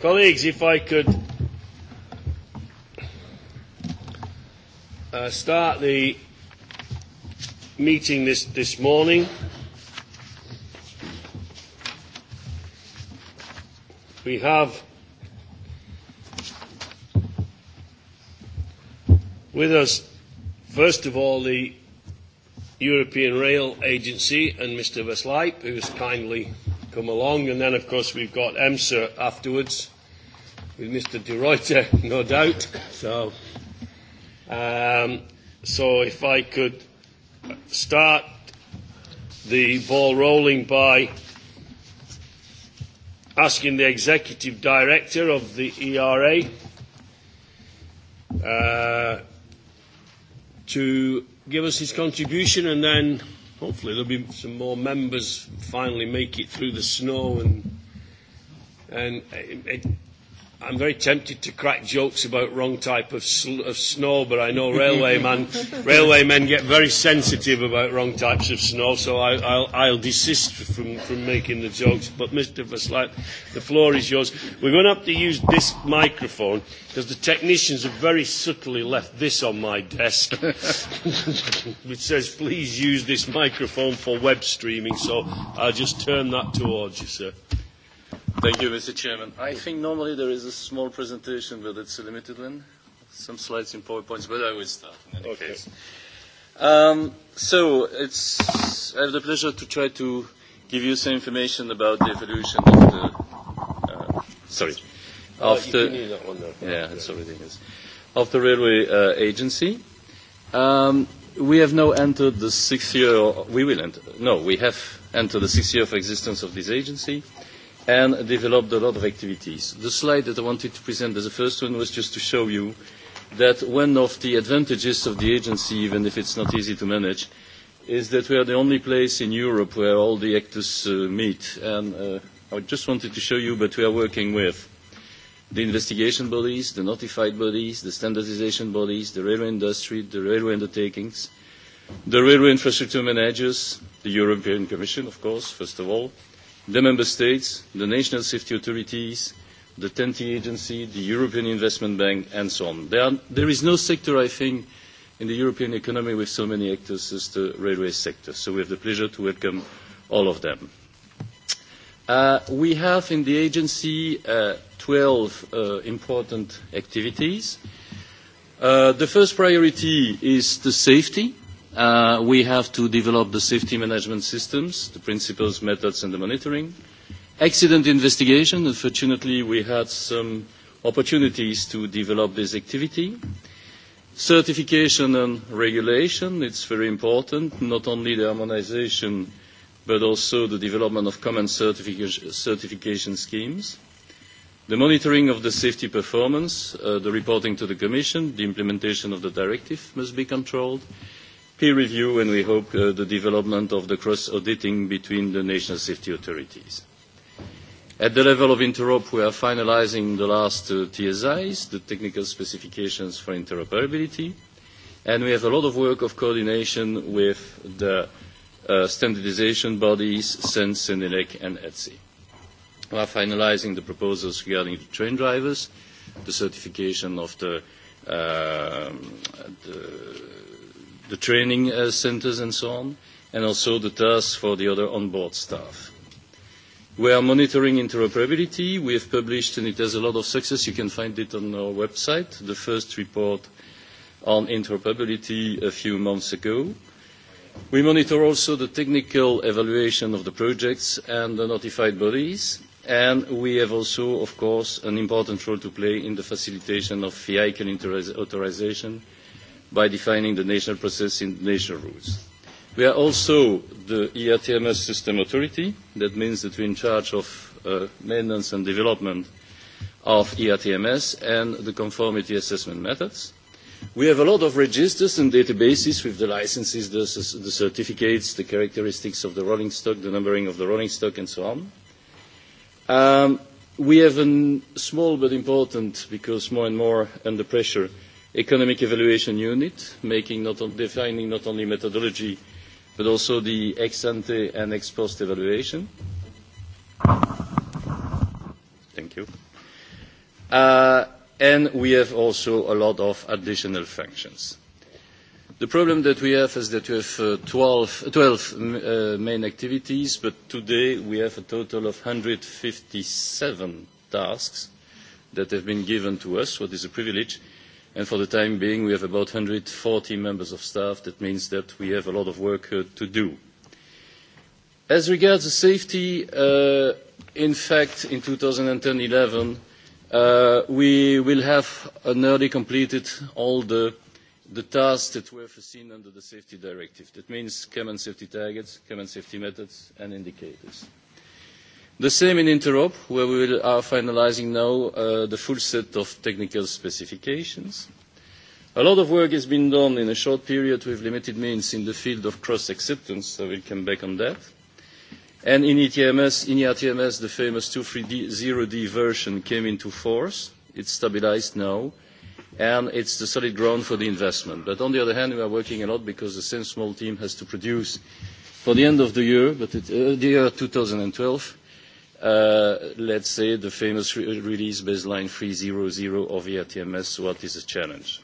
Colleagues, if I could uh, start the meeting this, this morning. We have with us, first of all, the European Rail Agency and Mr. Verslaip, who has kindly come along. And then, of course, we've got EMSA afterwards with Mr. De Reuter, no doubt. So, um, so if I could start the ball rolling by asking the executive director of the ERA uh, to give us his contribution and then hopefully there'll be some more members finally make it through the snow and and it, it, I'm very tempted to crack jokes about wrong type of, sl- of snow, but I know railway, man, railway men get very sensitive about wrong types of snow, so I, I'll, I'll desist from, from making the jokes. But Mr. Verslack, the floor is yours. We're going to have to use this microphone because the technicians have very subtly left this on my desk, which says, please use this microphone for web streaming. So I'll just turn that towards you, sir. Thank you, Mr. Chairman. I think normally there is a small presentation, but it's a limited one. Some slides in PowerPoints, but I will start in any okay. case. Um, so it's, I have the pleasure to try to give you some information about the evolution of the, uh, sorry, of the, yeah, it's already is, of the railway uh, agency. Um, we have now entered the sixth year, or we will enter, no, we have entered the sixth year of existence of this agency. Uh, and developed a lot of activities. The slide that I wanted to present as the first one was just to show you that one of the advantages of the agency, even if it's not easy to manage, is that we are the only place in Europe where all the actors uh, meet. And uh, I just wanted to show you that we are working with the investigation bodies, the notified bodies, the standardization bodies, the railway industry, the railway undertakings, the railway infrastructure managers, the European Commission, of course, first of all, uh, the member states, the national safety authorities, the TEN-T agency, the European Investment Bank, and so on. There, are, there is no sector, I think, in the European economy with so many actors as the railway sector. So we have the pleasure to welcome all of them. Uh, we have in the agency uh, 12 uh, important activities. Uh, the first priority is the safety Uh, we have to develop the safety management systems, the principles, methods, and the monitoring. Accident investigation, unfortunately, we had some opportunities to develop this activity. Certification and regulation, it's very important, not only the harmonization, but also the development of common certific certification schemes. The monitoring of the safety performance, uh, the reporting to the Commission, the implementation of the directive must be controlled, peer review, and we hope uh, the development of the cross-auditing between the national safety authorities. At the level of Interop, we are finalizing the last uh, TSIs, the technical specifications for interoperability, and we have a lot of work of coordination with the uh, standardization bodies, SENS, SENELEC, and ETSI. We are finalizing the proposals regarding the train drivers, the certification of the, uh, the the training uh, centers and so on, and also the tasks for the other onboard staff. We are monitoring interoperability. We have published, and it has a lot of success, you can find it on our website, the first report on interoperability a few months ago. We monitor also the technical evaluation of the projects and the notified bodies, and we have also, of course, an important role to play in the facilitation of vehicle authorization, by defining the national process in national rules. We are also the ERTMS system authority. That means that we're in charge of uh, maintenance and development of ERTMS and the conformity assessment methods. We have a lot of registers and databases with the licenses, the, the certificates, the characteristics of the rolling stock, the numbering of the rolling stock, and so on. Um, we have a small but important, because more and more under pressure, economic evaluation unit, making not on, defining not only methodology but also the ex ante and ex post evaluation. Thank you. Uh, and we have also a lot of additional functions. The problem that we have is that we have uh, 12, 12 uh, main activities, but today we have a total of 157 tasks that have been given to us, what is a privilege, And for the time being, we have about 140 members of staff. That means that we have a lot of work uh, to do. As regards the safety, uh, in fact, in 2010-11, uh, we will have nearly completed all the, the tasks that were foreseen under the safety directive. That means common safety targets, common safety methods, and indicators. The same in Interop, where we will, are finalizing now uh, the full set of technical specifications. A lot of work has been done in a short period with limited means in the field of cross-acceptance. I will come back on that. And in ETMS, in ERTMS, the famous 230D version came into force. It's stabilized now, and it's the solid ground for the investment. But on the other hand, we are working a lot because the same small team has to produce for the end of the year, but it, uh, the year 2012, Uh, let's say, the famous re release baseline 300 of ERTMS, what is a challenge?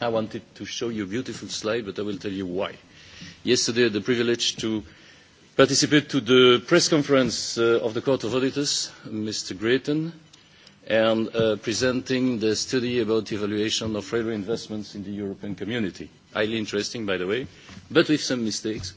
I wanted to show you a beautiful slide, but I will tell you why. Yesterday, I had the privilege to participate to the press conference uh, of the Court of Auditors, Mr. Grayton, and uh, presenting the study about evaluation of railway investments in the European community. Highly interesting, by the way, but with some mistakes. Uh,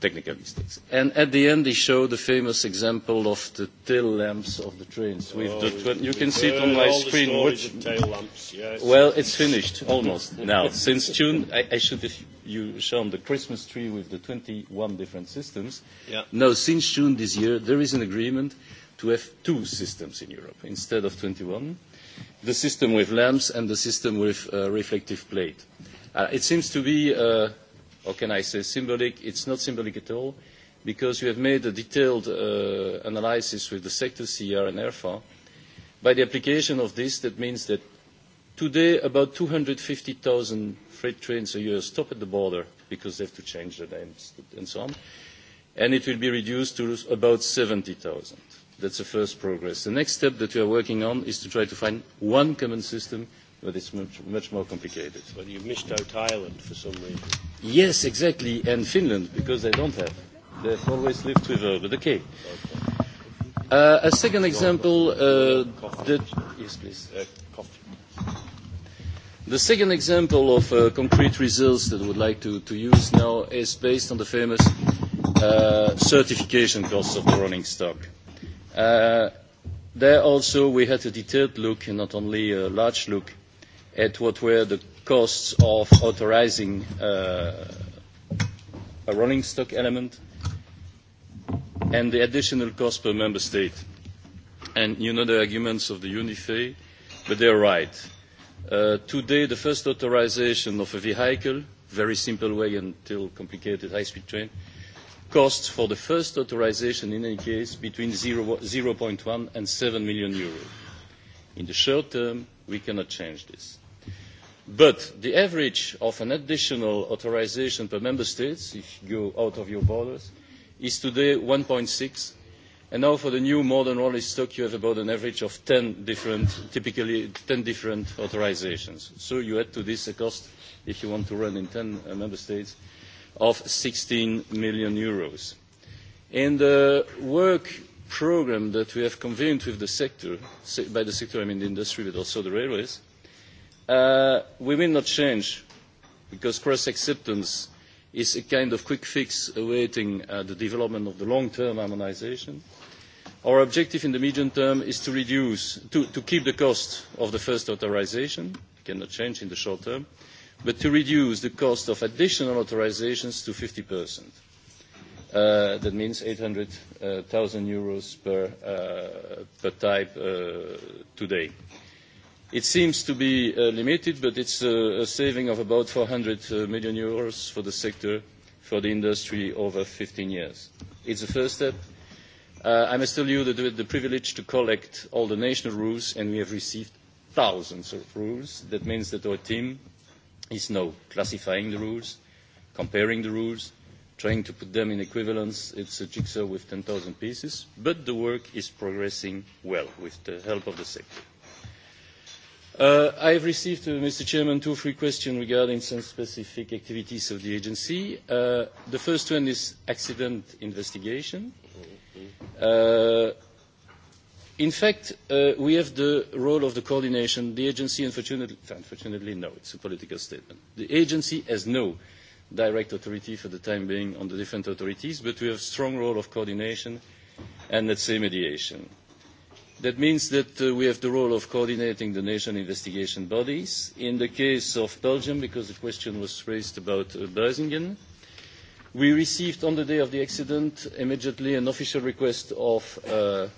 technical mistakes. And at the end, they show the famous example of the tail lamps of the trains. With oh, the tw- you can see it on my screen. The what? Tail lamps. Yeah, it's well, it's finished almost now. Since June, I, I should have you shown the Christmas tree with the 21 different systems. Yeah. Now, since June this year, there is an agreement to have two systems in Europe instead of 21, the system with lamps and the system with uh, reflective plate. Uh, it seems to be. Uh, or can I say symbolic? It's not symbolic at all, because we have made a detailed uh, analysis with the sector CR e and ERFA. By the application of this, that means that today about 250,000 freight trains a year stop at the border because they have to change their names and so on, and it will be reduced to about 70,000. That's the first progress. The next step that we are working on is to try to find one common system but it's much, much more complicated. But you missed out Ireland for some reason. Yes, exactly, and Finland, because they don't have. They've always lived with her, but okay. Uh, a second example, uh, the, yes, please. Uh, coffee. The second example of uh, concrete results that I would like to, to use now is based on the famous uh, certification costs of the running stock. Uh, there also we had a detailed look, and not only a large look, at what were the costs of authorizing uh, a rolling stock element and the additional cost per member state. And you know the arguments of the UNIFE, but they're right. Uh, today, the first authorization of a vehicle, very simple way until complicated high-speed train, costs for the first authorization in any case between 0, 0.1 and 7 million euros. In the short term, we cannot change this but the average of an additional authorisation per member state if you go out of your borders is today. one six and now for the new modern rolling stock you have about an average of ten different typically ten different authorisations so you add to this a cost if you want to run in ten uh, member states of eur sixteen million. Euros. in the uh, work programme that we have convened with the sector by the sector i mean the industry but also the railways uh, we will not change because cross-acceptance is a kind of quick fix awaiting uh, the development of the long-term harmonization. Our objective in the medium term is to reduce, to, to keep the cost of the first authorization, cannot change in the short term, but to reduce the cost of additional authorizations to 50%. Uh, that means 800,000 euros per, uh, per type uh, today. Uh, It seems to be uh, limited, but it's a, a saving of about 400 uh, million euros for the sector, for the industry over 15 years. It's the first step. Uh, I must tell you that we had the privilege to collect all the national rules, and we have received thousands of rules. That means that our team is now classifying the rules, comparing the rules, trying to put them in equivalence. It's a jigsaw with 10,000 pieces, but the work is progressing well with the help of the sector. Uh, I have received, uh, Mr. Chairman, two free questions regarding some specific activities of the agency. Uh, the first one is accident investigation. Mm-hmm. Uh, in fact, uh, we have the role of the coordination. The agency, unfortunately, unfortunately, no, it's a political statement. The agency has no direct authority for the time being on the different authorities, but we have a strong role of coordination and, let's say, mediation. That means that uh, we have the role of coordinating the national investigation bodies. In the case of Belgium, because the question was raised about uh, Buizingen, we received on the day of the accident immediately an official request of uh,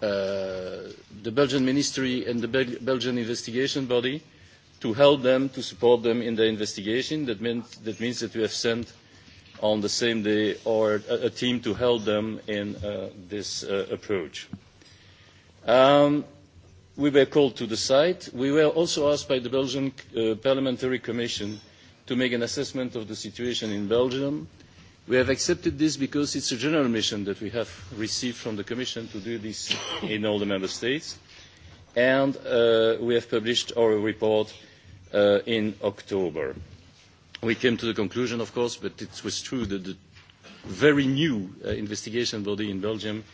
Uh, the Belgian ministry and the Bel Belgian investigation body to help them, to support them in the investigation. That, meant, that means that we have sent on the same day or a, a team to help them in uh, this uh, approach. Uh, Um, we were called to the site. We were also asked by the Belgian uh, Parliamentary Commission to make an assessment of the situation in Belgium. We have accepted this because it's a general mission that we have received from the Commission to do this in all the Member States. And uh, we have published our report uh, in October. We came to the conclusion, of course, but it was true that the very new uh, investigation body in Belgium uh,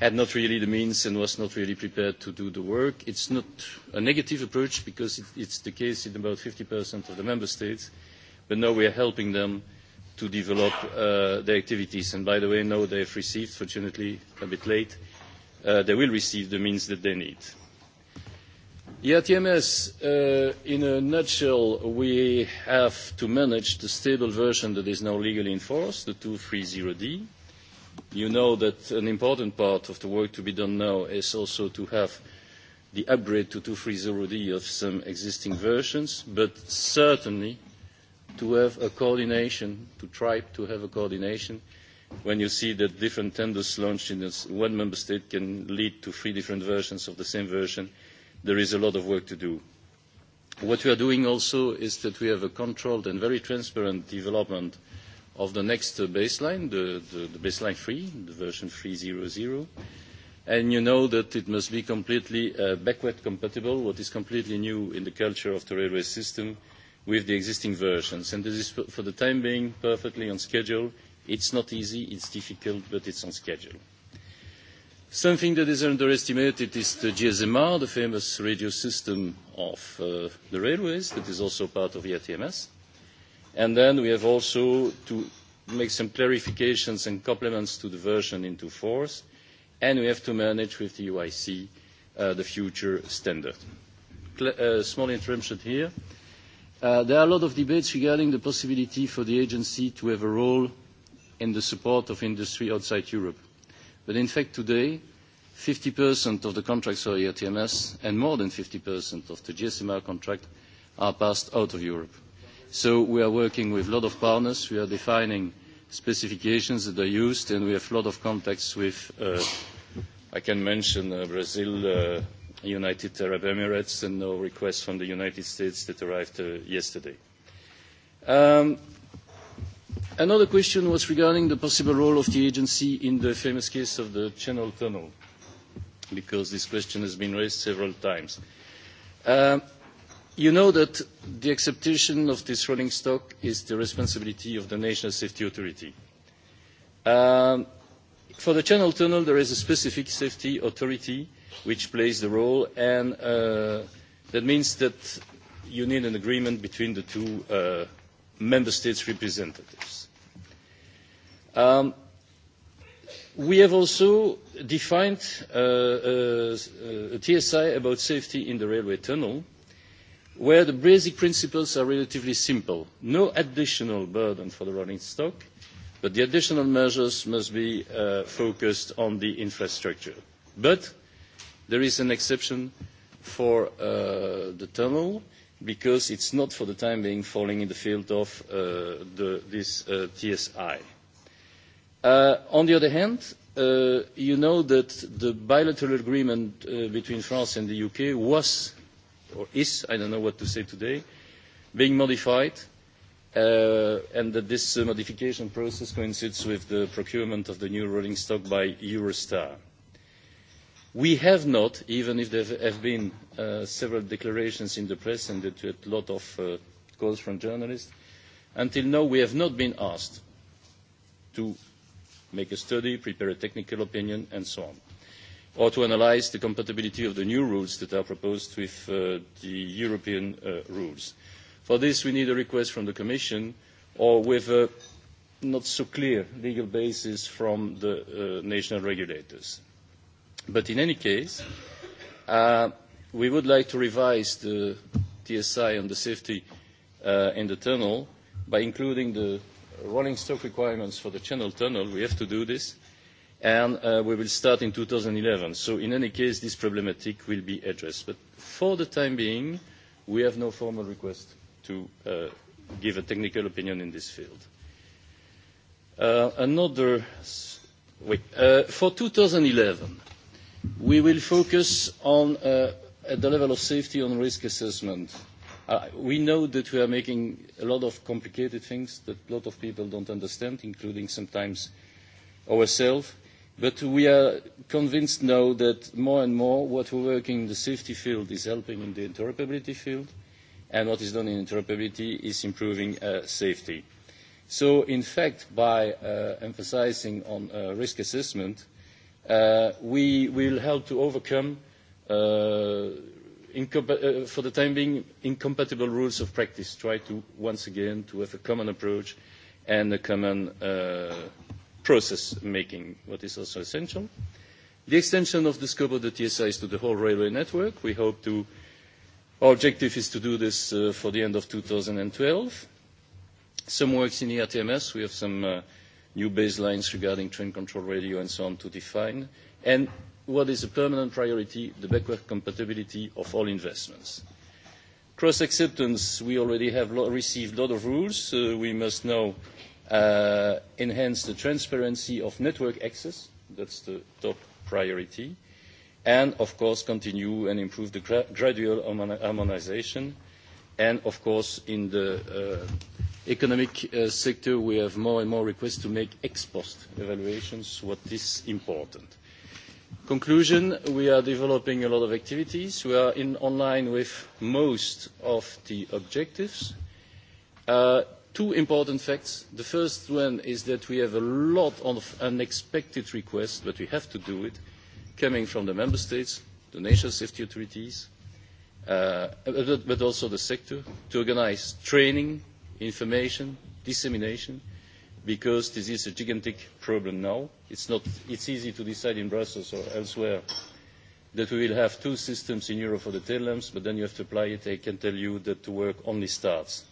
had not really the means and was not really prepared to do the work. It's not a negative approach because it, it's the case in about 50% of the member states, but now we are helping them to develop uh, their activities. And by the way, now they've received, fortunately a bit late, uh, they will receive the means that they need. ERTMS, uh, in a nutshell, we have to manage the stable version that is now legally in force, the 230D You know that an important part of the work to be done now is also to have the upgrade to 230D of some existing versions, but certainly to have a coordination, to try to have a coordination when you see that different tenders launched in this one member state can lead to three different versions of the same version. There is a lot of work to do. What we are doing also is that we have a controlled and very transparent development uh, of the next baseline, the, the, the baseline 3, the version 3.0.0. And you know that it must be completely uh, backward compatible, what is completely new in the culture of the railway system with the existing versions. And this is, for the time being, perfectly on schedule. It's not easy, it's difficult, but it's on schedule. Something that is underestimated is the GSMR, the famous radio system of uh, the railways, that is also part of the ATMS. Uh, And then we have also to make some clarifications and complements to the version into force, and we have to manage with the UIC uh, the future standard. Cl uh, small interruption here. Uh, there are a lot of debates regarding the possibility for the agency to have a role in the support of industry outside Europe. But in fact, today, 50% of the contracts are ERTMS, and more than 50% of the GSMR contract are passed out of Europe. So we are working with a lot of partners. We are defining specifications that are used, and we have a lot of contacts with, uh, I can mention uh, Brazil, uh, United Arab Emirates, and no request from the United States that arrived uh, yesterday. Um, another question was regarding the possible role of the agency in the famous case of the Channel Tunnel, because this question has been raised several times. Uh, You know that the acceptation of this rolling stock is the responsibility of the National Safety Authority. Um, for the Channel Tunnel, there is a specific safety authority which plays the role, and uh, that means that you need an agreement between the two uh, member states' representatives. Um, we have also defined uh, uh, uh a, a TSI about safety in the railway tunnel, uh, where the basic principles are relatively simple. No additional burden for the rolling stock, but the additional measures must be uh, focused on the infrastructure. But there is an exception for uh, the tunnel because it's not for the time being falling in the field of uh, the, this uh, TSI. Uh, on the other hand, uh, you know that the bilateral agreement uh, between France and the UK was or is, I don't know what to say today, being modified, uh, and that this uh, modification process coincides with the procurement of the new rolling stock by Eurostar. We have not, even if there have been uh, several declarations in the press and a lot of uh, calls from journalists, until now we have not been asked to make a study, prepare a technical opinion, and so on or to analyse the compatibility of the new rules that are proposed with uh, the European uh, rules. For this, we need a request from the Commission or with a not so clear legal basis from the uh, national regulators. But in any case, uh, we would like to revise the TSI on the safety uh, in the tunnel by including the rolling stock requirements for the channel tunnel. We have to do this and uh, we will start in 2011. So in any case, this problematic will be addressed. But for the time being, we have no formal request to uh, give a technical opinion in this field. Uh, another, wait, uh, for 2011, we will focus on, uh, at the level of safety, on risk assessment. Uh, we know that we are making a lot of complicated things that a lot of people don't understand, including sometimes ourselves But we are convinced now that more and more what we're working in the safety field is helping in the interoperability field, and what is done in interoperability is improving uh, safety. So in fact, by uh, emphasizing on uh, risk assessment, uh, we will help to overcome, uh, uh, for the time being, incompatible rules of practice, try to, once again, to have a common approach and a common uh, process making, what is also essential. The extension of the scope of the TSA is to the whole railway network. We hope to. Our objective is to do this uh, for the end of 2012. Some works in the ERTMS. We have some uh, new baselines regarding train control radio and so on to define. And what is a permanent priority, the backward compatibility of all investments. Cross acceptance, we already have lo received a lot of rules. Uh, we must now uh, enhance the transparency of network access. That's the top priority. And of course, continue and improve the gra gradual harmonization. And of course, in the uh, economic uh, sector, we have more and more requests to make ex-post evaluations, what is important. Conclusion, we are developing a lot of activities. We are in online with most of the objectives. Uh, two important facts. The first one is that we have a lot of unexpected requests, but we have to do it, coming from the member states, the national safety authorities, uh, but also the sector, to organize training, information, dissemination, because this is a gigantic problem now. It's, not, it's easy to decide in Brussels or elsewhere that we will have two systems in Europe for the tail lamps, but then you have to apply it. I can tell you that the work only starts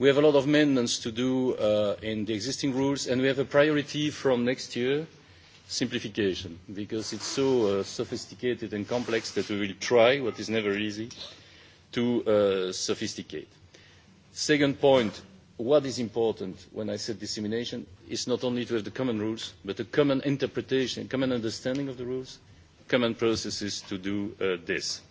We have a lot of amendments to do uh, in the existing rules, and we have a priority from next year, simplification, because it's so uh, sophisticated and complex that we will try, what is never easy, to uh, sophisticate. Second point, what is important when I said dissemination is not only to have the common rules, but a common interpretation, common understanding of the rules, common processes to do uh, this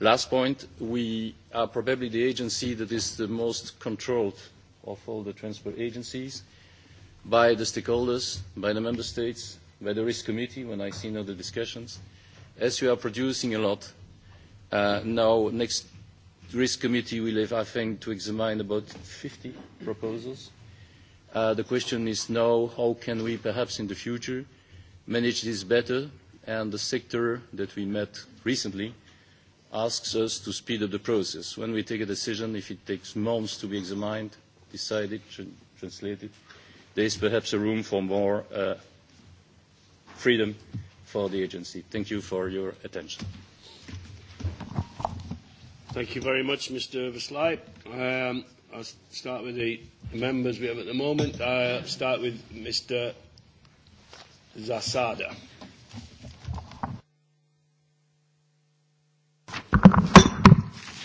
Last point, we are probably the agency that is the most controlled of all the transport agencies by the stakeholders, by the member states, by the risk committee when I see now the discussions. As we are producing a lot, uh, now next risk committee will have, I think, to examine about 50 proposals. Uh, the question is now how can we perhaps in the future manage this better and the sector that we met recently asks us to speed up the process. When we take a decision, if it takes months to be examined, decided, tr translated, there is perhaps a room for more uh, freedom for the agency. Thank you for your attention. Thank you very much, Mr. Versley. Um, I'll start with the members we have at the moment. I'll start with Mr. Zasada.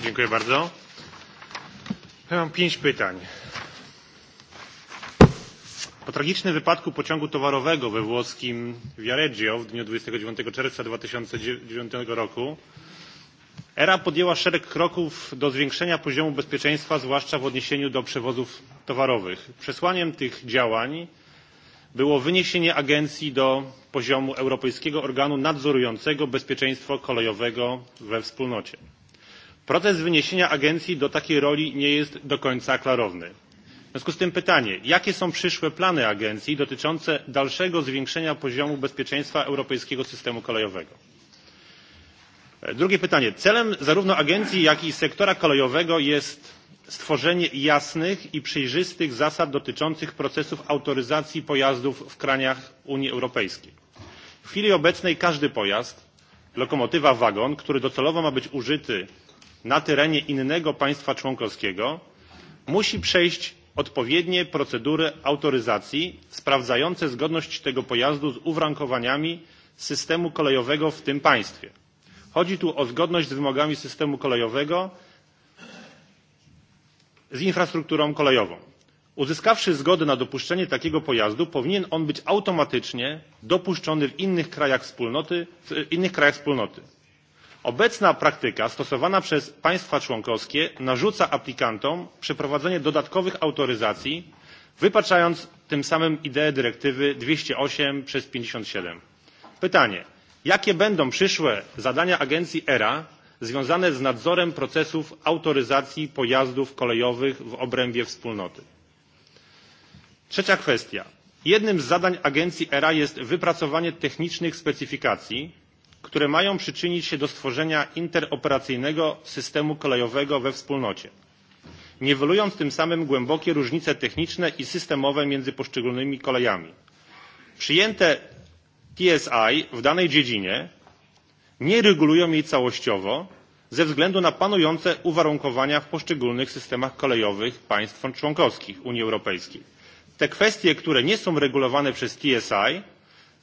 Dziękuję bardzo. Ja mam pięć pytań. Po tragicznym wypadku pociągu towarowego we włoskim Viareggio w dniu 29 czerwca 2009 roku era podjęła szereg kroków do zwiększenia poziomu bezpieczeństwa zwłaszcza w odniesieniu do przewozów towarowych. przesłaniem tych działań było wyniesienie agencji do poziomu europejskiego organu nadzorującego bezpieczeństwo kolejowego we wspólnocie. Proces wyniesienia agencji do takiej roli nie jest do końca klarowny. W związku z tym pytanie, jakie są przyszłe plany agencji dotyczące dalszego zwiększenia poziomu bezpieczeństwa europejskiego systemu kolejowego? E, drugie pytanie. Celem zarówno agencji, jak i sektora kolejowego jest stworzenie jasnych i przejrzystych zasad dotyczących procesów autoryzacji pojazdów w kraniach Unii Europejskiej. W chwili obecnej każdy pojazd, lokomotywa, wagon, który docelowo ma być użyty na terenie innego państwa członkowskiego musi przejść odpowiednie procedury autoryzacji sprawdzające zgodność tego pojazdu z uwarunkowaniami systemu kolejowego w tym państwie. Chodzi tu o zgodność z wymogami systemu kolejowego z infrastrukturą kolejową. Uzyskawszy zgodę na dopuszczenie takiego pojazdu, powinien on być automatycznie dopuszczony w innych krajach wspólnoty. W innych krajach wspólnoty obecna praktyka stosowana przez państwa członkowskie narzuca aplikantom przeprowadzenie dodatkowych autoryzacji wypaczając tym samym ideę dyrektywy dwieście osiem pięćdziesiąt siedem pytanie jakie będą przyszłe zadania agencji era związane z nadzorem procesów autoryzacji pojazdów kolejowych w obrębie wspólnoty? trzecia kwestia jednym z zadań agencji era jest wypracowanie technicznych specyfikacji które mają przyczynić się do stworzenia interoperacyjnego systemu kolejowego we wspólnocie niwelując tym samym głębokie różnice techniczne i systemowe między poszczególnymi kolejami. przyjęte tsi w danej dziedzinie nie regulują jej całościowo ze względu na panujące uwarunkowania w poszczególnych systemach kolejowych państw członkowskich unii europejskiej. te kwestie które nie są regulowane przez tsi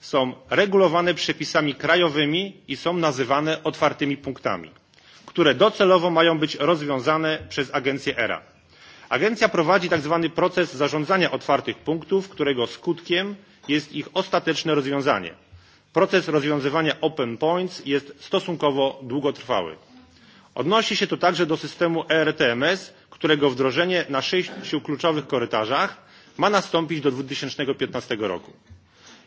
są regulowane przepisami krajowymi i są nazywane otwartymi punktami, które docelowo mają być rozwiązane przez agencję ERA. Agencja prowadzi tzw. proces zarządzania otwartych punktów, którego skutkiem jest ich ostateczne rozwiązanie. Proces rozwiązywania open points jest stosunkowo długotrwały. Odnosi się to także do systemu ERTMS, którego wdrożenie na sześciu kluczowych korytarzach ma nastąpić do 2015 roku.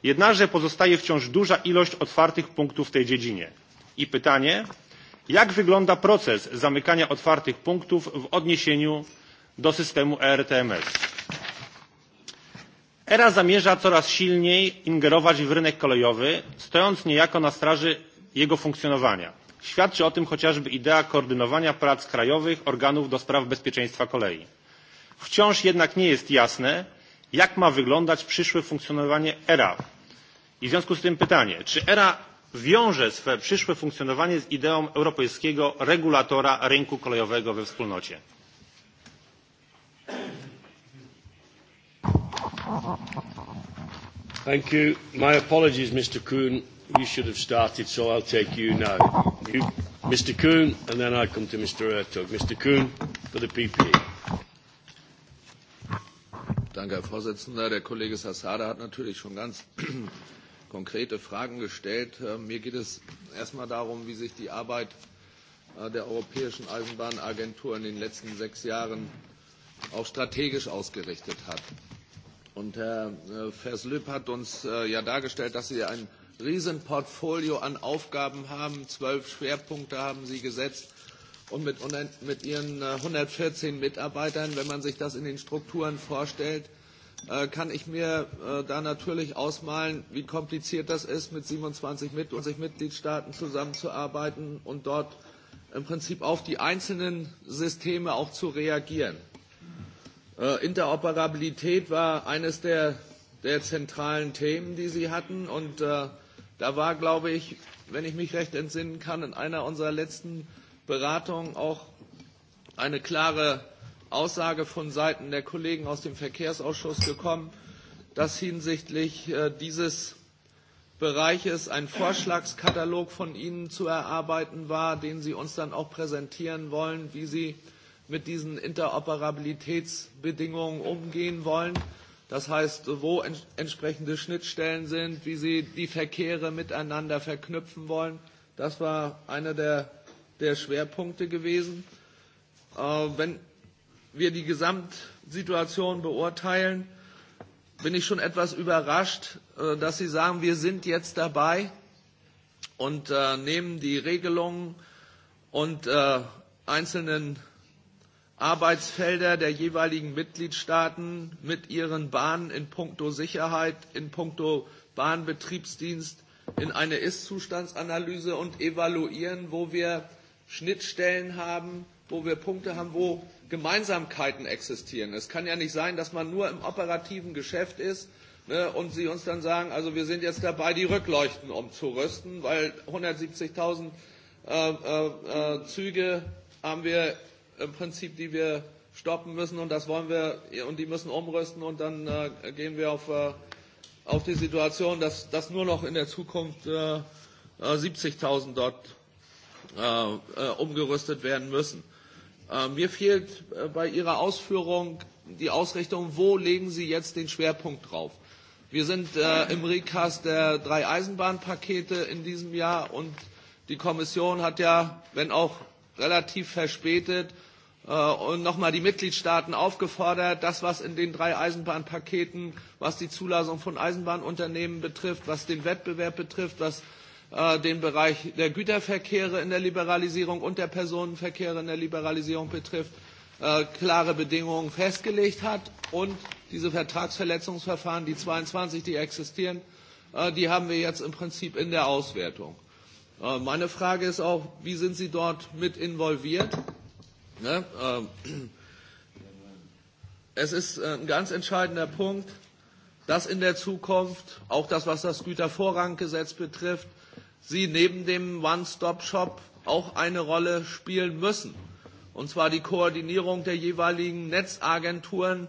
Jednakże pozostaje wciąż duża ilość otwartych punktów w tej dziedzinie. I pytanie, jak wygląda proces zamykania otwartych punktów w odniesieniu do systemu ERTMS? ERA zamierza coraz silniej ingerować w rynek kolejowy, stojąc niejako na straży jego funkcjonowania. Świadczy o tym chociażby idea koordynowania prac krajowych organów do spraw bezpieczeństwa kolei. Wciąż jednak nie jest jasne, jak ma wyglądać przyszłe funkcjonowanie era. I w związku z tym pytanie, czy era wiąże swe przyszłe funkcjonowanie z ideą europejskiego regulatora rynku kolejowego we wspólnocie? Thank you. My apologies, Mr. Kuhn. You should have started, so I'll take you now. You, Mr. Kuhn, and then I come to Mr. Ertug. Mr. Kuhn for the PPE. Danke, Herr Vorsitzender. Der Kollege Sassada hat natürlich schon ganz konkrete Fragen gestellt. Äh, mir geht es erstmal darum, wie sich die Arbeit äh, der Europäischen Eisenbahnagentur in den letzten sechs Jahren auch strategisch ausgerichtet hat. Und Herr äh, Verslüpp hat uns ja dargestellt, dass Sie ein Riesenportfolio an Aufgaben haben. Zwölf Schwerpunkte haben Sie gesetzt und mit, mit ihren 114 äh, Mitarbeitern, wenn man sich das in den Strukturen vorstellt, äh, kann ich mir äh, da natürlich ausmalen, wie kompliziert das ist, mit 27 mit Mitgliedstaaten zusammenzuarbeiten und dort im Prinzip auf die einzelnen Systeme auch zu reagieren. Äh, Interoperabilität war eines der, der zentralen Themen, die Sie hatten. Und äh, da war, glaube ich, wenn ich mich recht entsinnen kann, in einer unserer letzten äh, Beratung auch eine klare Aussage von Seiten der Kollegen aus dem Verkehrsausschuss gekommen, dass hinsichtlich äh, dieses Bereiches ein Vorschlagskatalog von Ihnen zu erarbeiten war, den Sie uns dann auch präsentieren wollen, wie Sie mit diesen Interoperabilitätsbedingungen umgehen wollen. Das heißt, wo ents entsprechende Schnittstellen sind, wie Sie die Verkehre miteinander verknüpfen wollen. Das war eine der der Schwerpunkte gewesen. Äh, wenn wir die Gesamtsituation beurteilen, bin ich schon etwas überrascht, äh, dass Sie sagen, wir sind jetzt dabei und äh, nehmen die Regelungen und äh, einzelnen Arbeitsfelder der jeweiligen Mitgliedstaaten mit ihren Bahnen in puncto Sicherheit, in puncto Bahnbetriebsdienst in eine Ist-Zustandsanalyse und evaluieren, wo wir Schnittstellen haben, wo wir Punkte haben, wo Gemeinsamkeiten existieren. Es kann ja nicht sein, dass man nur im operativen Geschäft ist ne, und Sie uns dann sagen, also wir sind jetzt dabei, die Rückleuchten umzurüsten, weil 170.000 äh, äh, äh, Züge haben wir im Prinzip, die wir stoppen müssen und das wollen wir und die müssen umrüsten und dann äh, gehen wir auf, äh, auf die Situation, dass, dass nur noch in der Zukunft äh, 70.000 äh, dort Äh, äh, umgerüstet werden müssen. Äh, mir fehlt äh, bei Ihrer Ausführung die Ausrichtung, wo legen Sie jetzt den Schwerpunkt drauf? Wir sind äh, im Recast der drei Eisenbahnpakete in diesem Jahr und die Kommission hat ja, wenn auch relativ verspätet, äh, und nochmal die Mitgliedstaaten aufgefordert, das, was in den drei Eisenbahnpaketen, was die Zulassung von Eisenbahnunternehmen betrifft, was den Wettbewerb betrifft, was äh, Äh, den Bereich der Güterverkehre in der Liberalisierung und der Personenverkehre in der Liberalisierung betrifft, äh, klare Bedingungen festgelegt hat. Und diese Vertragsverletzungsverfahren, die 22, die existieren, äh, die haben wir jetzt im Prinzip in der Auswertung. Meine Frage ist auch, wie sind Sie dort mit involviert? Ne? Es ist ein ganz entscheidender Punkt, dass in der Zukunft auch das, was das Gütervorranggesetz betrifft, sie neben dem One-Stop-Shop auch eine Rolle spielen müssen. Und zwar die Koordinierung der jeweiligen Netzagenturen,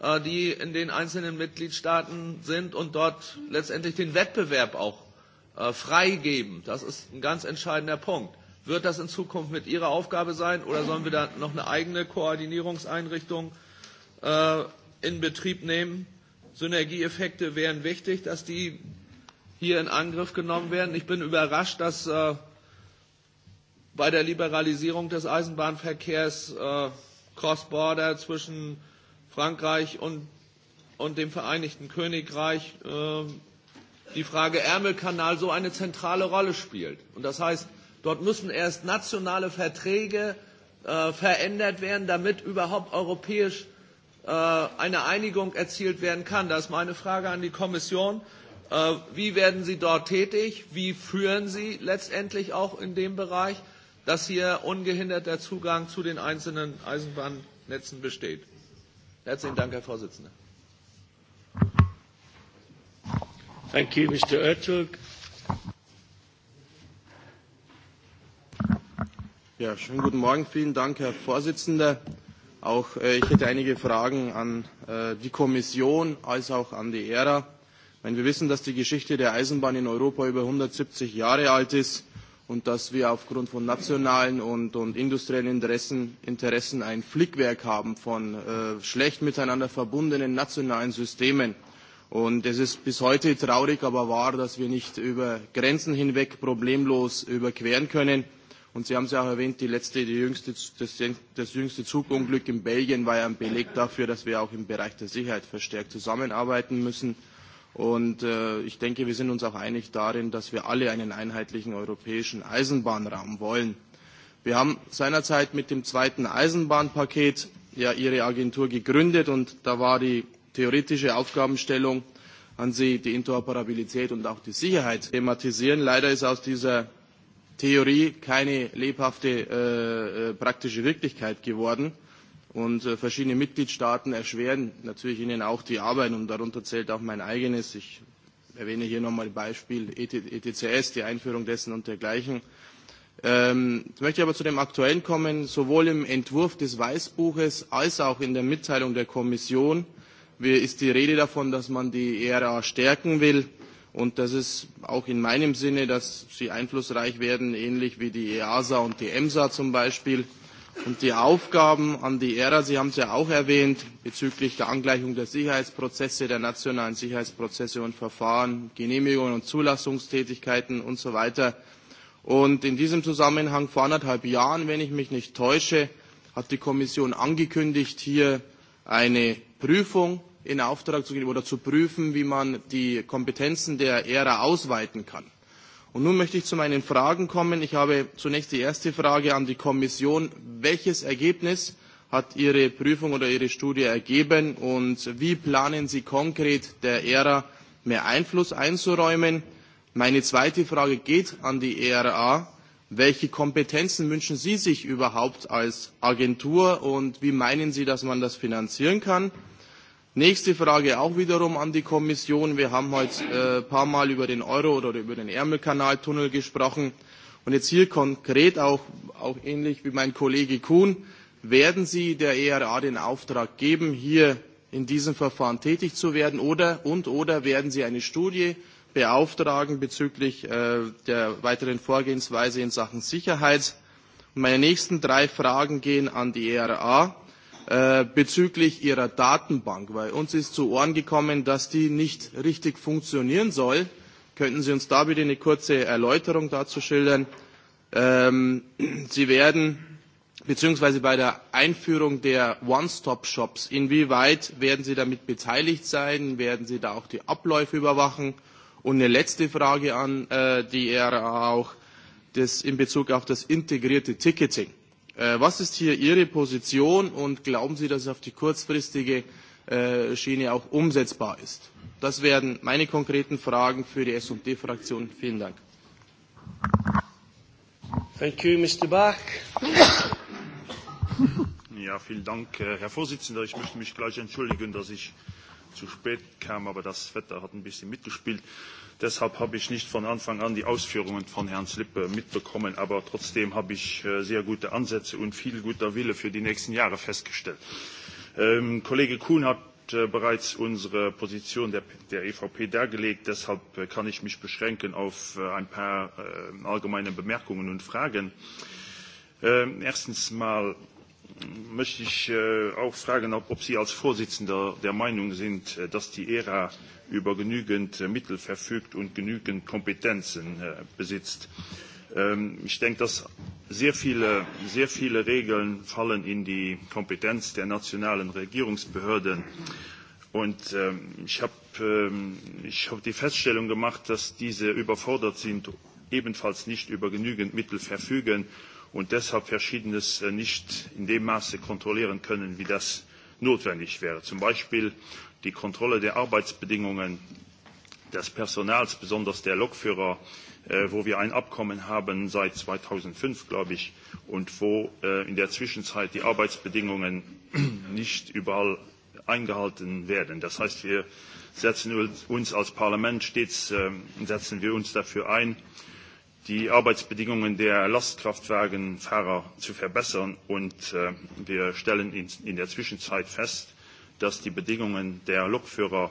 äh, die in den einzelnen Mitgliedstaaten sind und dort letztendlich den Wettbewerb auch äh, freigeben. Das ist ein ganz entscheidender Punkt. Wird das in Zukunft mit Ihrer Aufgabe sein oder sollen wir da noch eine eigene Koordinierungseinrichtung äh, in Betrieb nehmen? Synergieeffekte wären wichtig, dass die hier in Angriff genommen werden. Ich bin überrascht, dass äh, bei der Liberalisierung des Eisenbahnverkehrs äh, Cross-Border zwischen Frankreich und, und dem Vereinigten Königreich äh, die Frage Ärmelkanal so eine zentrale Rolle spielt. Und das heißt, dort müssen erst nationale Verträge äh, verändert werden, damit überhaupt europäisch äh, eine Einigung erzielt werden kann. Da ist meine Frage an die Kommission. Äh, Äh, wie werden Sie dort tätig? Wie führen Sie letztendlich auch in dem Bereich, dass hier ungehinderter Zugang zu den einzelnen Eisenbahnnetzen besteht? Herzlichen Dank, Herr Vorsitzender. Thank you, Mr. Ertug. Ja, schönen guten Morgen. Vielen Dank, Herr Vorsitzender. Auch äh, ich hätte einige Fragen an äh, die Kommission als auch an die ERA. Wenn wir wissen, dass die Geschichte der Eisenbahn in Europa über 170 Jahre alt ist und dass wir aufgrund von nationalen und, und industriellen Interessen, Interessen ein Flickwerk haben von äh, schlecht miteinander verbundenen nationalen Systemen, Und es ist bis heute traurig, aber wahr, dass wir nicht über Grenzen hinweg problemlos überqueren können. Und Sie haben es ja auch erwähnt, die letzte, die jüngste, das, das jüngste Zugunglück in Belgien war ja ein Beleg dafür, dass wir auch im Bereich der Sicherheit verstärkt zusammenarbeiten müssen. Und äh, ich denke, wir sind uns auch einig darin, dass wir alle einen einheitlichen europäischen Eisenbahnraum wollen. Wir haben seinerzeit mit dem zweiten Eisenbahnpaket ja Ihre Agentur gegründet und da war die theoretische Aufgabenstellung an Sie, die Interoperabilität und auch die Sicherheit thematisieren. Leider ist aus dieser Theorie keine lebhafte äh, äh praktische Wirklichkeit geworden. Und äh, verschiedene Mitgliedstaaten erschweren natürlich ihnen auch die Arbeit und darunter zählt auch mein eigenes. Ich erwähne hier nochmal ein Beispiel ETCS, e die Einführung dessen und dergleichen. Ähm, jetzt möchte ich aber zu dem Aktuellen kommen. Sowohl im Entwurf des Weißbuches als auch in der Mitteilung der Kommission ist die Rede davon, dass man die ERA stärken will. Und das ist auch in meinem Sinne, dass sie einflussreich werden, ähnlich wie die EASA und die EMSA zum Beispiel. Äh, Und die Aufgaben an die ERA, Sie haben es ja auch erwähnt, bezüglich der Angleichung der Sicherheitsprozesse, der nationalen Sicherheitsprozesse und Verfahren, Genehmigungen und Zulassungstätigkeiten und so weiter. Und in diesem Zusammenhang vor anderthalb Jahren, wenn ich mich nicht täusche, hat die Kommission angekündigt, hier eine Prüfung in Auftrag zu geben oder zu prüfen, wie man die Kompetenzen der ERA ausweiten kann. Und nun möchte ich zu meinen Fragen kommen. Ich habe zunächst die erste Frage an die Kommission. Welches Ergebnis hat Ihre Prüfung oder Ihre Studie ergeben und wie planen Sie konkret der ERA mehr Einfluss einzuräumen? Meine zweite Frage geht an die ERA. Welche Kompetenzen wünschen Sie sich überhaupt als Agentur und wie meinen Sie, dass man das finanzieren kann? Nächste Frage auch wiederum an die Kommission. Wir haben heute ein äh, paar Mal über den Euro oder über den Ärmelkanaltunnel gesprochen. Und jetzt hier konkret auch, auch ähnlich wie mein Kollege Kuhn, werden Sie der ERA den Auftrag geben, hier in diesem Verfahren tätig zu werden oder und oder werden Sie eine Studie beauftragen bezüglich äh, der weiteren Vorgehensweise in Sachen Sicherheit? Und meine nächsten drei Fragen gehen an die ERA äh, bezüglich Ihrer Datenbank, weil uns ist zu Ohren gekommen, dass die nicht richtig funktionieren soll. Könnten Sie uns da bitte eine kurze Erläuterung dazu schildern? Ähm, Sie werden beziehungsweise bei der Einführung der One-Stop-Shops, inwieweit werden Sie damit beteiligt sein? Werden Sie da auch die Abläufe überwachen? Und eine letzte Frage an äh, die RA auch, das in Bezug auf das integrierte Ticketing. Äh, was ist hier Ihre Position und glauben Sie, dass es auf die kurzfristige äh, Schiene auch umsetzbar ist? Das wären meine konkreten Fragen für die S&D-Fraktion. Vielen Dank. Thank you, Mr. Bach. Ja, vielen Dank, äh, Herr Vorsitzender. Ich möchte mich gleich entschuldigen, dass ich zu spät kam, aber das Wetter hat ein bisschen mitgespielt. Äh, Deshalb habe ich nicht von Anfang an die Ausführungen von Herrn Slippe mitbekommen, aber trotzdem habe ich äh, sehr gute Ansätze und viel guter Wille für die nächsten Jahre festgestellt. Ähm, Kollege Kuhn hat äh, bereits unsere Position der, der EVP dargelegt. Deshalb äh, kann ich mich beschränken auf ein paar äh, allgemeine Bemerkungen und Fragen. Ähm, erstens mal möchte ich äh, auch fragen, ob, ob Sie als Vorsitzender der Meinung sind, dass die ERA über genügend äh, Mittel verfügt und genügend Kompetenzen äh, besitzt. Ähm, ich denke, dass sehr viele, sehr viele Regeln fallen in die Kompetenz der nationalen Regierungsbehörden. Und ähm, ich habe ähm, ich hab die Feststellung gemacht, dass diese überfordert sind, ebenfalls nicht über genügend Mittel verfügen und deshalb Verschiedenes äh, nicht in dem Maße kontrollieren können, wie das notwendig wäre. Zum Beispiel die Kontrolle der Arbeitsbedingungen des Personals, besonders der Lokführer, äh, wo wir ein Abkommen haben seit 2005, glaube ich, und wo äh, in der Zwischenzeit die Arbeitsbedingungen nicht überall eingehalten werden. Das heißt, wir setzen uns als Parlament stets äh, setzen wir uns dafür ein, die Arbeitsbedingungen der Lastkraftwagenfahrer zu verbessern. Und äh, wir stellen in, in der Zwischenzeit fest, dass die Bedingungen der Lokführer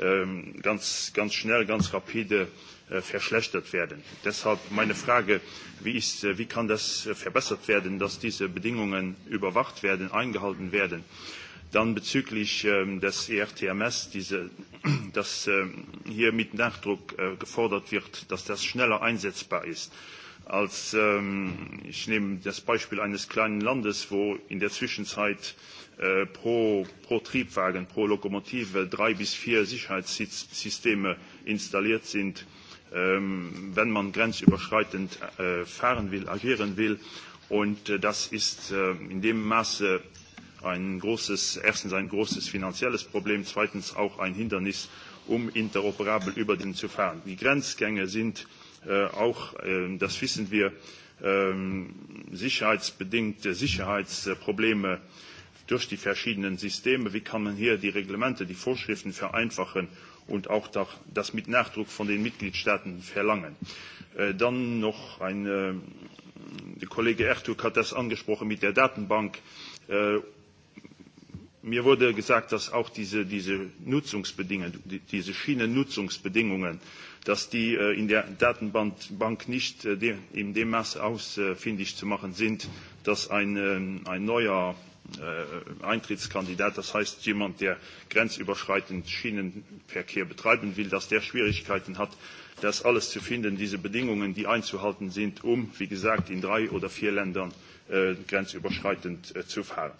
ähm, ganz, ganz schnell, ganz rapide äh, verschlechtert werden. Deshalb meine Frage, wie, ist, äh, wie kann das äh, verbessert werden, dass diese Bedingungen überwacht werden, eingehalten werden? Dann bezüglich ähm, des ERTMS, diese, dass ähm, hier mit Nachdruck äh, gefordert wird, dass das schneller einsetzbar ist. Als ähm, ich nehme das Beispiel eines kleinen Landes, wo in der Zwischenzeit äh, äh, pro, pro Triebwagen, pro Lokomotive drei bis vier Sicherheitssysteme installiert sind, ähm, wenn man grenzüberschreitend äh, fahren will, agieren will. Und äh, das ist äh, in dem Maße ein großes, erstens ein großes finanzielles Problem, zweitens auch ein Hindernis, um interoperabel über den zu fahren. Die Grenzgänge sind äh, auch, äh, das wissen wir, äh, sicherheitsbedingte Sicherheitsprobleme durch die verschiedenen Systeme. Wie kann man hier die Reglemente, die Vorschriften vereinfachen und auch das mit Nachdruck von den Mitgliedstaaten verlangen? Äh, dann noch ein, äh, der Kollege Ertug hat das angesprochen mit der Datenbank. Äh, mir wurde gesagt, dass auch diese, diese Nutzungsbedingungen, diese Schienennutzungsbedingungen, dass die äh, in der Datenbank nicht äh, de, in dem Maß ausfindig äh, zu machen sind, dass ein, äh, ein neuer äh, Eintrittskandidat, das heißt jemand, der grenzüberschreitend Schienenverkehr betreiben will, dass der Schwierigkeiten hat, das alles zu finden, diese Bedingungen, die einzuhalten sind, um, wie gesagt, in drei oder vier Ländern äh, grenzüberschreitend äh, zu fahren.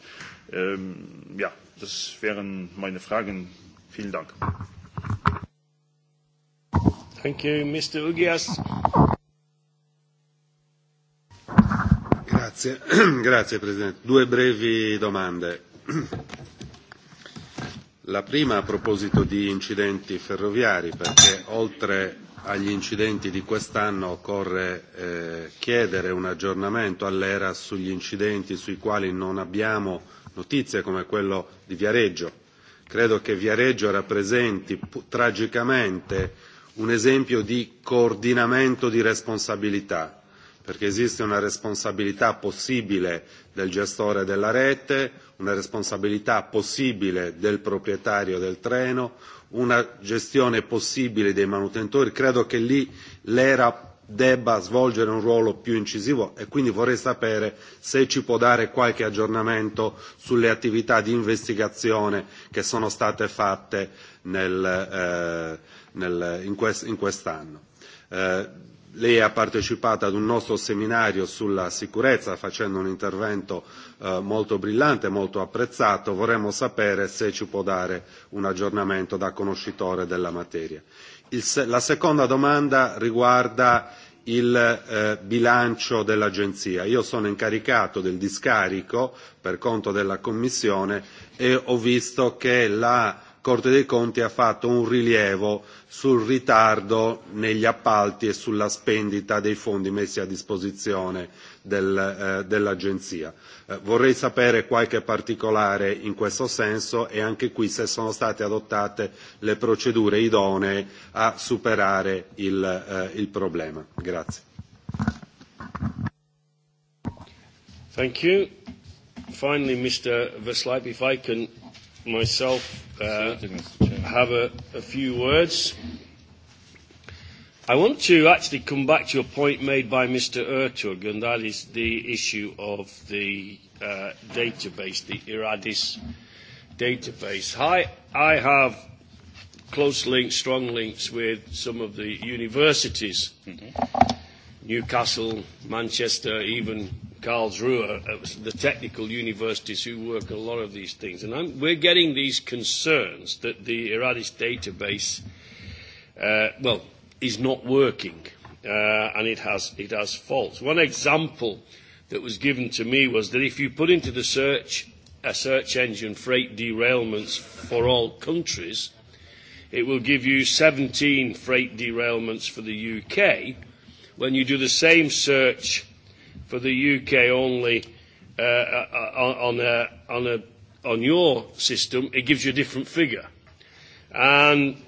Ähm, ja, das wären meine Fragen. Vielen Dank. Thank you, Mr. Ugias. Grazie, grazie Presidente. Due brevi domande. La prima a proposito di incidenti ferroviari, perché oltre agli incidenti di quest'anno occorre eh, chiedere un aggiornamento all'ERA sugli incidenti sui quali non abbiamo notizie come quello di Viareggio. Credo che Viareggio rappresenti tragicamente un esempio di coordinamento di responsabilità perché esiste una responsabilità possibile del gestore della rete, una responsabilità possibile del proprietario del treno, una gestione possibile dei manutentori. Credo che lì l'ERA debba svolgere un ruolo più incisivo e quindi vorrei sapere se ci può dare qualche aggiornamento sulle attività di investigazione che sono state fatte nel, eh, nel, in, quest, in quest'anno. Eh, Lei ha partecipato ad un nostro seminario sulla sicurezza facendo un intervento eh, molto brillante, molto apprezzato. Vorremmo sapere se ci può dare un aggiornamento da conoscitore della materia. Il, la seconda domanda riguarda il eh, bilancio dell'Agenzia. Io sono incaricato del discarico per conto della Commissione e ho visto che la Corte dei Conti ha fatto un rilievo sul ritardo negli appalti e sulla spendita dei fondi messi a disposizione del, eh, dell'Agenzia. Eh, vorrei sapere qualche particolare in questo senso e anche qui se sono state adottate le procedure idonee a superare il, eh, il problema. Grazie. Thank you. Finally, Mr. Verslaip, if I can myself uh, have a, a few words. I want to actually come back to a point made by Mr. Ertug, and that is the issue of the uh, database, the IRADIS database. I, I have close links, strong links with some of the universities, mm-hmm. Newcastle, Manchester, even Karlsruhe, the technical universities who work a lot of these things. And I'm, we're getting these concerns that the Eradis database, uh, well, is not working, uh, and it has, it has faults. One example that was given to me was that if you put into the search a search engine freight derailments for all countries, it will give you 17 freight derailments for the UK. When you do the same search for the UK only uh, uh on, a, on, a, on your system, it gives you a different figure. And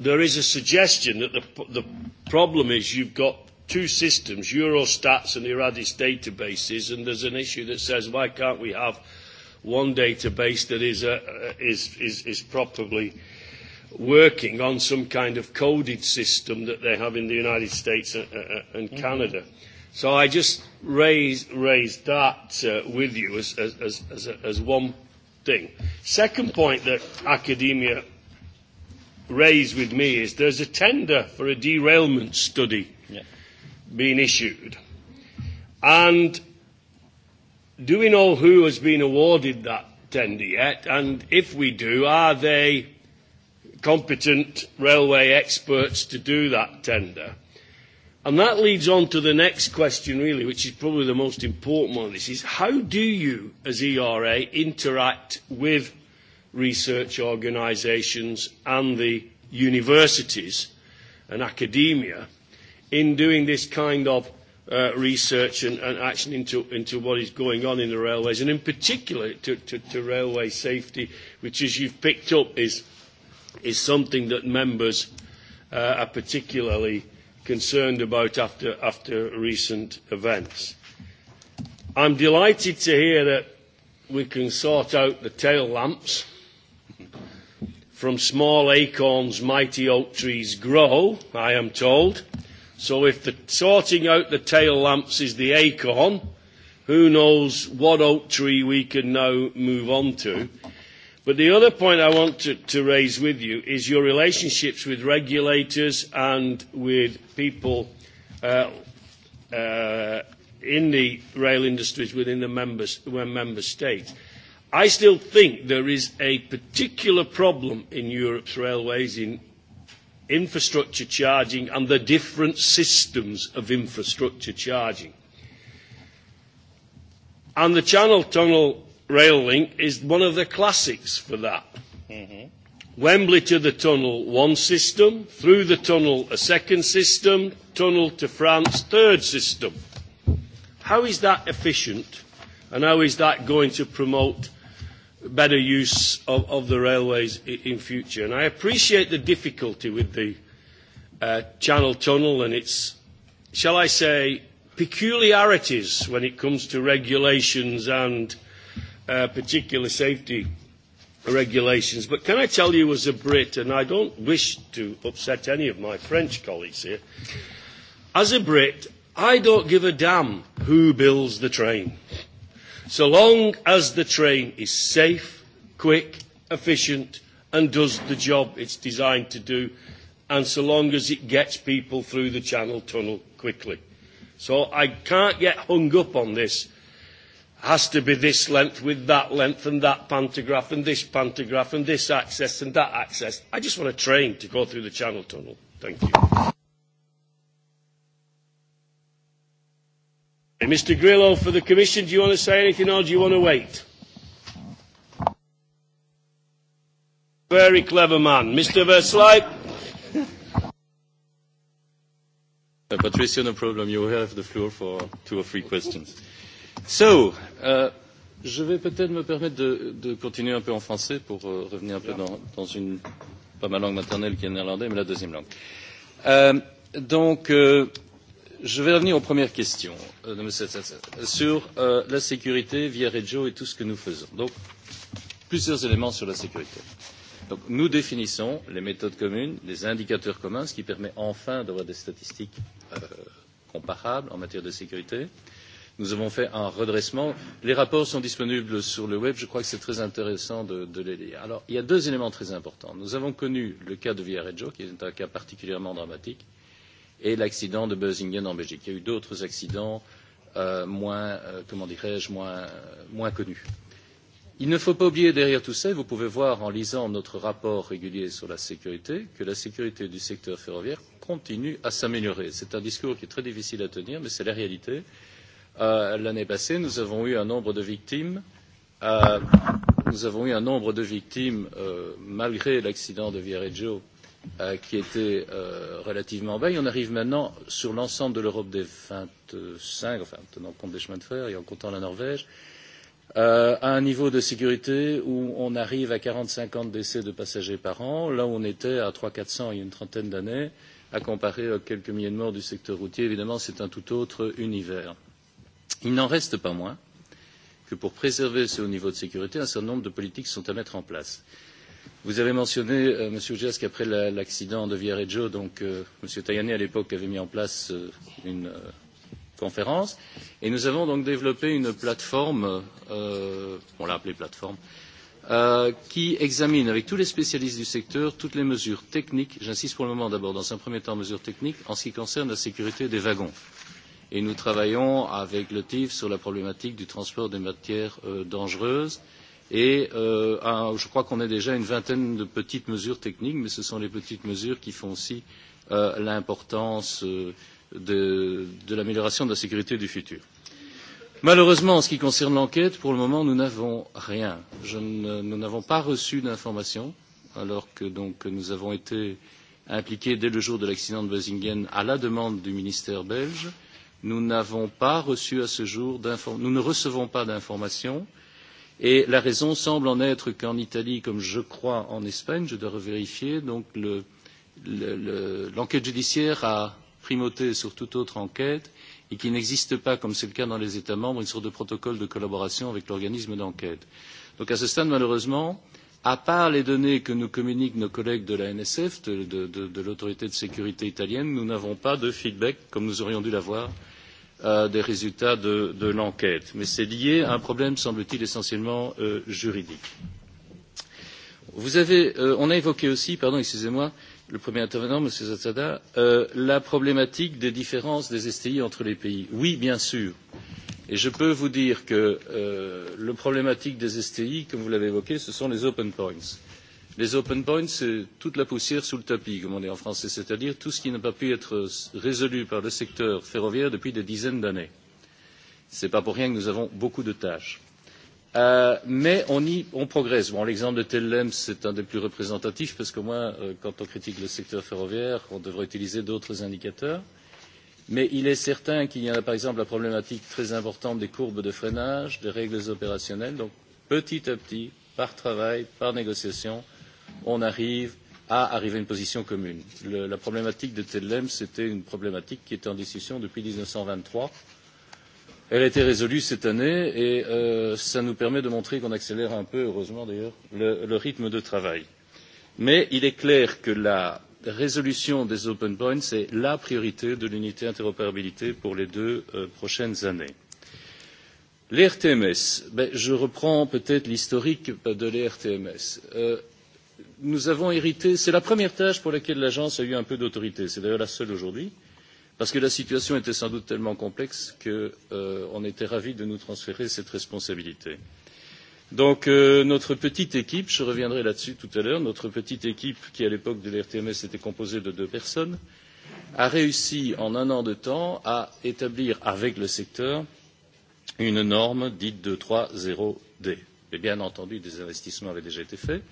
there is a suggestion that the, the problem is you've got two systems, Eurostats and the Iradis databases, and there's an issue that says why can't we have one database that is, a, uh, uh, is, is, is properly working on some kind of coded system that they have in the United States and, and mm-hmm. Canada. Mm -hmm. So I just raise, raise that uh, with you as, as, as, as, as one thing. Second point that academia raised with me is there's a tender for a derailment study yeah. being issued. And do we know who has been awarded that tender yet? And if we do, are they competent railway experts to do that tender? And that leads on to the next question, really, which is probably the most important one. This is how do you, as ERA, interact with research organisations and the universities and academia in doing this kind of uh, research and, and action into, into what is going on in the railways, and in particular to, to, to railway safety, which, as you've picked up, is, is something that members uh, are particularly concerned about after, after recent events. I'm delighted to hear that we can sort out the tail lamps. From small acorns, mighty oak trees grow, I am told. So if the sorting out the tail lamps is the acorn, who knows what oak tree we can now move on to. But the other point I want to, to raise with you is your relationships with regulators and with people uh, uh, in the rail industries within the members, when uh, member states. I still think there is a particular problem in Europe's railways in infrastructure charging and the different systems of infrastructure charging. And the Channel Tunnel rail link is one of the classics for that. Mm-hmm. Wembley to the tunnel, one system. Through the tunnel, a second system. Tunnel to France, third system. How is that efficient and how is that going to promote better use of, of the railways in future? And I appreciate the difficulty with the uh, Channel Tunnel and its, shall I say, peculiarities when it comes to regulations and uh, particular safety regulations. But can I tell you as a Brit, and I don't wish to upset any of my French colleagues here, as a Brit, I don't give a damn who builds the train. So long as the train is safe, quick, efficient, and does the job it's designed to do, and so long as it gets people through the Channel Tunnel quickly. So I can't get hung up on this has to be this length with that length and that pantograph and this pantograph and this access and that access. I just want a train to go through the Channel Tunnel. Thank you. Hey, Mr Grillo, for the Commission, do you want to say anything or do you want to wait? Very clever man. Mr Versley. Uh, Patricia, no problem. You have the floor for two or three questions. So, Euh, je vais peut-être me permettre de, de continuer un peu en français pour euh, revenir un peu dans, dans une, pas ma langue maternelle qui est néerlandais, mais la deuxième langue. Euh, donc, euh, je vais revenir aux premières questions euh, de M. Tsatsa sur euh, la sécurité via Regio et tout ce que nous faisons. Donc, plusieurs éléments sur la sécurité. Donc, nous définissons les méthodes communes, les indicateurs communs, ce qui permet enfin d'avoir des statistiques euh, comparables en matière de sécurité. Euh, nous avons fait un redressement. Les rapports sont disponibles sur le web. Je crois que c'est très intéressant de, de les lire. Alors, il y a deux éléments très importants. Nous avons connu le cas de Viareggio, qui est un cas particulièrement dramatique, et l'accident de Bösingen en Belgique. Il y a eu d'autres accidents euh, moins, euh, comment dirais-je, moins, euh, moins connus. Il ne faut pas oublier derrière tout ça, vous pouvez voir en lisant notre rapport régulier sur la sécurité, que la sécurité du secteur ferroviaire continue à s'améliorer. C'est un discours qui est très difficile à tenir, mais c'est la réalité. Euh, euh, l'année passée, nous avons eu un nombre de victimes. Euh, nous avons eu un nombre de victimes, euh, malgré l'accident de Viareggio, euh, qui était euh, relativement bas. Et on arrive maintenant, sur l'ensemble de l'Europe des 25, enfin, tenant compte des chemins de fer et en comptant la Norvège, euh, à un niveau de sécurité où on arrive à 40-50 décès de passagers par an, là où on était à 300-400 il y a une trentaine d'années, à comparer à quelques milliers de morts du secteur routier. Évidemment, c'est un tout autre univers. Il n'en reste pas moins que pour préserver ce haut niveau de sécurité, un certain nombre de politiques sont à mettre en place. Vous avez mentionné, euh, Monsieur Gess, qu'après l'accident la, de Viareggio, donc euh, Monsieur Tajani à l'époque avait mis en place euh, une euh, conférence, et nous avons donc développé une plateforme, euh, on l'a appelée plateforme, euh, qui examine avec tous les spécialistes du secteur toutes les mesures techniques. J'insiste pour le moment d'abord dans un premier temps mesures techniques en ce qui concerne la sécurité des wagons. Euh, et nous travaillons avec le TIF sur la problématique du transport des matières euh, dangereuses. Et euh, un, je crois qu'on a déjà une vingtaine de petites mesures techniques, mais ce sont les petites mesures qui font aussi euh, l'importance euh, de, de l'amélioration de la sécurité du futur. Malheureusement, en ce qui concerne l'enquête, pour le moment, nous n'avons rien. Je ne, nous n'avons pas reçu d'informations, alors que donc, nous avons été impliqués dès le jour de l'accident de Basingen à la demande du ministère belge. Euh, nous n'avons pas reçu à ce jour nous ne recevons pas d'informations et la raison semble en être qu'en Italie, comme je crois en Espagne, je dois revérifier, donc le, le, le, l'enquête judiciaire a primauté sur toute autre enquête et qu'il n'existe pas, comme c'est le cas dans les États membres, une sorte de protocole de collaboration avec l'organisme d'enquête. Donc à ce stade, malheureusement, à part les données que nous communiquent nos collègues de la nsf de, de, de, de l'autorité de sécurité italienne nous n'avons pas de feedback comme nous aurions dû l'avoir euh, des résultats de, de l'enquête mais c'est lié à un problème semble t il essentiellement euh, juridique. Vous avez, euh, on a évoqué aussi pardon excusez moi le premier intervenant m. zasada euh, la problématique des différences des sti entre les pays. oui bien sûr mais et je peux vous dire que euh, la problématique des sti comme vous l'avez évoqué ce sont les open points. les open points c'est toute la poussière sous le tapis comme on dit en français c'est à dire tout ce qui n'a pas pu être résolu par le secteur ferroviaire depuis des dizaines d'années. ce n'est pas pour rien que nous avons beaucoup de tâches. Euh, mais on, y, on progresse. Bon, L'exemple de Tellem, c'est un des plus représentatifs parce qu'au moins, euh, quand on critique le secteur ferroviaire, on devrait utiliser d'autres indicateurs. Euh, mais il est certain qu'il y a par exemple la problématique très importante des courbes de freinage des règles opérationnelles donc petit à petit par travail par négociation on arrive à arriver à une position commune. Le, la problématique de Tedlem, c'était une problématique qui était en discussion depuis 1923. Elle a été résolue cette année et euh, ça nous permet de montrer qu'on accélère un peu, heureusement d'ailleurs, le, le rythme de travail. Mais il est clair que la la résolution des open points est la priorité de l'unité interopérabilité pour les deux euh, prochaines années. Les RTMS, ben, je reprends peut-être l'historique de les RTMS. Euh, nous avons hérité, c'est la première tâche pour laquelle l'agence a eu un peu d'autorité, c'est d'ailleurs la seule aujourd'hui, parce que la situation était sans doute tellement complexe qu'on euh, était ravis de nous transférer cette responsabilité. Euh, Donc euh, notre petite équipe, je reviendrai là-dessus tout à l'heure, notre petite équipe qui à l'époque de l'RTMS était composée de deux personnes, a réussi en un an de temps à établir avec le secteur une norme dite de 3.0D. Et bien entendu, des investissements avaient déjà été faits,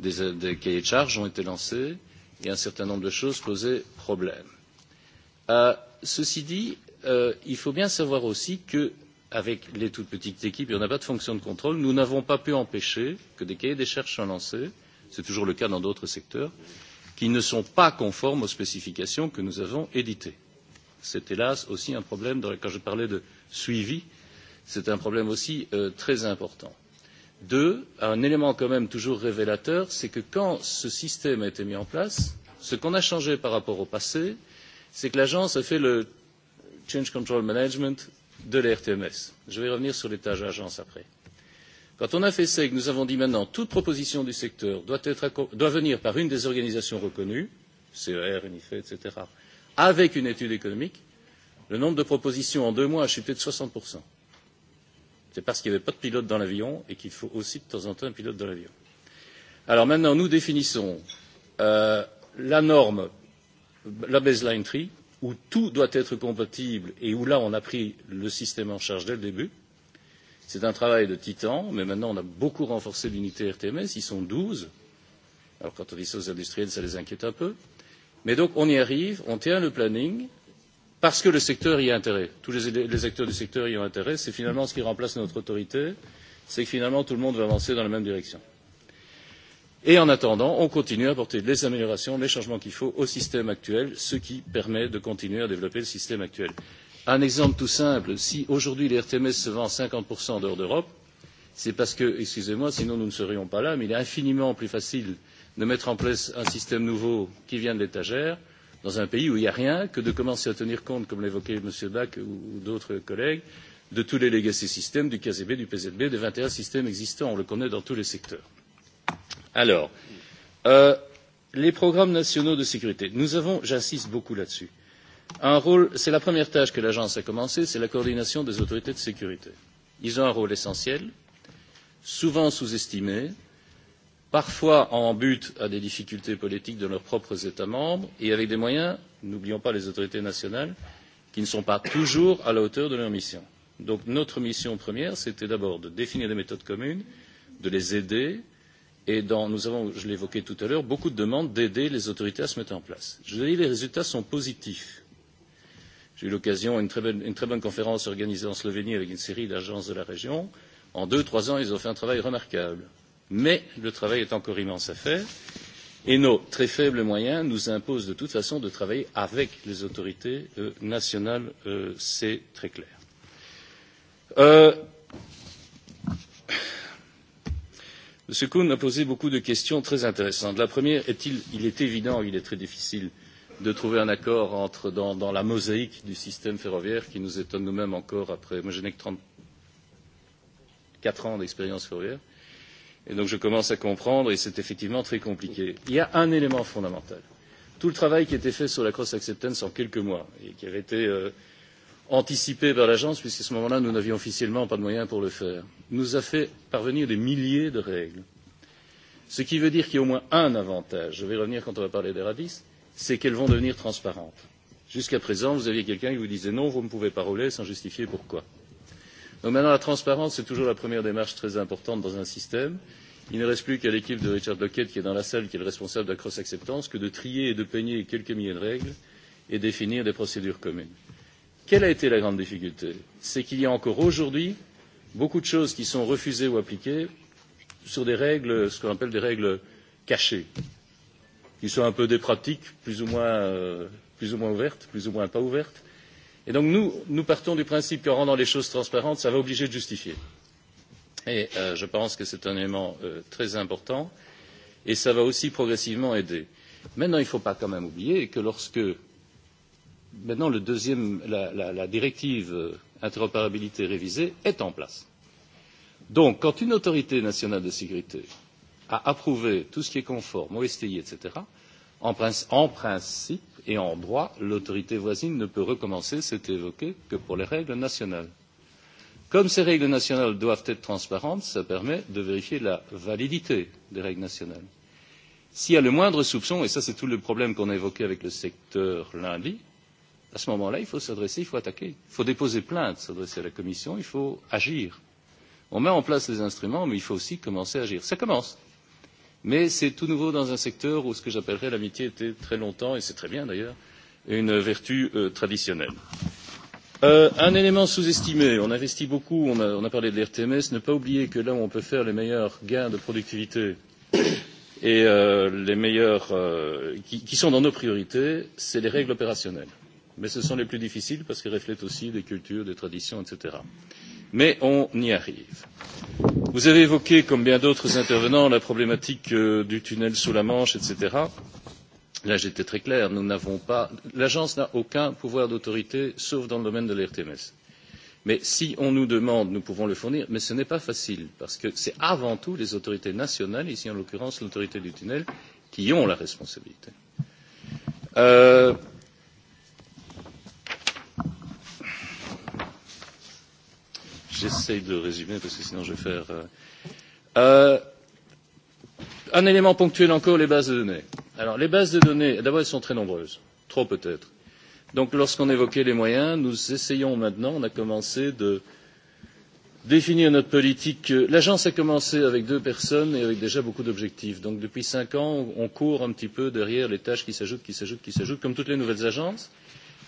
des, des cahiers de charges ont été lancés et un certain nombre de choses posaient problème. Euh, ceci dit, euh, il faut bien savoir aussi que avec les toutes petites équipes, il n'y en a pas de fonction de contrôle. Nous n'avons pas pu empêcher que des cahiers des charges soient lancés, c'est toujours le cas dans d'autres secteurs, qui ne sont pas conformes aux spécifications que nous avons éditées. C'est hélas aussi un problème, dans, quand je parlais de suivi, c'est un problème aussi euh, très important. Deux, un élément quand même toujours révélateur, c'est que quand ce système a été mis en place, ce qu'on a changé par rapport au passé, c'est que l'agence a fait le change control management de l'RTMS. Je vais revenir sur les tâches d'agence après. Quand on a fait ça et que nous avons dit maintenant toute proposition du secteur doit, être, doit venir par une des organisations reconnues, CER, UNIFE, etc., avec une étude économique, le nombre de propositions en deux mois a chuté de 60%. C'est parce qu'il n'y avait pas de pilote dans l'avion et qu'il faut aussi de temps en temps un pilote dans l'avion. Alors maintenant, nous définissons euh, la norme, la baseline tree, où tout doit être compatible et où là on a pris le système en charge dès le début. C'est un travail de titan, mais maintenant on a beaucoup renforcé l'unité RTMS, ils sont 12. Alors quand on dit ça aux industriels, ça les inquiète un peu. Mais donc on y arrive, on tient le planning, parce que le secteur y a intérêt. Tous les, les acteurs du secteur y ont intérêt, c'est finalement ce qui remplace notre autorité, c'est que finalement tout le monde va avancer dans la même direction et en attendant on continue à apporter les améliorations les changements qu'il faut au système actuel ce qui permet de continuer à développer le système actuel. un exemple tout simple si aujourd'hui les rtms se vendent cinquante hors d'europe c'est parce que excusez moi sinon nous ne serions pas là mais il est infiniment plus facile de mettre en place un système nouveau qui vient de l'étagère dans un pays où il n'y a rien que de commencer à tenir compte comme l'évoquait m. bach ou d'autres collègues de tous les legacy systems du kzb du pzb des vingt et un systèmes existants on le connaît dans tous les secteurs Alors, euh, les programmes nationaux de sécurité. Nous avons, j'insiste beaucoup là-dessus, un rôle, c'est la première tâche que l'agence a commencée, c'est la coordination des autorités de sécurité. Ils ont un rôle essentiel, souvent sous-estimé, parfois en but à des difficultés politiques de leurs propres États membres et avec des moyens, n'oublions pas les autorités nationales, qui ne sont pas toujours à la hauteur de leur mission. Donc notre mission première, c'était d'abord de définir des méthodes communes, de les aider, et dans, nous avons, je l'ai évoqué tout à l'heure, beaucoup de demandes d'aider les autorités à se mettre en place. Je l'ai dit, les résultats sont positifs. J'ai eu l'occasion, une, très belle, une très bonne conférence organisée en Slovénie avec une série d'agences de la région. En deux, trois ans, ils ont fait un travail remarquable. Mais le travail est encore immense à faire et nos très faibles moyens nous imposent de toute façon de travailler avec les autorités euh, nationales, euh, c'est très clair. Euh, m. kuhn a posé beaucoup de questions très intéressantes. la première est il, il est évident il est très difficile de trouver un accord entre, dans, dans la mosaïque du système ferroviaire qui nous étonne nous mêmes encore après moi je n'ai que trente quatre ans d'expérience ferroviaire et donc je commence à comprendre et c'est effectivement très compliqué. il y a un élément fondamental tout le travail qui a été fait sur la cross acceptance en quelques mois et qui avait été euh, anticipé par l'agence, puisqu'à ce moment-là, nous n'avions officiellement pas de moyens pour le faire, nous a fait parvenir des milliers de règles. Ce qui veut dire qu'il y a au moins un avantage, je vais revenir quand on va parler des radis, c'est qu'elles vont devenir transparentes. Jusqu'à présent, vous aviez quelqu'un qui vous disait non, vous ne pouvez pas rouler sans justifier pourquoi. Donc maintenant, la transparence, c'est toujours la première démarche très importante dans un système. Il ne reste plus qu'à l'équipe de Richard Lockett, qui est dans la salle, qui est le responsable de la cross-acceptance, que de trier et de peigner quelques milliers de règles et définir des procédures communes quelle a été la grande difficulté? c'est qu'il y a encore aujourd'hui beaucoup de choses qui sont refusées ou appliquées sur des règles ce qu'on appelle des règles cachées qui sont un peu des pratiques plus ou moins, euh, plus ou moins ouvertes plus ou moins pas ouvertes et donc nous nous partons du principe qu'en rendant les choses transparentes ça va obliger de justifier et euh, je pense que c'est un élément euh, très important et ça va aussi progressivement aider. Maintenant, il ne faut pas quand même oublier que lorsque maintenant le deuxième, la, la, la directive euh, interopérabilité révisée est en place. Donc, quand une autorité nationale de sécurité a approuvé tout ce qui est conforme au STI, etc., en, principe, en principe et en droit, l'autorité voisine ne peut recommencer, c'est évoqué, que pour les règles nationales. Comme ces règles nationales doivent être transparentes, ça permet de vérifier la validité des règles nationales. S'il y a le moindre soupçon, et ça c'est tout le problème qu'on a évoqué avec le secteur lundi, euh, à ce moment là il faut s'adresser il faut attaquer il faut déposer plainte s'adresser à la commission il faut agir. on met en place les instruments mais il faut aussi commencer à agir. ça commence mais c'est tout nouveau dans un secteur où ce que j'appellerais l'amitié était très longtemps et c'est très bien d'ailleurs une vertu euh, traditionnelle. Euh, un élément sous estimé on investit beaucoup on a, on a parlé de l'rtms ne pas oublier que là où on peut faire les meilleurs gains de productivité et euh, les meilleurs euh, qui, qui sont dans nos priorités c'est les règles opérationnelles mais ce sont les plus difficiles parce qu'ils reflètent aussi des cultures, des traditions, etc. Mais on y arrive. Vous avez évoqué, comme bien d'autres intervenants, la problématique euh, du tunnel sous la Manche, etc. Là, j'étais très clair, nous n'avons pas, l'agence n'a aucun pouvoir d'autorité, sauf dans le domaine de l'RTMS. Mais si on nous demande, nous pouvons le fournir, mais ce n'est pas facile, parce que c'est avant tout les autorités nationales, ici en l'occurrence l'autorité du tunnel, qui ont la responsabilité. Euh, J'essaie de résumer parce que sinon je vais faire. Euh, euh, un élément ponctuel encore, les bases de données. Alors, les bases de données, d'abord, elles sont très nombreuses. Trop peut-être. Donc, lorsqu'on évoquait les moyens, nous essayons maintenant, on a commencé de définir notre politique. L'agence a commencé avec deux personnes et avec déjà beaucoup d'objectifs. Donc, depuis cinq ans, on court un petit peu derrière les tâches qui s'ajoutent, qui s'ajoutent, qui s'ajoutent, comme toutes les nouvelles agences.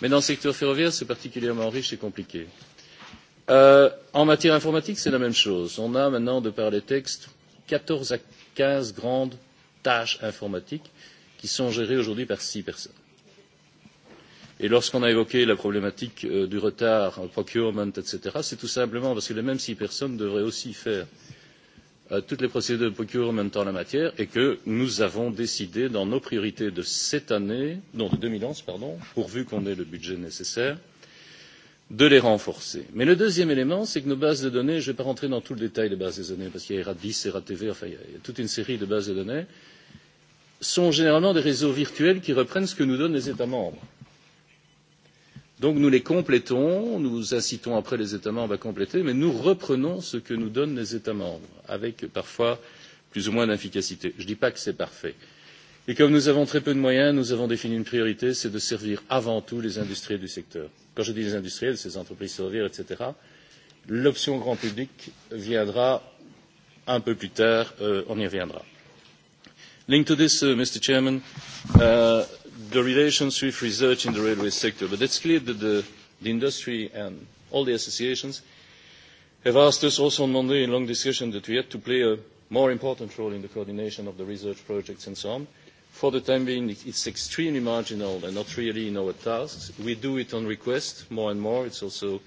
Mais dans le secteur ferroviaire, c'est particulièrement riche et compliqué. Euh, Euh, en matière informatique, c'est la même chose. On a maintenant, de par les textes, 14 à 15 grandes tâches informatiques qui sont gérées aujourd'hui par six personnes. Et lorsqu'on a évoqué la problématique euh, du retard en procurement, etc., c'est tout simplement parce que les mêmes six personnes devraient aussi faire euh, toutes les procédures de procurement en la matière et que nous avons décidé dans nos priorités de cette année, non de 2011, pardon, pourvu qu'on ait le budget nécessaire, euh, de les renforcer. mais le deuxième élément c'est que nos bases de données je ne vais pas rentrer dans tout le détail des bases de données parce qu'il y a eradis eratv enfin il y, a, il y a toute une série de bases de données sont généralement des réseaux virtuels qui reprennent ce que nous donnent les états membres. donc nous les complétons nous incitons après les états membres à compléter mais nous reprenons ce que nous donnent les états membres avec parfois plus ou moins d'efficacité. je ne dis pas que c'est parfait et comme nous avons très peu de moyens nous avons défini une priorité c'est de servir avant tout les industriels du secteur quand je dis les industriels, ces entreprises ferroviaires, etc., l'option grand public viendra un peu plus tard, uh, on y reviendra. Linked to this, uh, Mr. Chairman, uh, the relations with research in the railway sector, but it's clear that the, the industry and all the associations have asked us also on Monday in long discussion that we had to play a more important role in the coordination of the research projects and so on. Uh, For the time being, it's extremely marginal and not really in our tasks. We do it on request more and more. It's also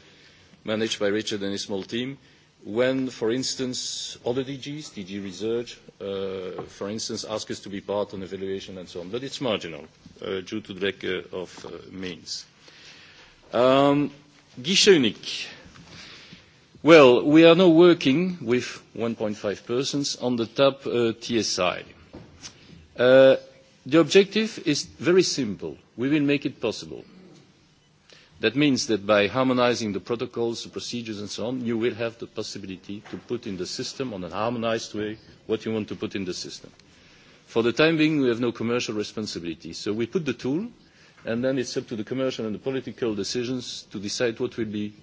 managed by Richard and his small team. When, for instance, other DGs, DG Research, uh, for instance, ask us to be part on evaluation and so on, but it's marginal uh, due to the lack uh, of uh, means. Um, guichet unique. Well, we are now working with 1.5 persons on the TAP uh, TSI. Uh, The objective is very simple. We will make it possible. That means that by harmonizing the protocols, the procedures, and so on, you will have the possibility to put in the system on a harmonized way what you want to put in the system. For the time being, we have no commercial responsibility. So we put the tool, and then it's up to the commercial and the political decisions to decide what will be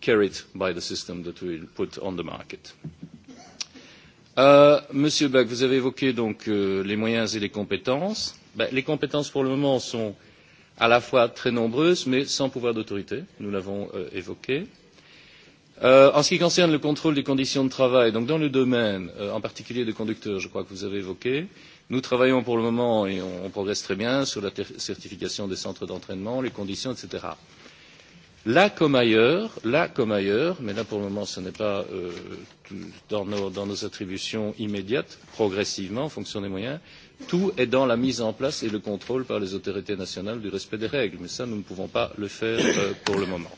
carried by the system that we will put on the market. Mm-hmm. Euh, Monsieur Bach, vous avez évoqué donc euh, les moyens et les compétences. Ben, les compétences pour le moment sont à la fois très nombreuses mais sans pouvoir d'autorité. Nous l'avons euh, évoqué. Euh, en ce qui concerne le contrôle des conditions de travail, donc dans le domaine euh, en particulier des conducteurs, je crois que vous avez évoqué, nous travaillons pour le moment et on, on progresse très bien sur la certification des centres d'entraînement, les conditions, etc. Euh, là comme ailleurs, là comme ailleurs, mais là pour le moment ce n'est pas euh, dans, nos, dans nos attributions immédiates, progressivement en fonction des moyens, tout est dans la mise en place et le contrôle par les autorités nationales du respect des règles. Mais ça, nous ne pouvons pas le faire euh, pour le moment.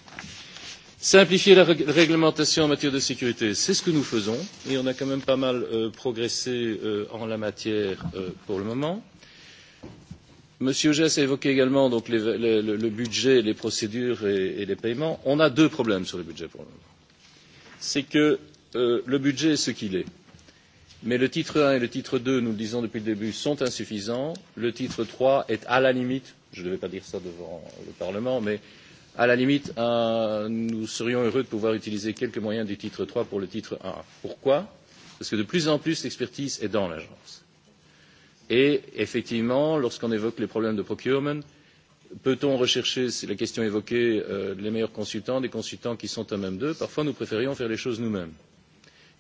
Simplifier la réglementation en matière de sécurité, c'est ce que nous faisons et on a quand même pas mal euh, progressé euh, en la matière euh, pour le moment. Monsieur Gess a évoqué également donc, les, les, le, le budget, les procédures et, et les paiements. On a deux problèmes sur le budget pour le moment. C'est que euh, le budget est ce qu'il est. Mais le titre 1 et le titre 2, nous le disons depuis le début, sont insuffisants. Le titre 3 est à la limite, je ne vais pas dire ça devant le Parlement, mais à la limite, un, nous serions heureux de pouvoir utiliser quelques moyens du titre 3 pour le titre 1. Pourquoi Parce que de plus en plus, l'expertise est dans l'agence et effectivement lorsqu'on évoque les problèmes de procurement peut on rechercher c'est la question évoquée euh, les meilleurs consultants des consultants qui sont à même d'eux? parfois nous préférions faire les choses nous mêmes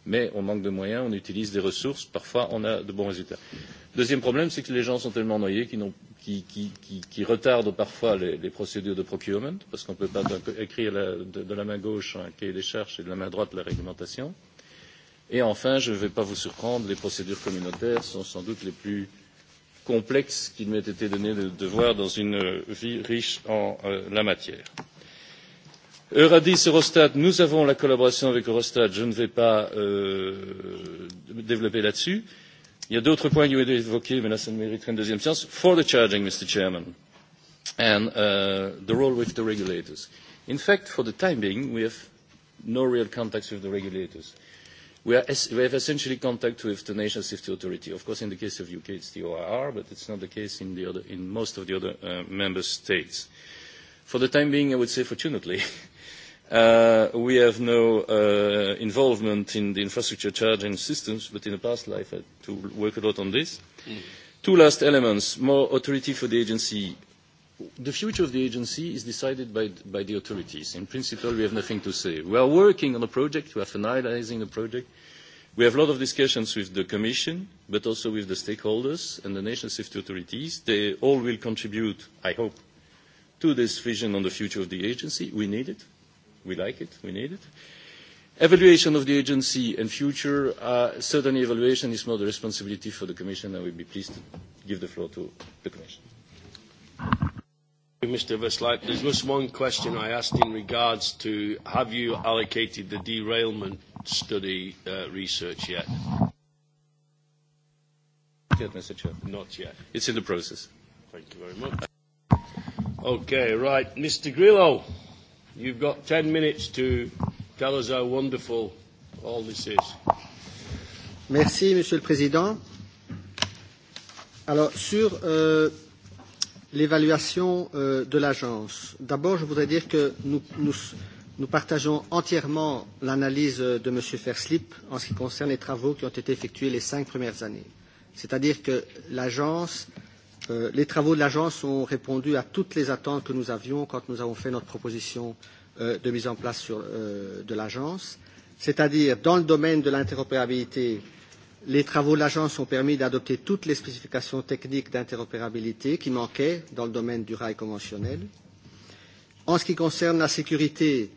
mais on manque de moyens on utilise des ressources parfois on a de bons résultats. deuxième problème c'est que les gens sont tellement noyés qu'ils qui, qui, qui, qui retardent parfois les, les procédures de procurement parce qu'on ne peut pas écrire la, de, de la main gauche un cahier des charges et de la main droite la réglementation. et enfin je ne vais pas vous surprendre les procédures communautaires sont sans doute les plus complexe qu'il m'ait été donné de, de voir dans une euh, vie riche en euh, la matière. Euradis, Eurostat, nous avons la collaboration avec Eurostat, je ne vais pas euh, développer là-dessus. Il y a d'autres points qui ont été évoqués, mais là, ça mériterait une deuxième séance. For the charging, Mr. Chairman, and uh, the role with the regulators. In fact, for the time being, we have no real contacts with the regulators. Uh, we, are, we have essentially contact with the national safety authority. Of course, in the case of UK, it's the OIR, but it's not the case in, the other, in most of the other uh, member states. For the time being, I would say, fortunately, uh, we have no uh, involvement in the infrastructure charging systems, but in the past life, I had to work a lot on this. Mm. Two last elements, more authority for the agency the future of the agency is decided by, by the authorities. In principle, we have nothing to say. We are working on a project. We are finalizing a project. We have a lot of discussions with the Commission, but also with the stakeholders and the national safety authorities. They all will contribute, I hope, to this vision on the future of the agency. We need it. We like it. We need it. Evaluation of the agency and future, uh, certainly evaluation is not a responsibility for the Commission. I will be pleased to give the floor to the Commission. Mr. Veslack, there's just one question I asked in regards to have you allocated the derailment study uh, research yet? Yet, Mr. Chair. Not yet. It's in the process. Thank you very much. Okay, right. Mr. Grillo, you've got 10 minutes to tell us how wonderful all this is. Merci, Monsieur le Président. Alors, sur euh, l'évaluation euh, de l'agence. D'abord, je voudrais dire que nous, nous, nous partageons entièrement l'analyse de M. Ferslip en ce qui concerne les travaux qui ont été effectués les cinq premières années. C'est-à-dire que l'agence, euh, les travaux de l'agence ont répondu à toutes les attentes que nous avions quand nous avons fait notre proposition euh, de mise en place sur, euh, de l'agence. C'est-à-dire, dans le domaine de l'interopérabilité, euh, Les travaux de l'agence ont permis d'adopter toutes les spécifications techniques d'interopérabilité qui manquaient dans le domaine du rail conventionnel. En ce qui concerne la sécurité,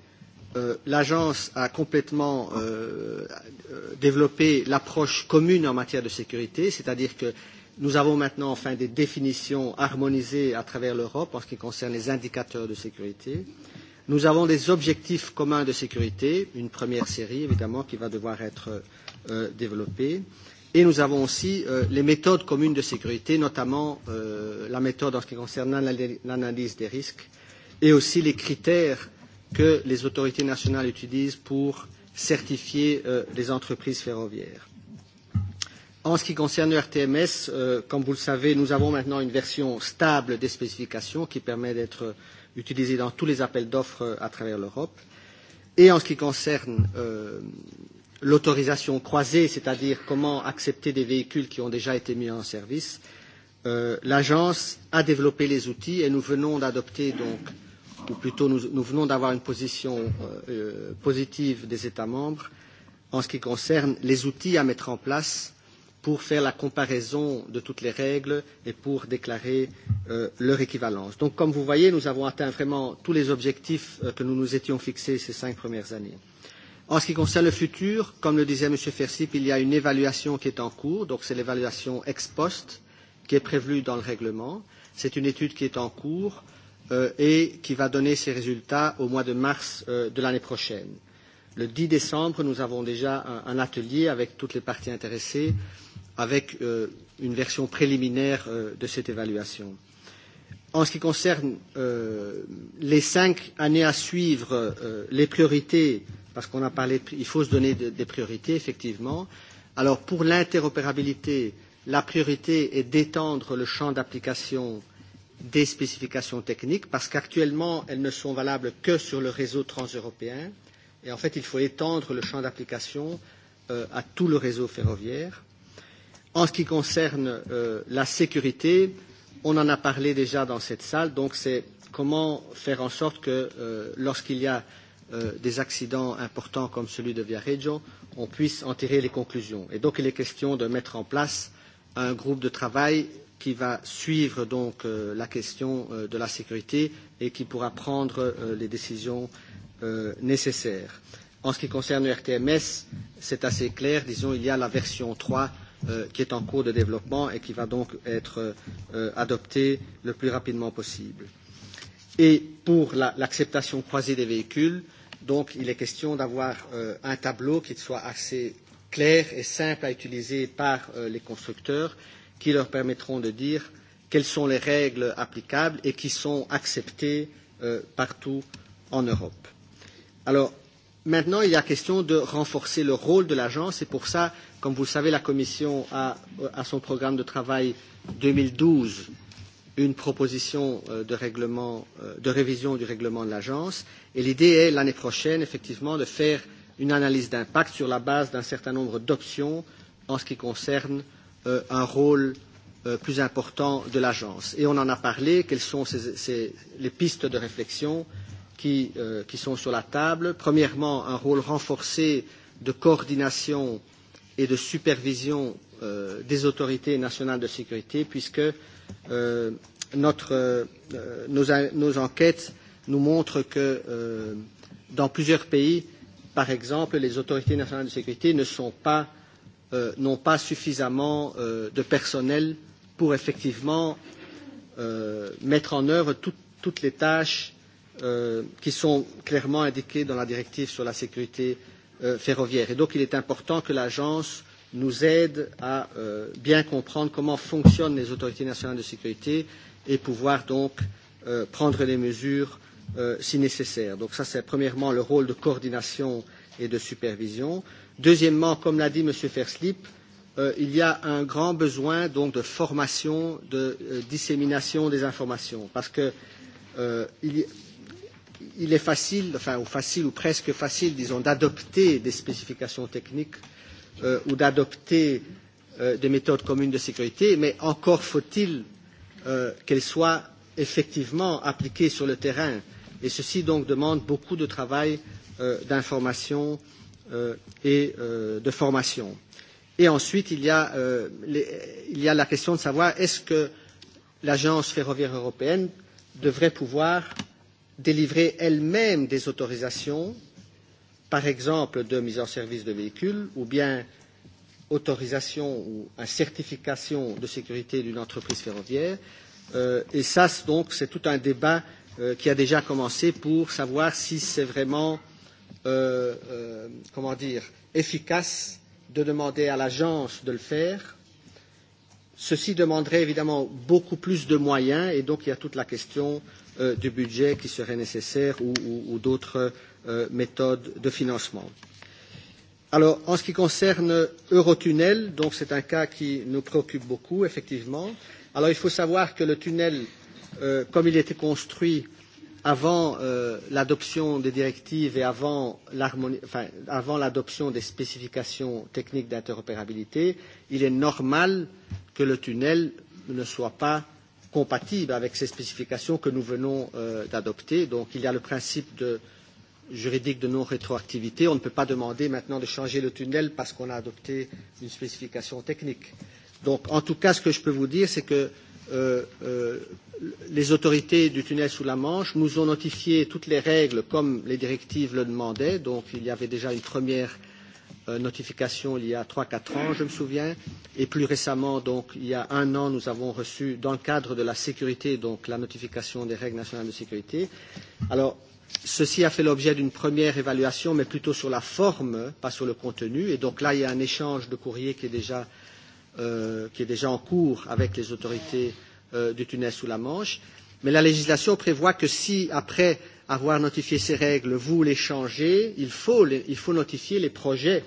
euh, l'agence a complètement euh, euh, développé l'approche commune en matière de sécurité, c'est-à-dire que nous avons maintenant enfin des définitions harmonisées à travers l'Europe en ce qui concerne les indicateurs de sécurité. Nous avons des objectifs communs de sécurité, une première série évidemment qui va devoir être euh, euh, développées. Et nous avons aussi euh, les méthodes communes de sécurité, notamment euh, la méthode en ce qui concerne l'analyse des risques et aussi les critères que les autorités nationales utilisent pour certifier euh, les entreprises ferroviaires. En ce qui concerne le RTMS, euh, comme vous le savez, nous avons maintenant une version stable des spécifications qui permet d'être utilisée dans tous les appels d'offres euh, à travers l'Europe. Et en ce qui concerne euh, l'autorisation croisée, c'est-à-dire comment accepter des véhicules qui ont déjà été mis en service, euh, l'agence a développé les outils et nous venons d'adopter donc ou plutôt nous, nous venons d'avoir une position euh, euh, positive des États membres en ce qui concerne les outils à mettre en place pour faire la comparaison de toutes les règles et pour déclarer euh, leur équivalence. Donc, comme vous voyez, nous avons atteint vraiment tous les objectifs euh, que nous nous étions fixés ces cinq premières années. En ce qui concerne le futur, comme le disait M. Fersip, il y a une évaluation qui est en cours, donc c'est l'évaluation ex post qui est prévue dans le règlement. C'est une étude qui est en cours euh, et qui va donner ses résultats au mois de mars euh, de l'année prochaine. Le 10 décembre, nous avons déjà un, un atelier avec toutes les parties intéressées, avec euh, une version préliminaire euh, de cette évaluation. En ce qui concerne euh, les cinq années à suivre, euh, les priorités euh, parce qu'on a parlé, il faut se donner de, des priorités, effectivement. Alors, pour l'interopérabilité, la priorité est d'étendre le champ d'application des spécifications techniques, parce qu'actuellement, elles ne sont valables que sur le réseau transeuropéen. Et en fait, il faut étendre le champ d'application euh, à tout le réseau ferroviaire. En ce qui concerne euh, la sécurité, on en a parlé déjà dans cette salle, donc c'est comment faire en sorte que euh, lorsqu'il y a euh, des accidents importants comme celui de Viareggio, on puisse en tirer les conclusions. Et donc il est question de mettre en place un groupe de travail qui va suivre donc euh, la question euh, de la sécurité et qui pourra prendre euh, les décisions euh, nécessaires. En ce qui concerne le RTMS, c'est assez clair. Disons, il y a la version 3 euh, qui est en cours de développement et qui va donc être euh, adoptée le plus rapidement possible. Et pour l'acceptation la, croisée des véhicules, euh, Donc, il est question d'avoir euh, un tableau qui soit assez clair et simple à utiliser par euh, les constructeurs, qui leur permettront de dire quelles sont les règles applicables et qui sont acceptées euh, partout en Europe. Alors, Maintenant, il y a question de renforcer le rôle de l'agence et pour ça, comme vous le savez, la Commission a, euh, à son programme de travail 2012 une proposition euh, de, règlement, euh, de révision du règlement de l'agence. Et l'idée est, l'année prochaine, effectivement, de faire une analyse d'impact sur la base d'un certain nombre d'options en ce qui concerne euh, un rôle euh, plus important de l'agence. Et on en a parlé, quelles sont ces, ces, les pistes de réflexion qui, euh, qui sont sur la table. Premièrement, un rôle renforcé de coordination et de supervision euh, des autorités nationales de sécurité, puisque euh, notre, euh, nos, nos enquêtes nous montrent que euh, dans plusieurs pays, par exemple, les autorités nationales de sécurité ne sont pas, euh, n'ont pas suffisamment euh, de personnel pour effectivement euh, mettre en œuvre tout, toutes les tâches euh, qui sont clairement indiquées dans la directive sur la sécurité euh, ferroviaire. Et donc, il est important que l'agence nous aide à euh, bien comprendre comment fonctionnent les autorités nationales de sécurité et pouvoir donc euh, prendre les mesures euh, si nécessaire. Donc ça, c'est premièrement le rôle de coordination et de supervision. Deuxièmement, comme l'a dit M. Ferslip, euh, il y a un grand besoin donc de formation, de euh, dissémination des informations, parce que euh, il, il est facile, enfin ou facile ou presque facile, disons, d'adopter des spécifications techniques euh, euh, ou d'adopter euh, des méthodes communes de sécurité, mais encore faut-il euh, qu'elles soient effectivement appliquées sur le terrain. Et ceci donc demande beaucoup de travail euh, d'information euh, et euh, de formation. Et ensuite, il y a, euh, les, il y a la question de savoir est-ce que l'agence ferroviaire européenne devrait pouvoir délivrer elle-même des autorisations euh, par exemple de mise en service de véhicules ou bien autorisation ou une certification de sécurité d'une entreprise ferroviaire. Euh, et ça, donc, c'est tout un débat euh, qui a déjà commencé pour savoir si c'est vraiment, euh, euh, comment dire, efficace de demander à l'agence de le faire. Ceci demanderait évidemment beaucoup plus de moyens et donc il y a toute la question euh, du budget qui serait nécessaire ou, ou, ou d'autres euh, euh, méthodes de financement. Alors, en ce qui concerne Eurotunnel, donc c'est un cas qui nous préoccupe beaucoup, effectivement. Alors, il faut savoir que le tunnel, euh, comme il était construit avant euh, l'adoption des directives et avant l'adoption enfin, des spécifications techniques d'interopérabilité, il est normal que le tunnel ne soit pas compatible avec ces spécifications que nous venons euh, d'adopter. Donc il y a le principe de juridique de non-rétroactivité. On ne peut pas demander maintenant de changer le tunnel parce qu'on a adopté une spécification technique. Donc, en tout cas, ce que je peux vous dire, c'est que euh, euh, les autorités du tunnel sous la Manche nous ont notifié toutes les règles comme les directives le demandaient. Donc, il y avait déjà une première euh, notification il y a 3-4 ans, je me souviens. Et plus récemment, donc, il y a un an, nous avons reçu, dans le cadre de la sécurité, donc, la notification des règles nationales de sécurité. Alors, Ceci a fait l'objet d'une première évaluation, mais plutôt sur la forme, pas sur le contenu. Et donc là, il y a un échange de courrier qui est déjà, euh, qui est déjà en cours avec les autorités euh, du Tunis ou la Manche. Mais la législation prévoit que si, après avoir notifié ces règles, vous les changez, il faut, les, il faut notifier les projets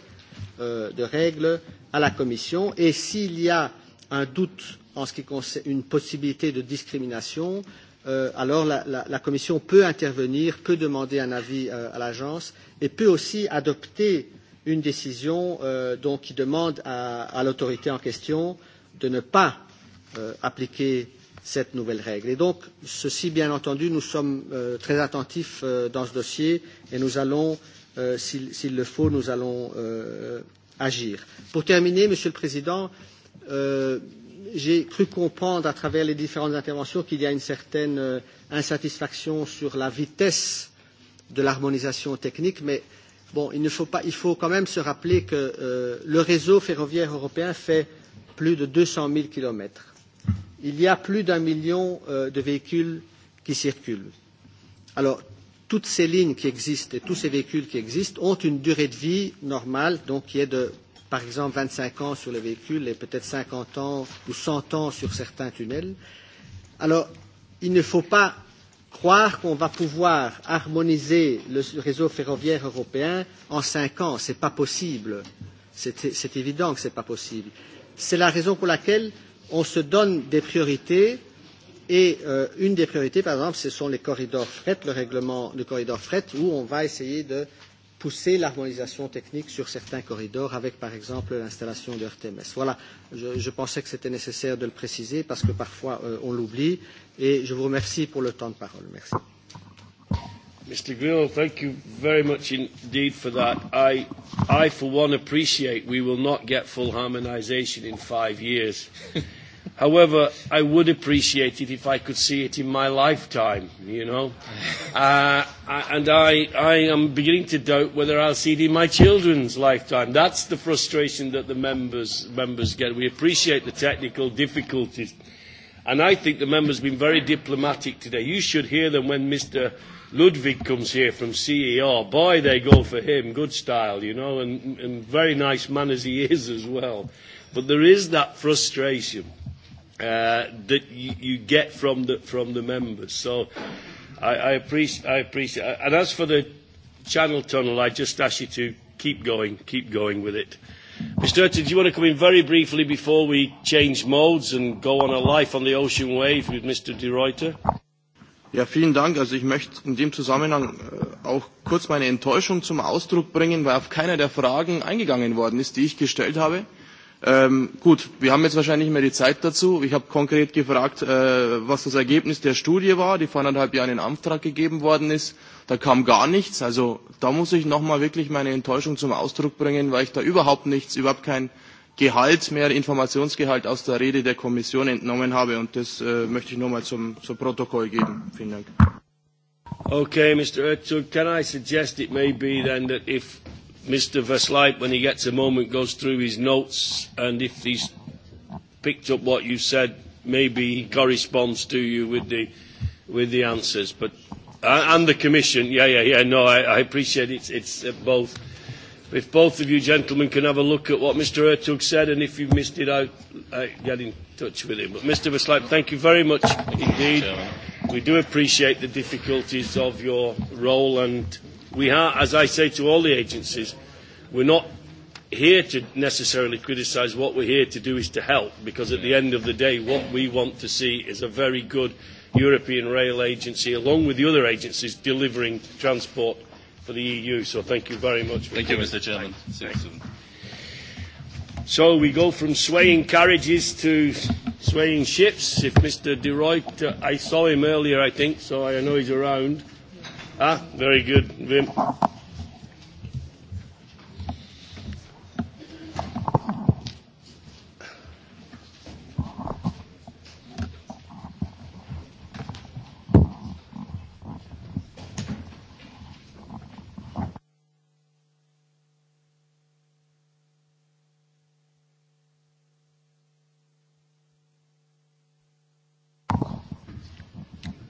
euh, de règles à la Commission. Et s'il y a un doute en ce qui concerne une possibilité de discrimination, euh, euh, alors la, la, la Commission peut intervenir, peut demander un avis euh, à l'agence et peut aussi adopter une décision euh, donc qui demande à, à l'autorité en question de ne pas euh, appliquer cette nouvelle règle. Et donc, ceci, bien entendu, nous sommes euh, très attentifs euh, dans ce dossier et nous allons, euh, s'il le faut, nous allons euh, agir. Pour terminer, Monsieur le Président, euh, j'ai cru comprendre à travers les différentes interventions qu'il y a une certaine euh, insatisfaction sur la vitesse de l'harmonisation technique, mais bon, il, ne faut pas, il faut quand même se rappeler que euh, le réseau ferroviaire européen fait plus de 200 000 kilomètres. Il y a plus d'un million euh, de véhicules qui circulent. Alors, toutes ces lignes qui existent et tous ces véhicules qui existent ont une durée de vie normale, donc qui est de par exemple 25 ans sur les véhicules et peut-être 50 ans ou 100 ans sur certains tunnels. Alors, il ne faut pas croire qu'on va pouvoir harmoniser le réseau ferroviaire européen en cinq ans. Ce n'est pas possible. C'est évident que ce n'est pas possible. C'est la raison pour laquelle on se donne des priorités et euh, une des priorités, par exemple, ce sont les corridors fret, le règlement du corridor fret, où on va essayer de pousser l'harmonisation technique sur certains corridors avec, par exemple, l'installation de RTMS. Voilà, je, je pensais que c'était nécessaire de le préciser parce que parfois euh, on l'oublie et je vous remercie pour le temps de parole. Merci. Mr. Grill, thank you very much indeed for that. I, I, for one, appreciate we will not get full harmonisation in five years. However, I would appreciate it if I could see it in my lifetime, you know. Uh, and I, I am beginning to doubt whether I'll see it in my children's lifetime. That's the frustration that the members, members get. We appreciate the technical difficulties. And I think the members have been very diplomatic today. You should hear them when Mr. Ludwig comes here from CER. Boy, they go for him. Good style, you know, and, and very nice man as he is as well. But there is that frustration uh, that you, you get from the, from the members. So I, I, appreciate, I appreciate And as for the channel tunnel, I just ask you to keep going, keep going with it. Mr. Erton, do you want to come in very briefly before we change modes and go on a life on the ocean wave with Mr. De Reuter? Ja, vielen Dank. Also ich möchte in dem Zusammenhang äh, auch kurz meine Enttäuschung zum Ausdruck bringen, weil auf keiner der Fragen eingegangen worden ist, die ich gestellt habe Ähm, gut, wir haben jetzt wahrscheinlich nicht mehr die Zeit dazu. Ich habe konkret gefragt, äh, was das Ergebnis der Studie war, die vor anderthalb Jahren in Amtrak gegeben worden ist. Da kam gar nichts. Also da muss ich nochmal wirklich meine Enttäuschung zum Ausdruck bringen, weil ich da überhaupt nichts, überhaupt kein Gehalt mehr, Informationsgehalt aus der Rede der Kommission entnommen habe. Und das äh, möchte ich nochmal zum, zum Protokoll geben. Vielen Dank. Okay, Mr. Herzog, can I suggest it may be then that if Mr. Veslite, when he gets a moment, goes through his notes, and if he's picked up what you said, maybe he corresponds to you with the, with the answers. But, uh, and the Commission, yeah, yeah, yeah, no, I, I appreciate it. It's uh, both. If both of you gentlemen can have a look at what Mr. Ertug said, and if you've missed it out, uh, get in touch with him. But Mr. Veslite, thank you very much indeed. We do appreciate the difficulties of your role and We are, as I say to all the agencies, we're not here to necessarily criticise. What we're here to do is to help, because at the end of the day, what we want to see is a very good European Rail Agency, along with the other agencies, delivering transport for the EU. So thank you very much. For thank coming. you, Mr. Chairman. Thanks. So we go from swaying carriages to swaying ships. If Mr. De Ruyter, I saw him earlier, I think, so I know he's around. Ah, very good, Wim.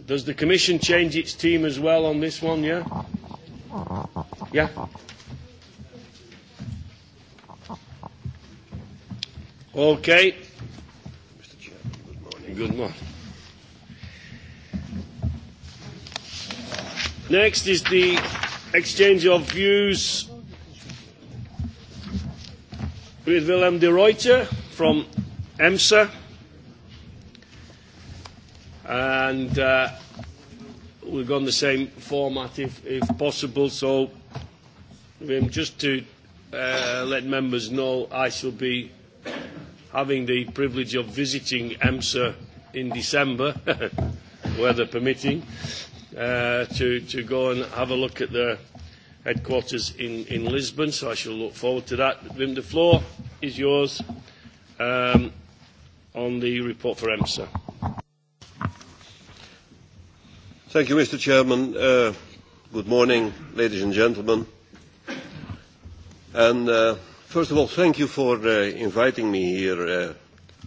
Does the Commission change its team as well on this one, yeah? Yeah? Okay. Mr. Chairman, good morning. Good morning. Next is the exchange of views with Willem de Ruyter from EMSA and uh, we've gone the same format if, if possible. So, um, just to uh, let members know, I shall be having the privilege of visiting EMSA in December, weather permitting, uh, to, to go and have a look at the headquarters in, in Lisbon. So I shall look forward to that. Wim, the floor is yours um, on the report for EMSA. Thank you, Mr. Chairman. Uh, good morning, ladies and gentlemen. And uh, first of all, thank you for uh, inviting me here uh,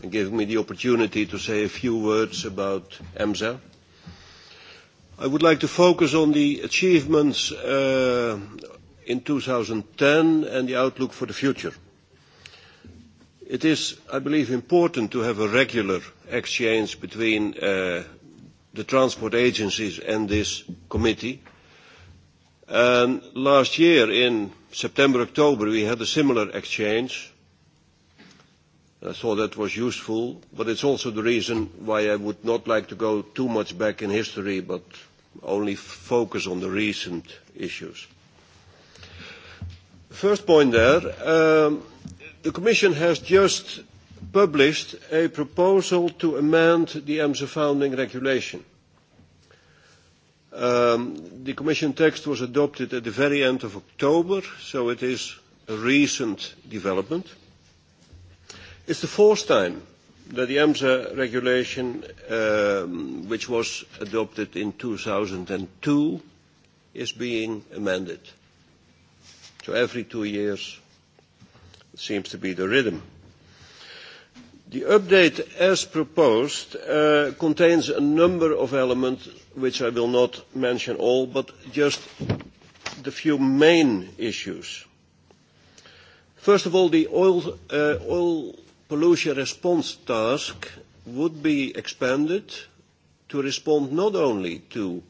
and giving me the opportunity to say a few words about EMSA. I would like to focus on the achievements uh, in 2010 and the outlook for the future. It is, I believe, important to have a regular exchange between uh, the transport agencies and this committee. And last year in September, October, we had a similar exchange. I thought that was useful, but it's also the reason why I would not like to go too much back in history, but only focus on the recent issues. First point there, um, the Commission has just published a proposal to amend the EMSA founding regulation. Um, the Commission text was adopted at the very end of October, so it is a recent development. It's the fourth time that the EMSA regulation, um, which was adopted in 2002, is being amended. So every two years seems to be the rhythm. The update, as proposed, uh, contains a number of elements which I will not mention all, but just the few main issues. First of all, the oil, uh, oil pollution response task would be expanded to respond not only to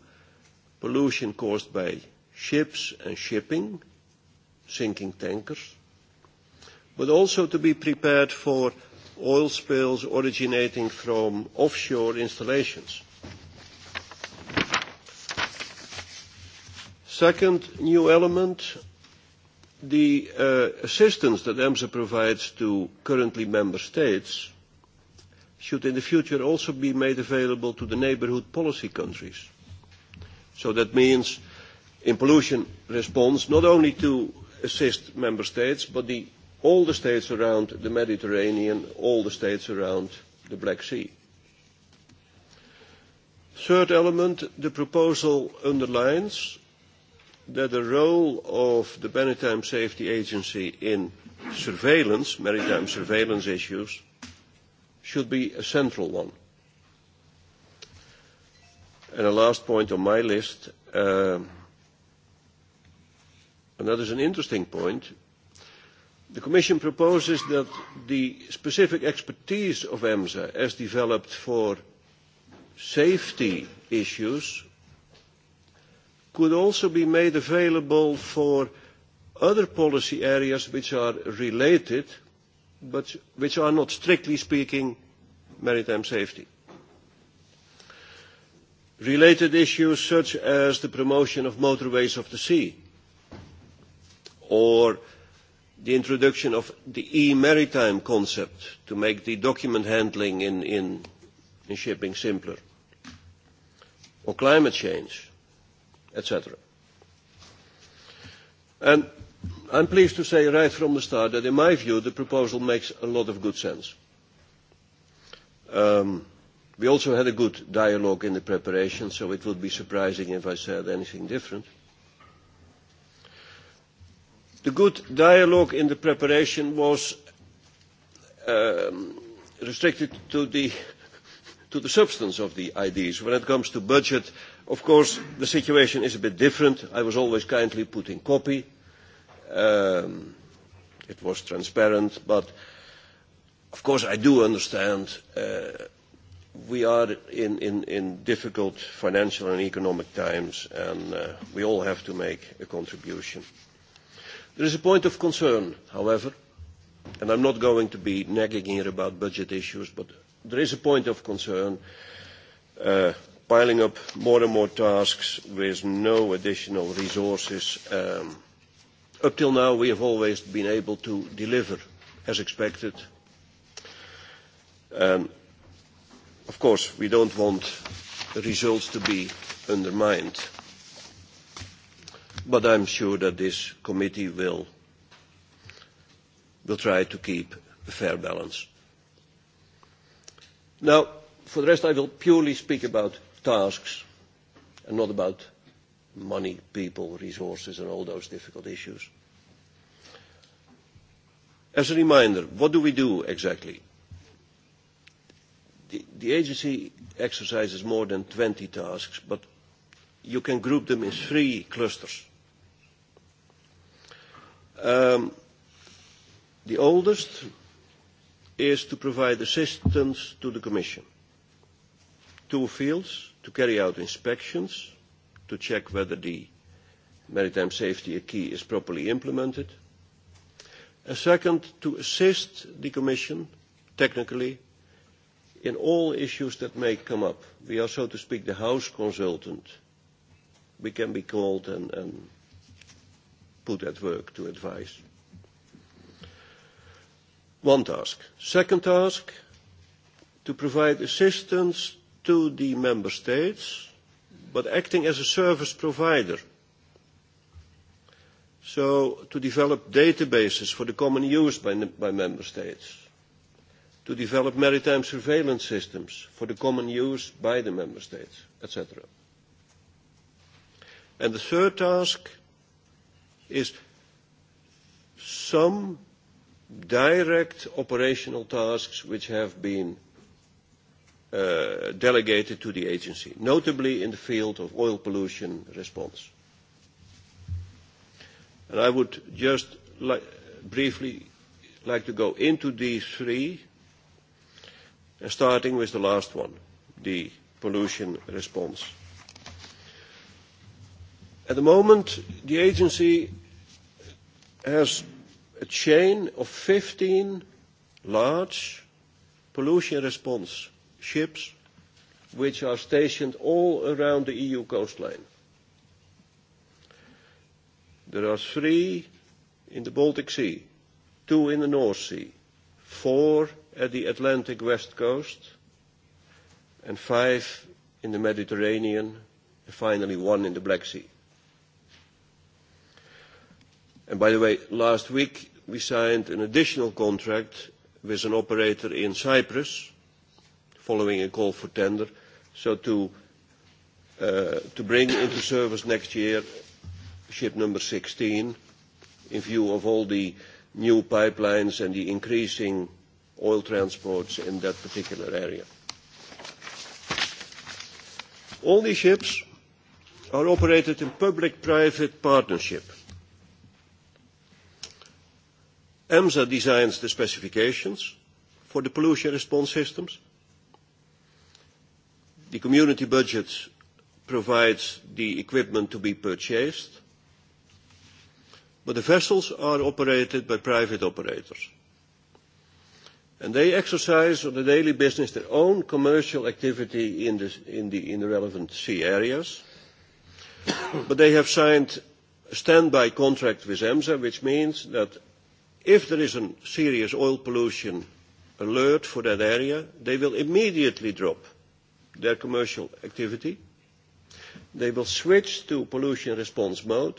pollution caused by ships and shipping, sinking tankers, but also to be prepared for oil spills originating from offshore installations. Second new element, the uh, assistance that EMSA provides to currently member states should in the future also be made available to the neighborhood policy countries. So that means in pollution response, not only to assist member states, but the all the states around the Mediterranean, all the states around the Black Sea. Third element, the proposal underlines that the role of the Maritime Safety Agency in surveillance, maritime surveillance issues, should be a central one. And a last point on my list, uh, and that is an interesting point, The Commission proposes that the specific expertise of EMSA, as developed for safety issues, could also be made available for other policy areas which are related, but which are not, strictly speaking, maritime safety. Related issues such as the promotion of motorways of the sea, or the introduction of the e-maritime concept to make the document handling in, in, in shipping simpler, on climate change, etc. And I'm pleased to say right from the start that in my view the proposal makes a lot of good sense. Um, we also had a good dialogue in the preparation, so it would be surprising if I said anything different. Uh, The good dialogue in the preparation was um, restricted to the, to the substance of the ideas. When it comes to budget, of course, the situation is a bit different. I was always kindly put in copy. Um, it was transparent, but of course I do understand uh, we are in, in, in difficult financial and economic times, and uh, we all have to make a contribution. There is a point of concern, however, and I'm not going to be nagging here about budget issues, but there is a point of concern, uh, piling up more and more tasks with no additional resources. Um, up till now, we have always been able to deliver as expected. Um, of course, we don't want the results to be undermined but I'm sure that this committee will, will try to keep a fair balance. Now, for the rest, I will purely speak about tasks and not about money, people, resources, and all those difficult issues. As a reminder, what do we do exactly? The, the agency exercises more than 20 tasks, but you can group them in three clusters. Um, the oldest is to provide assistance to the Commission. Two fields, to carry out inspections, to check whether the maritime safety acquis is properly implemented. And second, to assist the Commission technically in all issues that may come up. We are, so to speak, the house consultant. We can be called and, and put at work to advise. One task. Second task, to provide assistance to the member states, but acting as a service provider. So to develop databases for the common use by, by member states, to develop maritime surveillance systems for the common use by the member states, etc. And the third task is some direct operational tasks which have been uh, delegated to the agency, notably in the field of oil pollution response. And I would just li- briefly like to go into these three, and starting with the last one, the pollution response. At the moment, the agency has a chain of 15 large pollution response ships which are stationed all around the EU coastline. There are three in the Baltic Sea, two in the North Sea, four at the Atlantic west coast, and five in the Mediterranean, and finally one in the Black Sea. And by the way, last week we signed an additional contract with an operator in Cyprus following a call for tender, so to, uh, to bring into service next year ship number 16 in view of all the new pipelines and the increasing oil transports in that particular area. All these ships are operated in public-private partnership EMSA designs the specifications for the pollution response systems. The community budget provides the equipment to be purchased, but the vessels are operated by private operators. And they exercise on a daily business their own commercial activity in the, in the, in the relevant sea areas, but they have signed a standby contract with EMSA, which means that if there is a serious oil pollution alert for that area, they will immediately drop their commercial activity. They will switch to pollution response mode,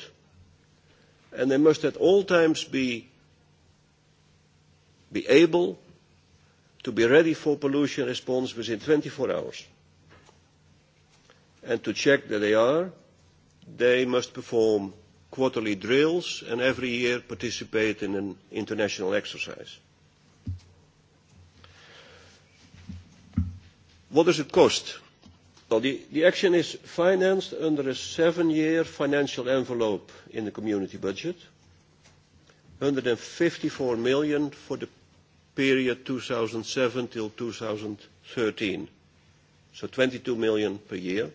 and they must at all times be, be able to be ready for pollution response within 24 hours. And to check that they are, they must perform quarterly drills, and every year participate in an international exercise. What does it cost? Well, the, the action is financed under a seven-year financial envelope in the community budget, 154 million for the period 2007 till 2013, so 22 million per year.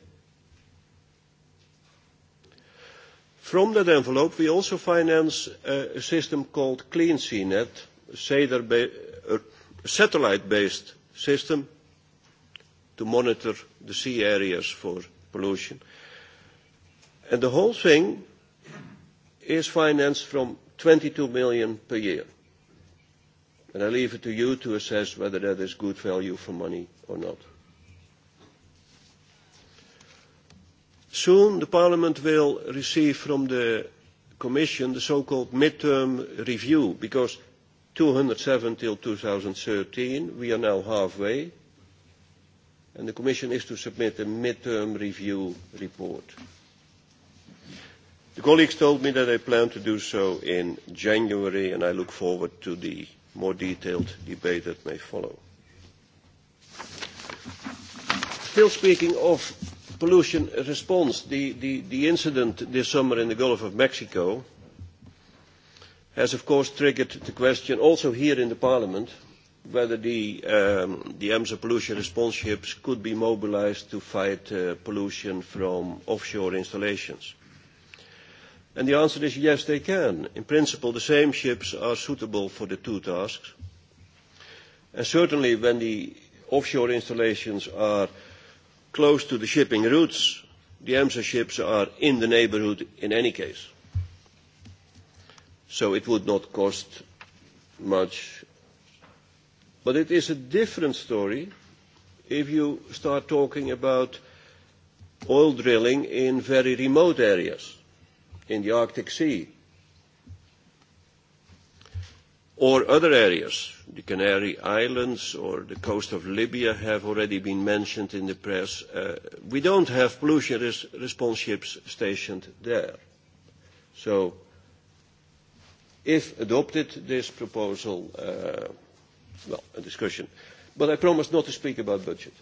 From that envelope, we also finance a system called Clean CNET, a satellite-based system to monitor the sea areas for pollution. And the whole thing is financed from 22 million per year. And I leave it to you to assess whether that is good value for money or not. Soon the Parliament will receive from the Commission the so-called mid-term review because 207 till 2013, we are now halfway, and the Commission is to submit a mid-term review report. The colleagues told me that they plan to do so in January, and I look forward to the more detailed debate that may follow. Still speaking of pollution response, the, the, the incident this summer in the Gulf of Mexico has of course triggered the question also here in the Parliament whether the, um, the EMSA pollution response ships could be mobilized to fight uh, pollution from offshore installations. And the answer is yes, they can. In principle, the same ships are suitable for the two tasks. And certainly when the offshore installations are close to the shipping routes, the EMSA ships are in the neighborhood in any case. So it would not cost much. But it is a different story if you start talking about oil drilling in very remote areas, in the Arctic Sea, or other areas. The Canary Islands or the coast of Libya have already been mentioned in the press. Uh, we don't have pollution res response ships stationed there. So if adopted, this proposal, uh, well, a discussion. But I promise not to speak about budget.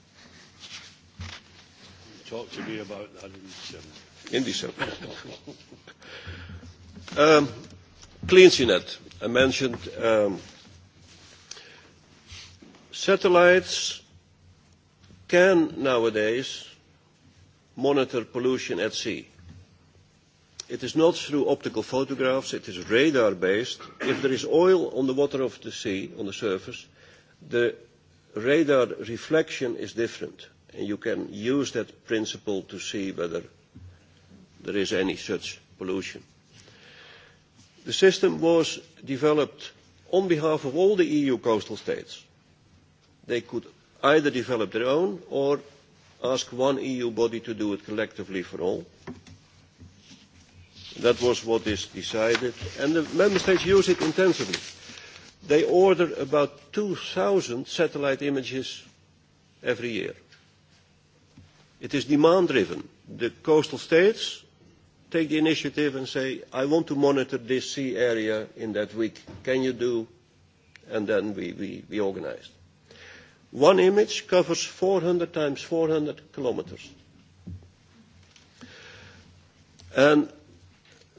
Talk to me about that in December. In December. um, CleanSeaNet, I mentioned um, satellites can nowadays monitor pollution at sea. It is not through optical photographs, it is radar based. If there is oil on the water of the sea, on the surface, the radar reflection is different. And you can use that principle to see whether there is any such pollution. The system was developed on behalf of all the EU coastal states. They could either develop their own or ask one EU body to do it collectively for all. That was what is decided, and the member states use it intensively. They order about 2,000 satellite images every year. It is demand driven. The coastal states take the initiative and say, I want to monitor this sea area in that week. Can you do? And then we, we, we organized. One image covers 400 times 400 kilometers. And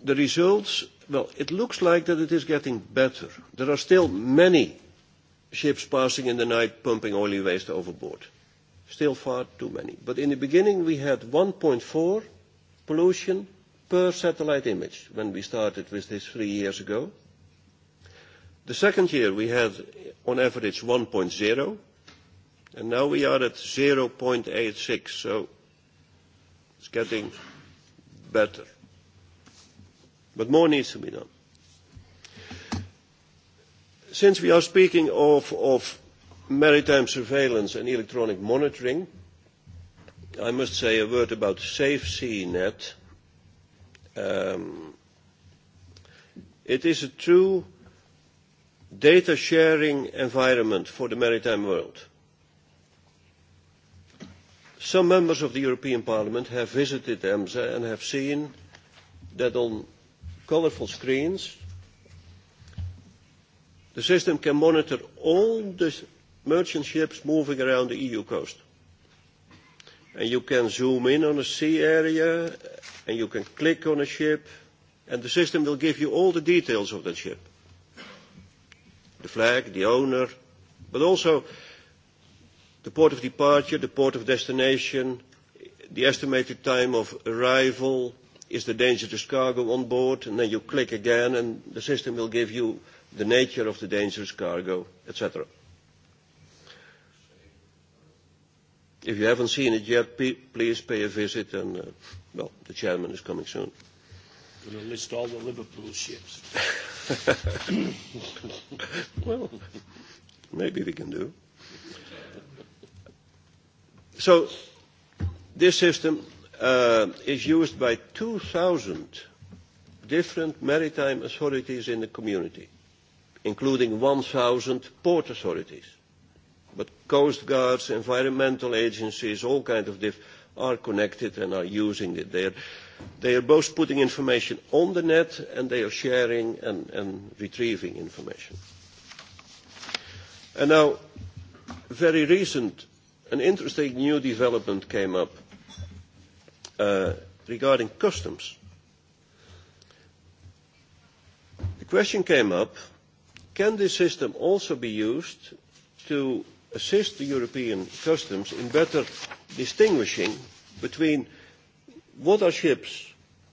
the results, well, it looks like that it is getting better. There are still many ships passing in the night pumping oily waste overboard. Still far too many. But in the beginning we had 1.4 pollution per satellite image when we started with this three years ago. The second year, we had on average 1.0, and now we are at 0.86, so it's getting better. But more needs to be done. Since we are speaking of, of maritime surveillance and electronic monitoring, I must say a word about SafeSeaNet Um, it is a true data sharing environment for the maritime world. Some members of the European Parliament have visited EMSA and have seen that on colorful screens the system can monitor all the merchant ships moving around the EU coast and you can zoom in on a sea area, and you can click on a ship, and the system will give you all the details of that ship. The flag, the owner, but also the port of departure, the port of destination, the estimated time of arrival, is the dangerous cargo on board, and then you click again, and the system will give you the nature of the dangerous cargo, etc. If you haven't seen it yet, pe- please pay a visit, and uh, well, the chairman is coming soon. Going to list all the Liverpool ships. well, maybe we can do. So, this system uh, is used by 2,000 different maritime authorities in the community, including 1,000 port authorities. But coast guards, environmental agencies, all kinds of diff are connected and are using it. They are, they are both putting information on the net and they are sharing and, and retrieving information. And now, very recent, an interesting new development came up uh, regarding customs. The question came up, can this system also be used to assist the European customs in better distinguishing between what are ships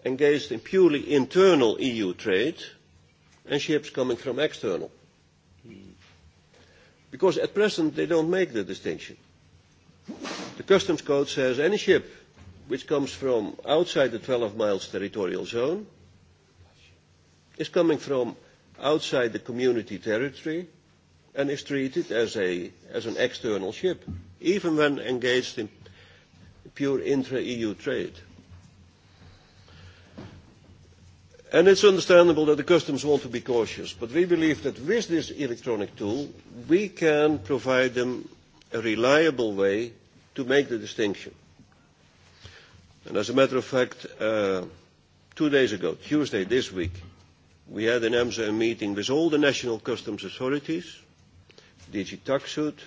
engaged in purely internal EU trade and ships coming from external. Because at present they don't make the distinction. The customs code says any ship which comes from outside the 12 miles territorial zone is coming from outside the community territory and is treated as, a, as an external ship, even when engaged in pure intra-EU trade. And it's understandable that the customs want to be cautious, but we believe that with this electronic tool, we can provide them a reliable way to make the distinction. And as a matter of fact, uh, two days ago, Tuesday this week, we had in EMSA a meeting with all the national customs authorities DG TaxSuit,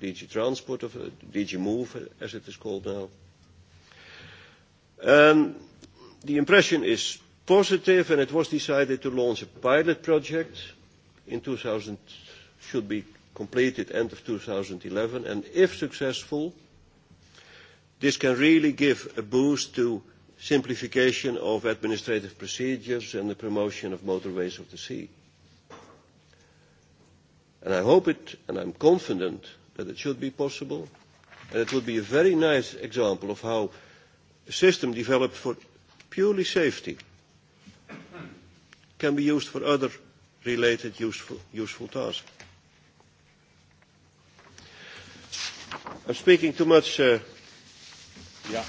DG Transport, of, uh, eh, DG Move, as it is called now. Um, the impression is positive, and it was decided to launch a pilot project in 2000, should be completed end of 2011, and if successful, this can really give a boost to simplification of administrative procedures and the promotion of motorways of the sea. And I hope it, and I'm confident that it should be possible. And it would be a very nice example of how a system developed for purely safety can be used for other related useful, useful tasks. I'm speaking too much. Uh, yeah.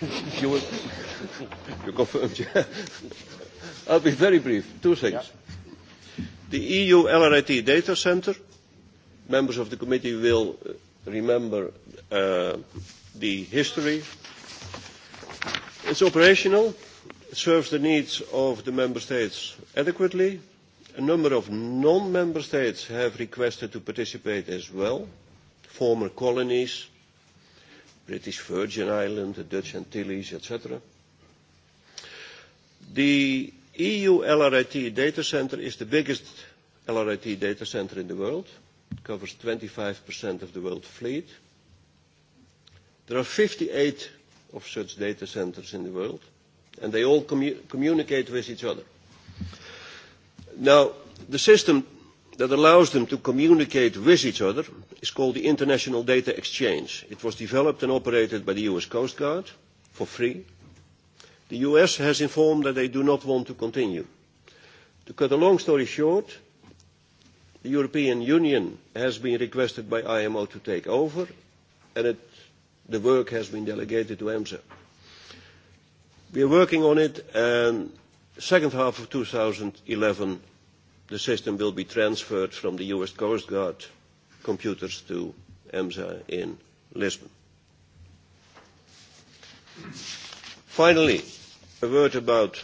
you, will, you confirmed. Yeah. I'll be very brief. Two things. Yeah. The EU LRIT Data Center. Members of the committee will uh, remember uh, the history. It's operational, it serves the needs of the member states adequately. A number of non-member states have requested to participate as well, former colonies, British Virgin Islands, the Dutch Antilles, etc. The EU LRIT data center is the biggest LRIT data center in the world. It covers 25% of the world fleet. There are 58 of such data centers in the world, and they all commu- communicate with each other. Now, the system that allows them to communicate with each other is called the International Data Exchange. It was developed and operated by the US Coast Guard for free The US has informed that they do not want to continue. To cut a long story short, the European Union has been requested by IMO to take over, and it, the work has been delegated to EMSA. We are working on it, and second half of 2011, the system will be transferred from the US Coast Guard computers to EMSA in Lisbon. Finally, a word about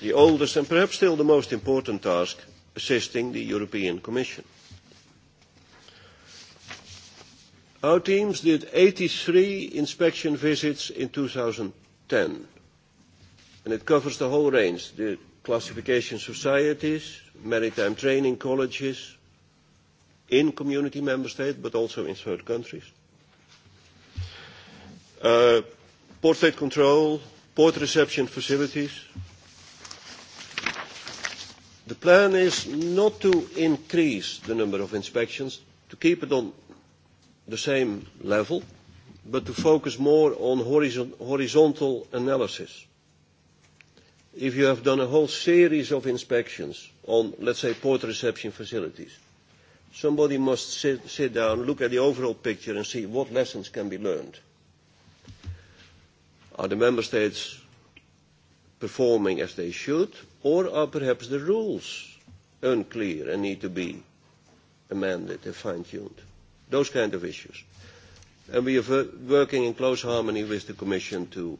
the oldest and perhaps still the most important task, assisting the European Commission. Our teams did 83 inspection visits in 2010, and it covers the whole range, the classification societies, maritime training colleges, in community member states, but also in third countries. Uh, port state control, port reception facilities. The plan is not to increase the number of inspections, to keep it on the same level, but to focus more on horizon horizontal analysis. If you have done a whole series of inspections on, let's say, port reception facilities, somebody must sit, sit down, look at the overall picture and see what lessons can be learned – Are the member states performing as they should, or are perhaps the rules unclear and need to be amended and fine-tuned? Those kind of issues. And we are working in close harmony with the Commission to,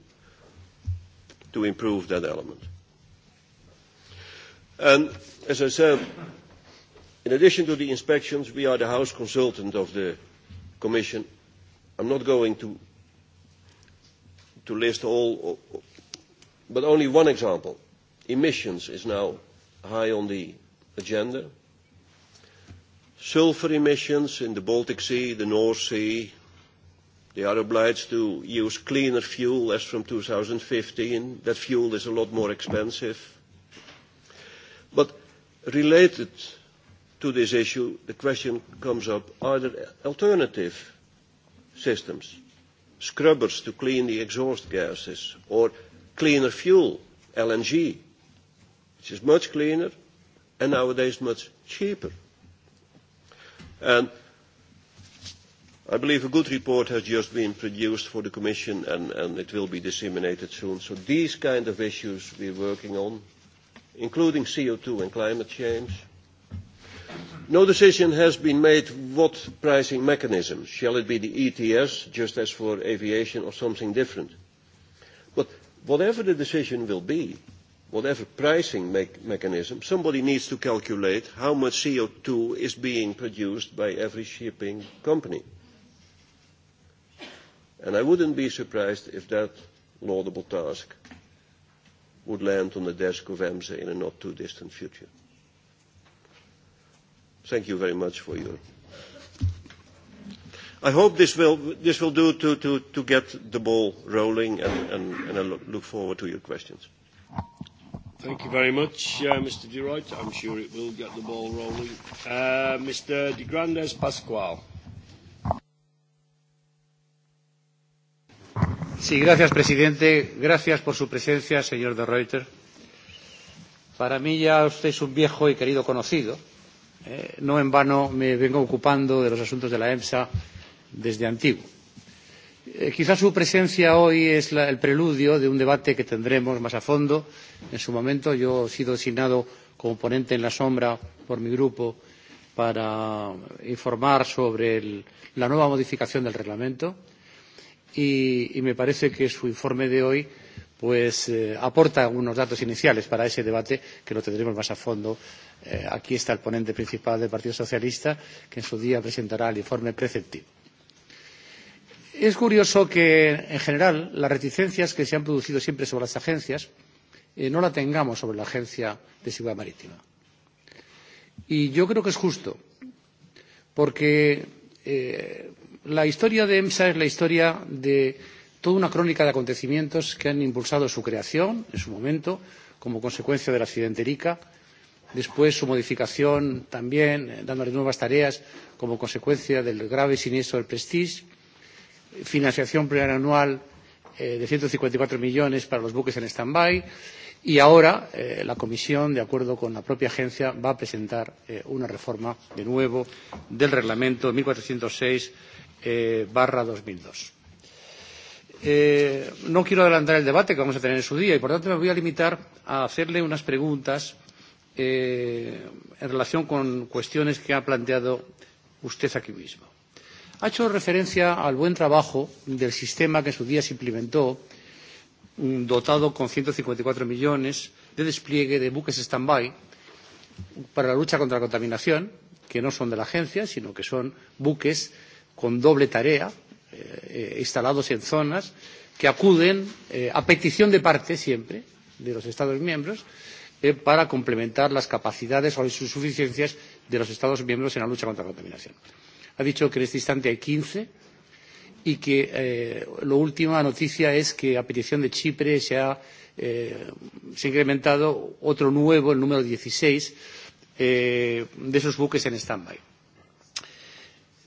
to improve that element. And as I said, in addition to the inspections, we are the house consultant of the Commission. I'm not going to to list all, but only one example. Emissions is now high on the agenda. Sulfur emissions in the Baltic Sea, the North Sea, they are obliged to use cleaner fuel as from 2015. That fuel is a lot more expensive. But related to this issue, the question comes up, are there alternative systems? scrubbers to clean the exhaust gases, or cleaner fuel, LNG, which is much cleaner and nowadays much cheaper. And I believe a good report has just been produced for the Commission and, and it will be disseminated soon. So these kind of issues we're working on, including CO2 and climate change, No decision has been made what pricing mechanism. Shall it be the ETS, just as for aviation, or something different? But whatever the decision will be, whatever pricing me mechanism, somebody needs to calculate how much CO2 is being produced by every shipping company. And I wouldn't be surprised if that laudable task would land on the desk of EMSA in a not too distant future. Thank you very much for your. I hope this will, this will do to, to, to get the ball rolling, and, and, and I look forward to your questions. Thank you very much, uh, Mr. de Ruyter. I'm sure it will get the ball rolling. Uh, Mr. de Grandes Pascual. Sí, gracias, presidente. Gracias por su presencia, señor de Reuter. Para mí ya usted es un viejo y querido conocido eh, no en vano me vengo ocupando de los asuntos de la EMSA desde antiguo. Eh, quizás su presencia hoy es la, el preludio de un debate que tendremos más a fondo. En su momento yo he sido designado como ponente en la sombra por mi grupo para informar sobre el, la nueva modificación del reglamento y, y me parece que su informe de hoy eh, pues eh, aporta unos datos iniciales para ese debate que lo tendremos más a fondo. Eh, aquí está el ponente principal del Partido Socialista, que en su día presentará el informe preceptivo. Es curioso que, en general, las reticencias que se han producido siempre sobre las agencias eh, no la tengamos sobre la Agencia de Seguridad Marítima. Y yo creo que es justo, porque eh, la historia de EMSA es la historia de toda una crónica de acontecimientos que han impulsado su creación en su momento como consecuencia del accidente erika después su modificación también eh, dándole nuevas tareas como consecuencia del grave siniestro del prestige financiación plurianual eh, de ciento cincuenta y cuatro millones para los buques en stand by y ahora eh, la comisión de acuerdo con la propia agencia va a presentar eh, una reforma de nuevo del reglamento mil cuatrocientos seis eh, dos mil dos Eh, no quiero adelantar el debate que vamos a tener en su día y, por tanto, me voy a limitar a hacerle unas preguntas eh, en relación con cuestiones que ha planteado usted aquí mismo. Ha hecho referencia al buen trabajo del sistema que en su día se implementó, mm, dotado con 154 millones de despliegue de buques stand-by para la lucha contra la contaminación, que no son de la agencia, sino que son buques con doble tarea, eh, instalados en zonas que acuden eh, a petición de parte siempre de los Estados miembros eh, para complementar las capacidades o las insuficiencias de los Estados miembros en la lucha contra la contaminación. Ha dicho que en este instante hay 15 y que eh, la última noticia es que a petición de Chipre se ha, eh, se ha incrementado otro nuevo, el número 16, eh, de esos buques en stand-by.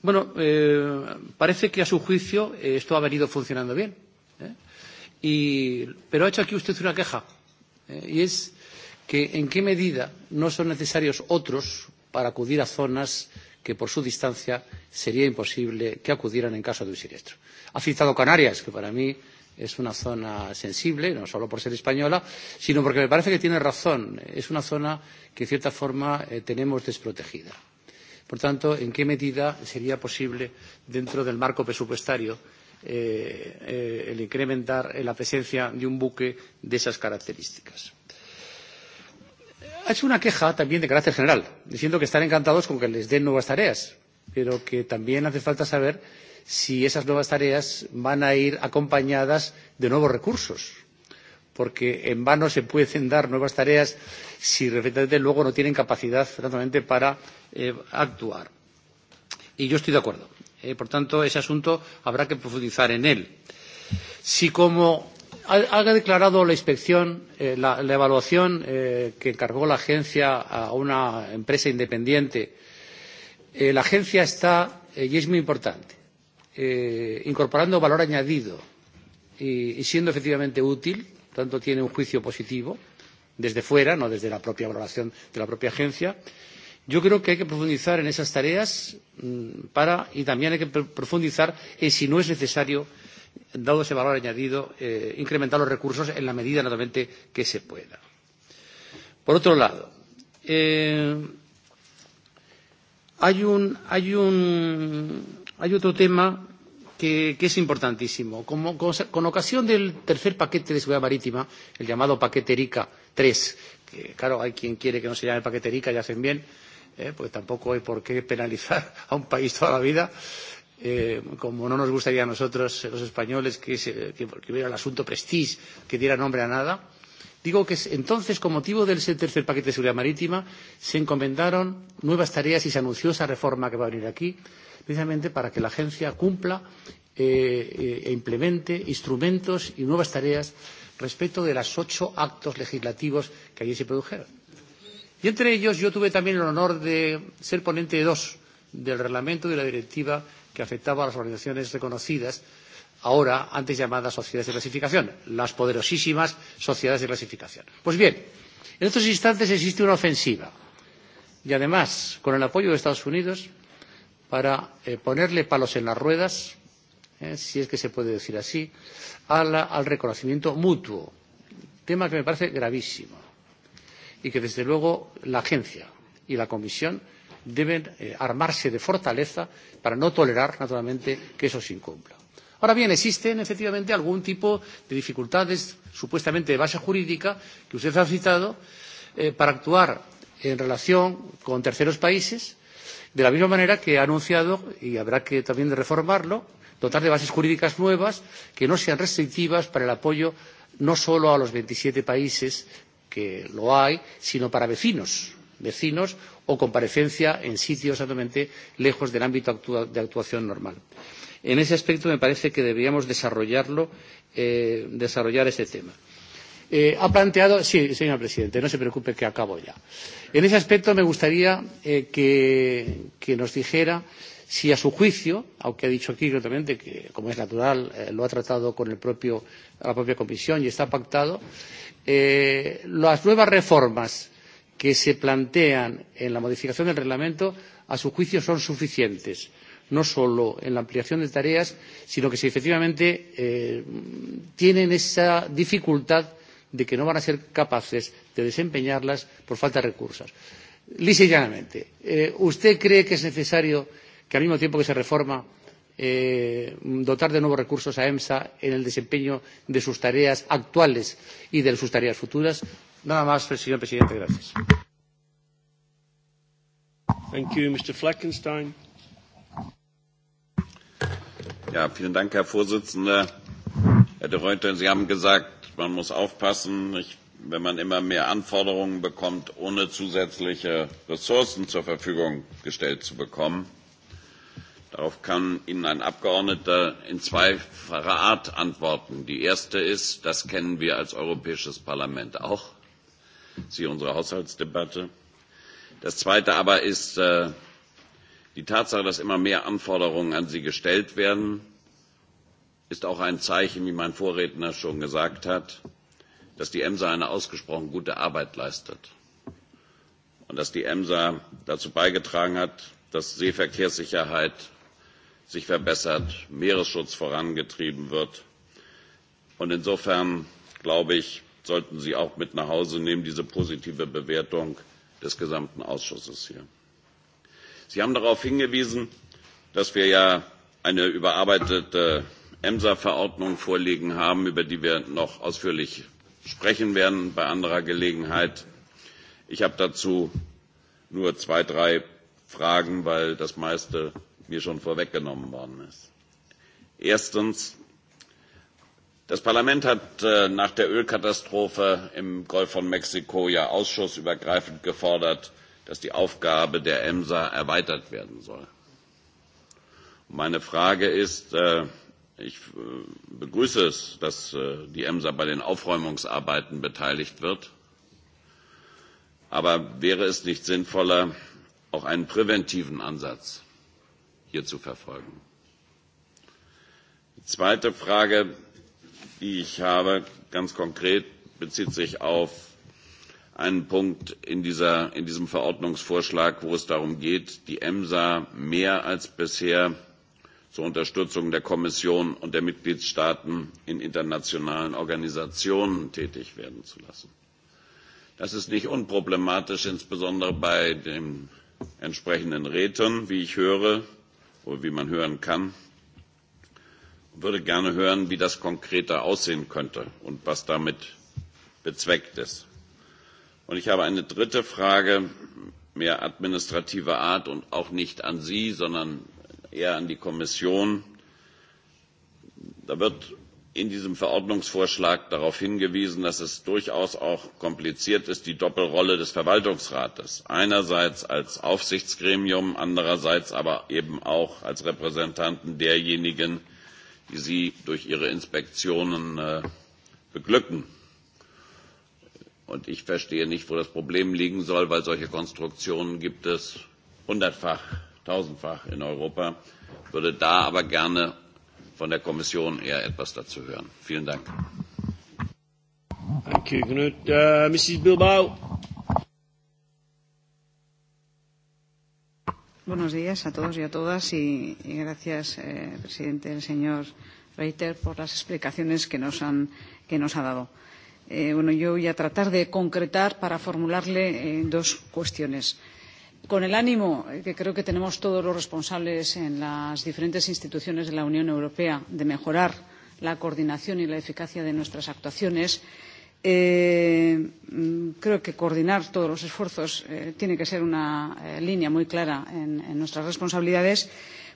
Bueno, eh, parece que a su juicio eh, esto ha venido funcionando bien. ¿eh? Y, pero ha hecho aquí usted una queja, eh, y es que en qué medida no son necesarios otros para acudir a zonas que por su distancia sería imposible que acudieran en caso de un siniestro. Ha citado Canarias, que para mí es una zona sensible, no solo por ser española, sino porque me parece que tiene razón. Es una zona que, en cierta forma, eh, tenemos desprotegida. Por tanto, ¿en qué medida sería posible, dentro del marco presupuestario, eh, eh, el incrementar eh, la presencia de un buque de esas características? Ha hecho una queja también de carácter general, diciendo que están encantados con que les den nuevas tareas, pero que también hace falta saber si esas nuevas tareas van a ir acompañadas de nuevos recursos porque en vano se pueden dar nuevas tareas si efectivamente luego no tienen capacidad francamente para eh, actuar. Y yo estoy de acuerdo. Eh, por tanto, ese asunto habrá que profundizar en él. Si como ha, ha declarado la inspección, eh, la, la evaluación eh, que encargó la agencia a una empresa independiente, eh, la agencia está, eh, y es muy importante, eh, incorporando valor añadido y, y siendo efectivamente útil tanto tiene un juicio positivo desde fuera, no desde la propia valoración de la propia agencia. Yo creo que hay que profundizar en esas tareas mm, para, y también hay que profundizar en si no es necesario, dado ese valor añadido, eh, incrementar los recursos en la medida, naturalmente, que se pueda. Por otro lado, eh, hay, un, hay, un, hay otro tema que, que es importantísimo. Como, con, con ocasión del tercer paquete de seguridad marítima, el llamado paquete ERICA 3, que claro, hay quien quiere que no se llame paquete ERICA y hacen bien, eh, pues tampoco hay por qué penalizar a un país toda la vida. Eh, como no nos gustaría a nosotros, los españoles, que, se, que, que hubiera el asunto Prestige, que diera nombre a nada, Digo que entonces, con motivo del tercer paquete de seguridad marítima, se encomendaron nuevas tareas y se anunció esa reforma que va a venir aquí, precisamente para que la agencia cumpla eh, eh e implemente instrumentos y nuevas tareas respecto de los ocho actos legislativos que allí se produjeron. Y entre ellos yo tuve también el honor de ser ponente de dos, del reglamento y de la directiva que afectaba a las organizaciones reconocidas ahora antes llamadas sociedades de clasificación, las poderosísimas sociedades de clasificación. Pues bien, en estos instantes existe una ofensiva y además con el apoyo de Estados Unidos para eh, ponerle palos en las ruedas, eh, si es que se puede decir así, al, al reconocimiento mutuo, tema que me parece gravísimo y que desde luego la agencia y la comisión deben eh, armarse de fortaleza para no tolerar naturalmente que eso se incumpla. Ahora bien, existen efectivamente algún tipo de dificultades supuestamente de base jurídica que usted ha citado eh, para actuar en relación con terceros países, de la misma manera que ha anunciado, y habrá que también de reformarlo, dotar de bases jurídicas nuevas que no sean restrictivas para el apoyo no solo a los 27 países que lo hay, sino para vecinos, vecinos o comparecencia en sitios exactamente lejos del ámbito actua de actuación normal. Eh, En ese aspecto me parece que deberíamos desarrollarlo, eh, desarrollar ese tema. Eh, ha planteado, sí, señor presidente, no se preocupe que acabo ya. En ese aspecto me gustaría eh, que, que nos dijera si a su juicio, aunque ha dicho aquí claramente que, como es natural, eh, lo ha tratado con el propio, la propia comisión y está pactado, eh, las nuevas reformas que se plantean en la modificación del reglamento, a su juicio, son suficientes. Eh, no solo en la ampliación de tareas, sino que si efectivamente eh, tienen esa dificultad de que no van a ser capaces de desempeñarlas por falta de recursos. Lisa y llanamente, eh, ¿usted cree que es necesario que al mismo tiempo que se reforma eh, dotar de nuevos recursos a EMSA en el desempeño de sus tareas actuales y de sus tareas futuras? Nada más, señor presidente. Gracias. Thank you, Mr. Fleckenstein. Ja, vielen Dank, Herr Vorsitzender. Herr de Reuter, Sie haben gesagt, man muss aufpassen, ich, wenn man immer mehr Anforderungen bekommt, ohne zusätzliche Ressourcen zur Verfügung gestellt zu bekommen. Darauf kann Ihnen ein Abgeordneter in zweifacher Art antworten. Die erste ist, das kennen wir als Europäisches Parlament auch. Sie unsere Haushaltsdebatte. Das zweite aber ist, äh, Die Tatsache, dass immer mehr Anforderungen an sie gestellt werden, ist auch ein Zeichen, wie mein Vorredner schon gesagt hat, dass die EMSA eine ausgesprochen gute Arbeit leistet und dass die EMSA dazu beigetragen hat, dass Seeverkehrssicherheit sich verbessert, Meeresschutz vorangetrieben wird. Und insofern, glaube ich, sollten Sie auch mit nach Hause nehmen, diese positive Bewertung des gesamten Ausschusses hier. Sie haben darauf hingewiesen, dass wir ja eine überarbeitete EMSA-Verordnung vorliegen haben, über die wir noch ausführlich sprechen werden bei anderer Gelegenheit. Ich habe dazu nur zwei, drei Fragen, weil das meiste mir schon vorweggenommen worden ist. Erstens, das Parlament hat äh, nach der Ölkatastrophe im Golf von Mexiko ja ausschussübergreifend gefordert, dass die Aufgabe der EMSA erweitert werden soll. Meine Frage ist, äh, ich äh, begrüße es, dass äh, die EMSA bei den Aufräumungsarbeiten beteiligt wird. Aber wäre es nicht sinnvoller, auch einen präventiven Ansatz hier zu verfolgen? Die zweite Frage, die ich habe, ganz konkret, bezieht sich auf einen Punkt in, dieser, in diesem Verordnungsvorschlag, wo es darum geht, die EMSA mehr als bisher zur Unterstützung der Kommission und der Mitgliedstaaten in internationalen Organisationen tätig werden zu lassen. Das ist nicht unproblematisch, insbesondere bei den entsprechenden Räten, wie ich höre oder wie man hören kann. Ich würde gerne hören, wie das konkreter aussehen könnte und was damit bezweckt ist. Und ich habe eine dritte Frage, mehr administrativer Art und auch nicht an Sie, sondern eher an die Kommission. Da wird in diesem Verordnungsvorschlag darauf hingewiesen, dass es durchaus auch kompliziert ist, die Doppelrolle des Verwaltungsrates einerseits als Aufsichtsgremium, andererseits aber eben auch als Repräsentanten derjenigen, die Sie durch Ihre Inspektionen äh, beglücken. Und ich verstehe nicht, wo das Problem liegen soll, weil solche Konstruktionen gibt es hundertfach, tausendfach in Europa. Würde da aber gerne von der Kommission eher etwas dazu hören. Vielen Dank. Thank you, Knut. Uh, Mrs. Bilbao. Buenos días a todos y a todas y, y gracias, eh, presidente, el señor Reiter, por las explicaciones que nos, han, que nos ha dado. Eh, eh, bueno, yo voy a tratar de concretar para formularle eh, dos cuestiones. Con el ánimo eh, que creo que tenemos todos los responsables en las diferentes instituciones de la Unión Europea de mejorar la coordinación y la eficacia de nuestras actuaciones, eh, mm, creo que coordinar todos los esfuerzos eh, tiene que ser una eh, línea muy clara en, en nuestras responsabilidades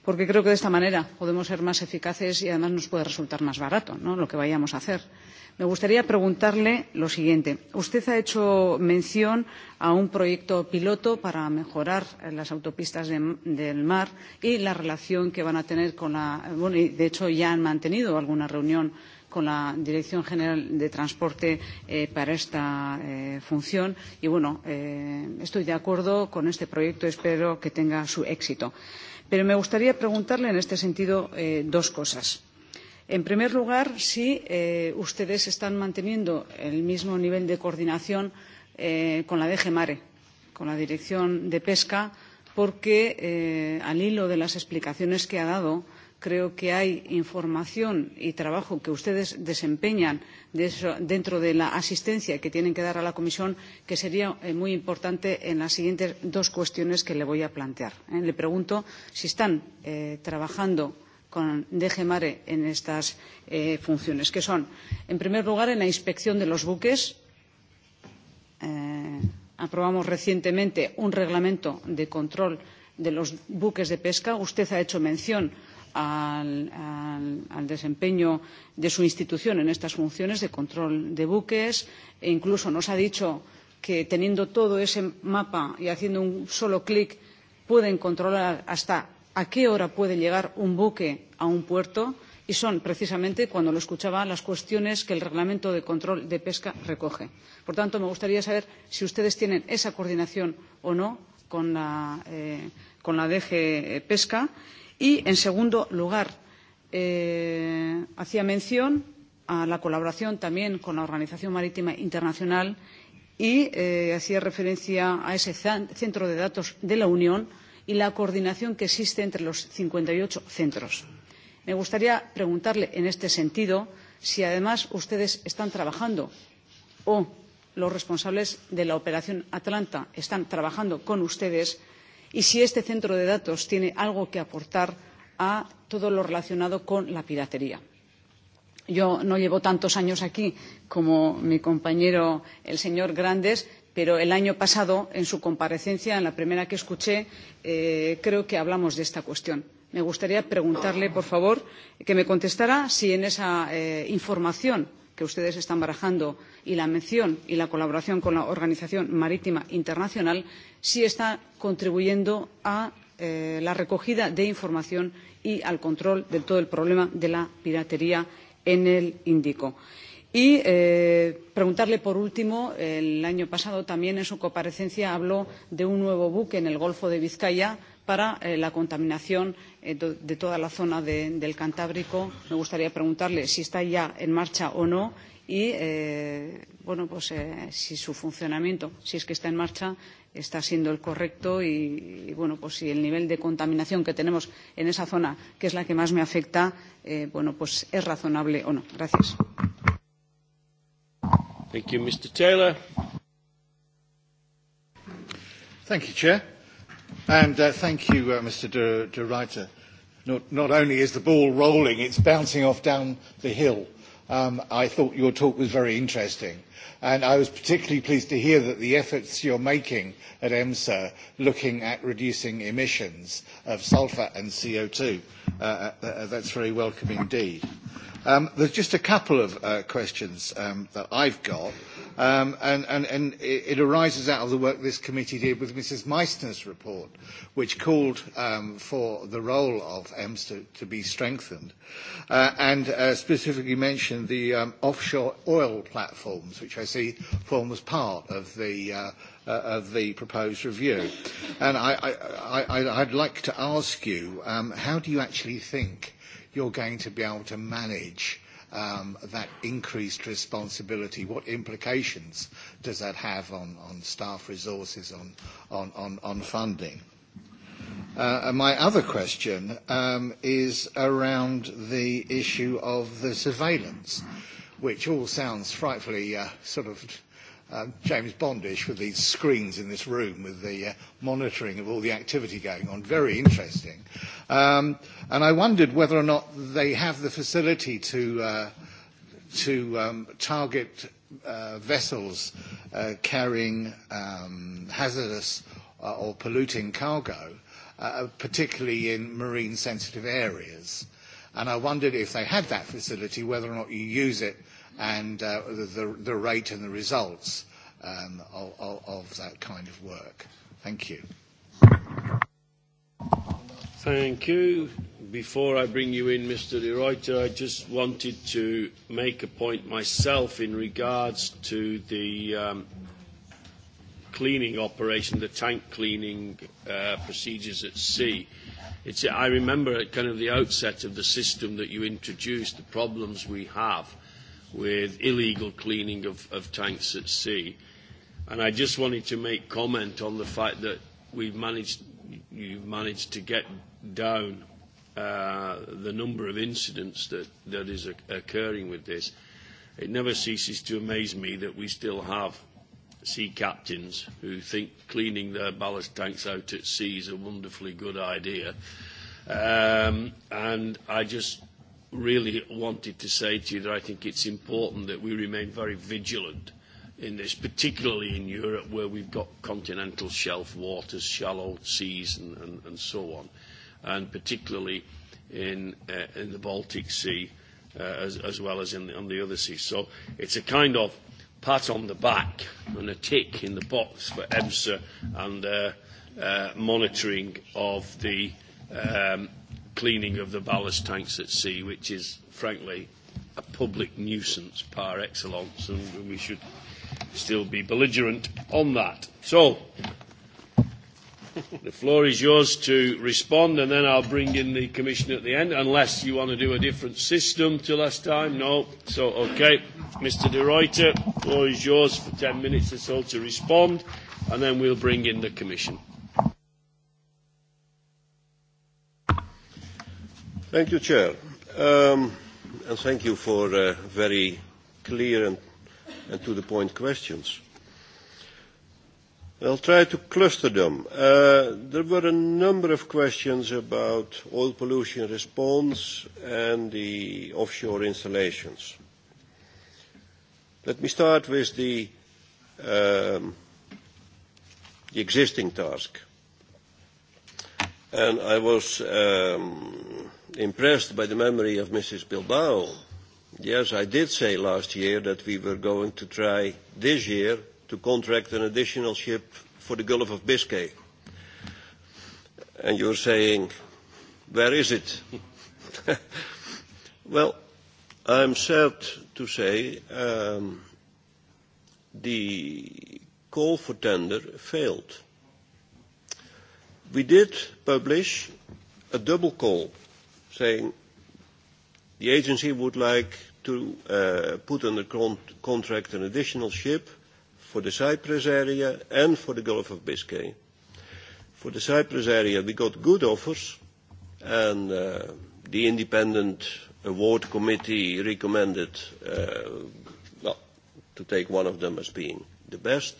porque creo que de esta manera podemos ser más eficaces y además nos puede resultar más barato ¿no? lo que vayamos a hacer. Eh, me gustaría preguntarle lo siguiente usted ha hecho mención de un proyecto piloto para mejorar las autopistas de, del mar y la relación que van a tener con la bueno y de hecho ya han mantenido alguna reunión con la Dirección General de Transporte eh, para esta eh, función. Y bueno, eh, estoy de acuerdo con este proyecto, espero que tenga su éxito. Pero me gustaría preguntarle en este sentido eh, dos cosas En primer lugar, si eh, ustedes están manteniendo el mismo nivel de coordinación eh, con la DG Mare, con la Dirección de Pesca, porque eh, al hilo de las explicaciones que ha dado, creo que hay información y trabajo que ustedes desempeñan de eso, dentro de la asistencia que tienen que dar a la comisión que sería eh, muy importante en las siguientes dos cuestiones que le voy a plantear. Eh, le pregunto si están eh, trabajando con DG Mare en estas eh, funciones, que son, en primer lugar, en la inspección de los buques. Eh, aprobamos recientemente un reglamento de control de los buques de pesca. Usted ha hecho mención al, al, al desempeño de su institución en estas funciones de control de buques e incluso nos ha dicho que teniendo todo ese mapa y haciendo un solo clic pueden controlar hasta a qué hora puede llegar un buque a un puerto y son precisamente cuando lo escuchaba las cuestiones que el reglamento de control de pesca recoge. por tanto me gustaría saber si ustedes tienen esa coordinación o no con la, eh, con la dg eh, pesca y en segundo lugar eh, hacía mención a la colaboración también con la organización marítima internacional y eh, hacía referencia a ese centro de datos de la unión para y la coordinación que existe entre los cincuenta y ocho centros. me gustaría preguntarle en este sentido si además ustedes están trabajando o los responsables de la operación atalanta están trabajando con ustedes y si este centro de datos tiene algo que aportar a todo lo relacionado con la piratería. yo no llevo tantos años aquí como mi compañero el señor grandes pero el año pasado en su comparecencia en la primera que escuché eh, creo que hablamos de esta cuestión. me gustaría preguntarle por favor que me contestara si en esa eh, información que ustedes están barajando y la mención y la colaboración con la organización marítima internacional sí está contribuyendo a eh, la recogida de información y al control de todo el problema de la piratería en el índico. y Y eh, preguntarle, por último, el año pasado también en su comparecencia habló de un nuevo buque en el Golfo de Vizcaya para eh, la contaminación eh, de toda la zona de, del Cantábrico. Me gustaría preguntarle si está ya en marcha o no y eh, bueno, pues, eh, si su funcionamiento, si es que está en marcha, está siendo el correcto y, y bueno, pues si el nivel de contaminación que tenemos en esa zona, que es la que más me afecta, eh, bueno, pues es razonable o no. Gracias. Thank you, Mr. Taylor. Thank you, Chair. And uh, thank you, uh, Mr. De, De Reiter. Not, not only is the ball rolling, it's bouncing off down the hill. Um, I thought your talk was very interesting. And I was particularly pleased to hear that the efforts you're making at EMSA looking at reducing emissions of sulfur and CO2. Uh, uh, uh, that's very welcome indeed. Um, there's just a couple of uh, questions um, that I've got, um, and, and, and it, it arises out of the work this committee did with Mrs. Meissner's report, which called um, for the role of EMS to, to be strengthened, uh, and uh, specifically mentioned the um, offshore oil platforms, which I see forms part of the uh, uh, of the proposed review. And I, I, I, I'd like to ask you, um, how do you actually think you're going to be able to manage um, that increased responsibility? What implications does that have on, on staff resources, on, on, on, on funding? Uh, and my other question um, is around the issue of the surveillance, which all sounds frightfully uh, sort of um, James Bondish with these screens in this room with the uh, monitoring of all the activity going on. Very interesting. Um, and I wondered whether or not they have the facility to, uh, to um, target uh, vessels uh, carrying um, hazardous uh, or polluting cargo, uh, uh particularly in marine sensitive areas. And I wondered if they had that facility, whether or not you use it and uh, the, the rate and the results um, of, of, of that kind of work. Thank you. Thank you. Before I bring you in, Mr. De Ruyter, I just wanted to make a point myself in regards to the um, cleaning operation, the tank cleaning uh, procedures at sea. It's, I remember at kind of the outset of the system that you introduced, the problems we have. Uh, with illegal cleaning of, of tanks at sea. And I just wanted to make comment on the fact that we've managed, you've managed to get down uh, the number of incidents that, that is occurring with this. It never ceases to amaze me that we still have sea captains who think cleaning their ballast tanks out at sea is a wonderfully good idea. Um, and I just really wanted to say to you that I think it's important that we remain very vigilant in this, particularly in Europe, where we've got continental shelf waters, shallow seas, and, and, and so on, and particularly in, uh, in the Baltic Sea, uh, as, as well as in the, on the other seas. So it's a kind of pat on the back and a tick in the box for EMSA and uh, uh, monitoring of the um, cleaning of the ballast tanks at sea, which is, frankly, a public nuisance par excellence, and we should still be belligerent on that. So, the floor is yours to respond, and then I'll bring in the Commissioner at the end, unless you want to do a different system to last time. No. So, okay, Mr. De Ruyter, the floor is yours for 10 minutes or so to respond, and then we'll bring in the Commission. Thank you, Chair. Um, and thank you for uh, very clear and, and to the point questions. I'll try to cluster them. Uh, there were a number of questions about oil pollution response and the offshore installations. Let me start with the, um, the existing task. And I was um, impressed by the memory of Mrs. Bilbao, yes, I did say last year that we were going to try this year to contract an additional ship for the Gulf of Biscay. And you're saying, where is it? well, I'm sad to say um, the call for tender failed. We did publish a double call saying the agency would like to uh, put under con- contract an additional ship for the Cyprus area and for the Gulf of Biscay. For the Cyprus area, we got good offers, and uh, the independent award committee recommended uh, well, to take one of them as being the best.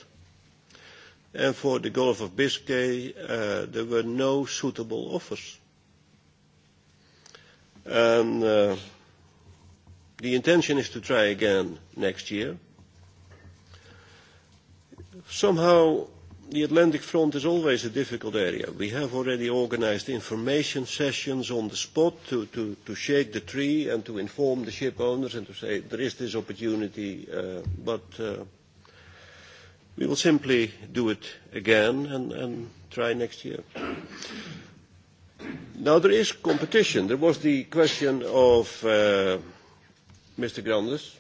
And for the Gulf of Biscay, uh, there were no suitable offers And uh, the intention is to try again next year. Somehow, the Atlantic front is always a difficult area. We have already organized information sessions on the spot to, to, to shake the tree and to inform the ship owners and to say there is this opportunity, uh, but uh, we will simply do it again and, and try next year. Now, there is competition. There was the question of uh, Mr. Grandes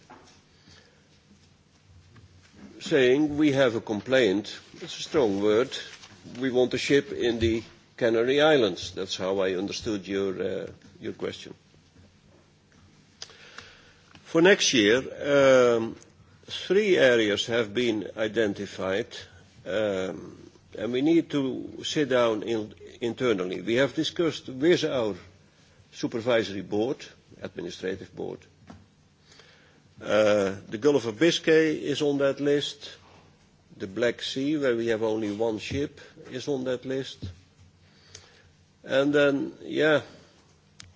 saying, "We have a complaint." It's a strong word. We want a ship in the Canary Islands. That's how I understood your, uh, your question. For next year, um, three areas have been identified, um, and we need to sit down in, internally. We have discussed with our supervisory board, administrative board. Uh, the Gulf of Biscay is on that list. The Black Sea, where we have only one ship, is on that list. And then, yeah,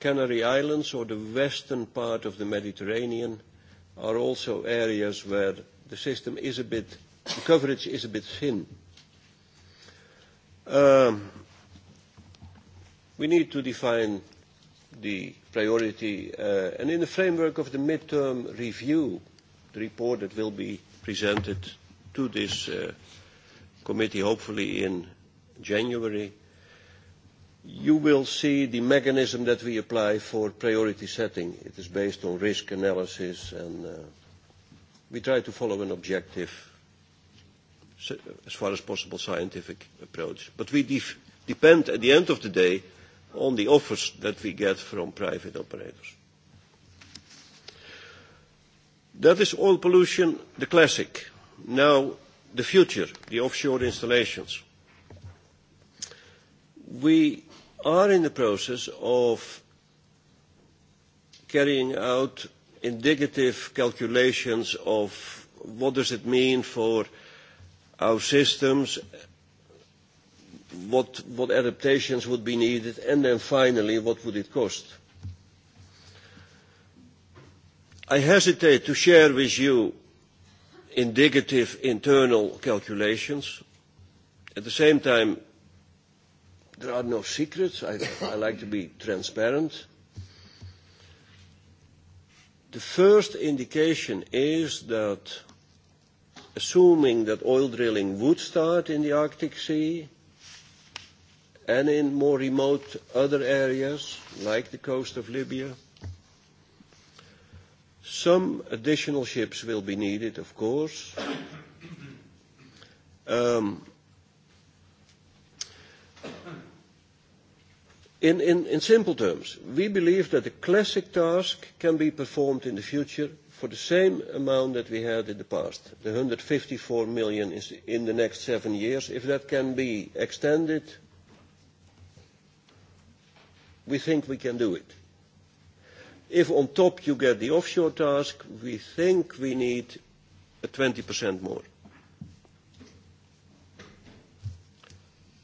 Canary Islands or the western part of the Mediterranean are also areas where the system is a bit, the coverage is a bit thin. Um, we need to define the priority uh, and in the framework of the midterm review, the report that will be presented to this uh, committee hopefully in January, you will see the mechanism that we apply for priority setting. It is based on risk analysis and uh, we try to follow an objective, as far as possible, scientific approach. But we def depend at the end of the day on the offers that we get from private operators. That is oil pollution, the classic. Now, the future, the offshore installations. We are in the process of carrying out indicative calculations of what does it mean for our systems what, what adaptations would be needed, and then finally, what would it cost? I hesitate to share with you indicative internal calculations. At the same time, there are no secrets. I, I like to be transparent. The first indication is that assuming that oil drilling would start in the Arctic Sea, and in more remote other areas, like the coast of Libya. Some additional ships will be needed, of course. Um, in, in, in simple terms, we believe that the classic task can be performed in the future for the same amount that we had in the past. The 154 million is in the next seven years. If that can be extended We think we can do it. If on top you get the offshore task, we think we need 20% more.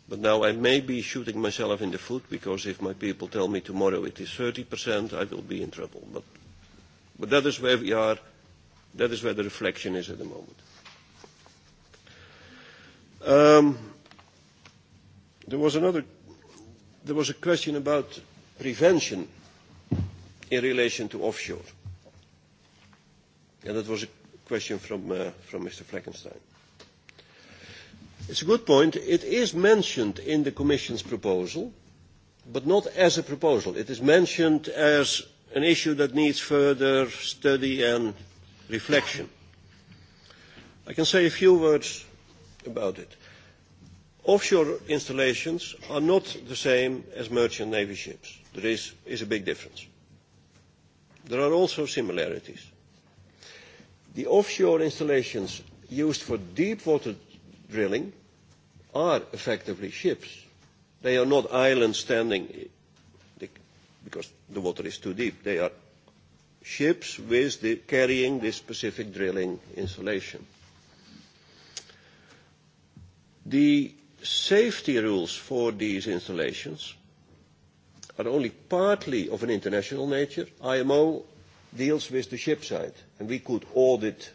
But now I may be shooting myself in the foot because if my people tell me tomorrow it is 30%, I will be in trouble. But, but that is where we are. That is where the reflection is at the moment. Um, there was another there was a question about prevention in relation to offshore. And that was a question from, uh, from Mr. Fleckenstein. It's a good point. It is mentioned in the Commission's proposal, but not as a proposal. It is mentioned as an issue that needs further study and reflection. I can say a few words about it. Offshore installations are not the same as merchant navy ships. There is, is a big difference. There are also similarities. The offshore installations used for deep water drilling are effectively ships. They are not islands standing eh, because the water is too deep. They are ships with the, carrying this specific drilling installation. The safety rules for these installations are only partly of an international nature. IMO deals with the ship side, and we could audit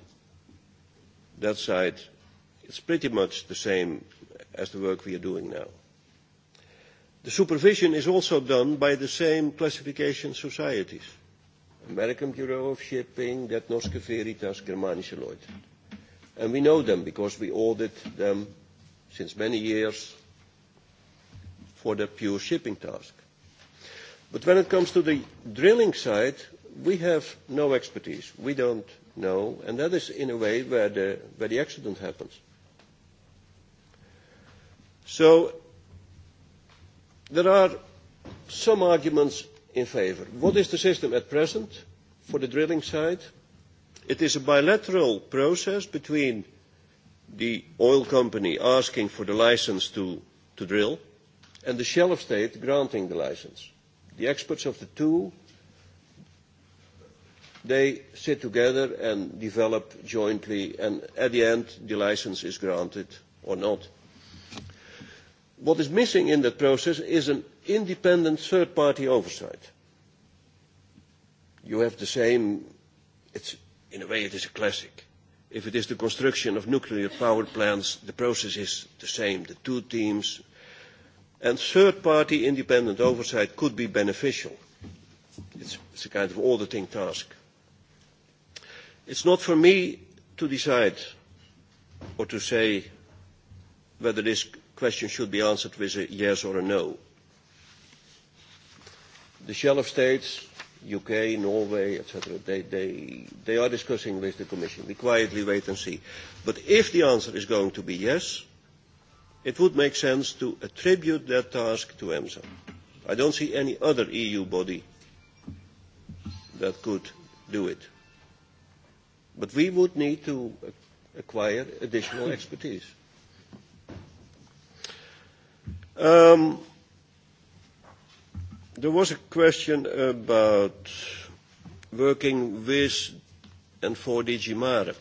that side. It's pretty much the same as the work we are doing now. The supervision is also done by the same classification societies. American Bureau of Shipping, Detnos Veritas, Germanische Lloyd. And we know them because we audit them since many years for the pure shipping task. But when it comes to the drilling side, we have no expertise. We don't know, and that is in a way where the, where the accident happens. So there are some arguments in favour. What is the system at present for the drilling side? It is a bilateral process between the oil company asking for the license to, to drill and the shell of state granting the license. The experts of the two, they sit together and develop jointly, and at the end, the license is granted or not. What is missing in that process is an independent third-party oversight. You have the same, it's, in a way it is a classic If it is the construction of nuclear power plants, the process is the same, the two teams. And third-party independent oversight could be beneficial. It's, it's a kind of auditing task. It's not for me to decide or to say whether this question should be answered with a yes or a no. The shell of states UK, Norway, etc. They, they, they are discussing with the Commission. We quietly wait and see. But if the answer is going to be yes, it would make sense to attribute that task to EMSA. I don't see any other EU body that could do it. But we would need to acquire additional expertise. Um, There was a question about working with and for DG Mare.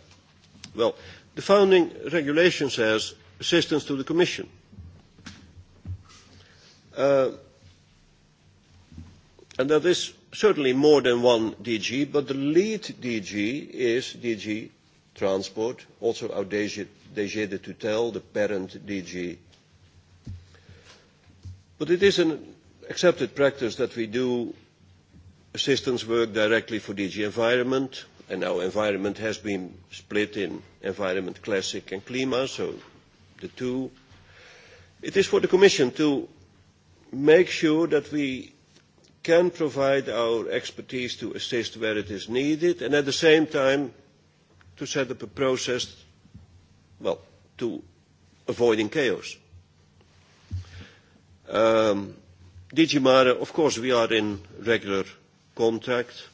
Well, the founding regulation says assistance to the Commission. Uh, and that is certainly more than one DG, but the lead DG is DG Transport, also our DG, DG de tutelle, the parent DG. But it is an accepted practice that we do assistance work directly for DG Environment, and now Environment has been split in Environment Classic and Klima, so the two. It is for the Commission to make sure that we can provide our expertise to assist where it is needed, and at the same time, to set up a process, well, to avoiding chaos. Um, DG Mare, of course, we are in regular contact.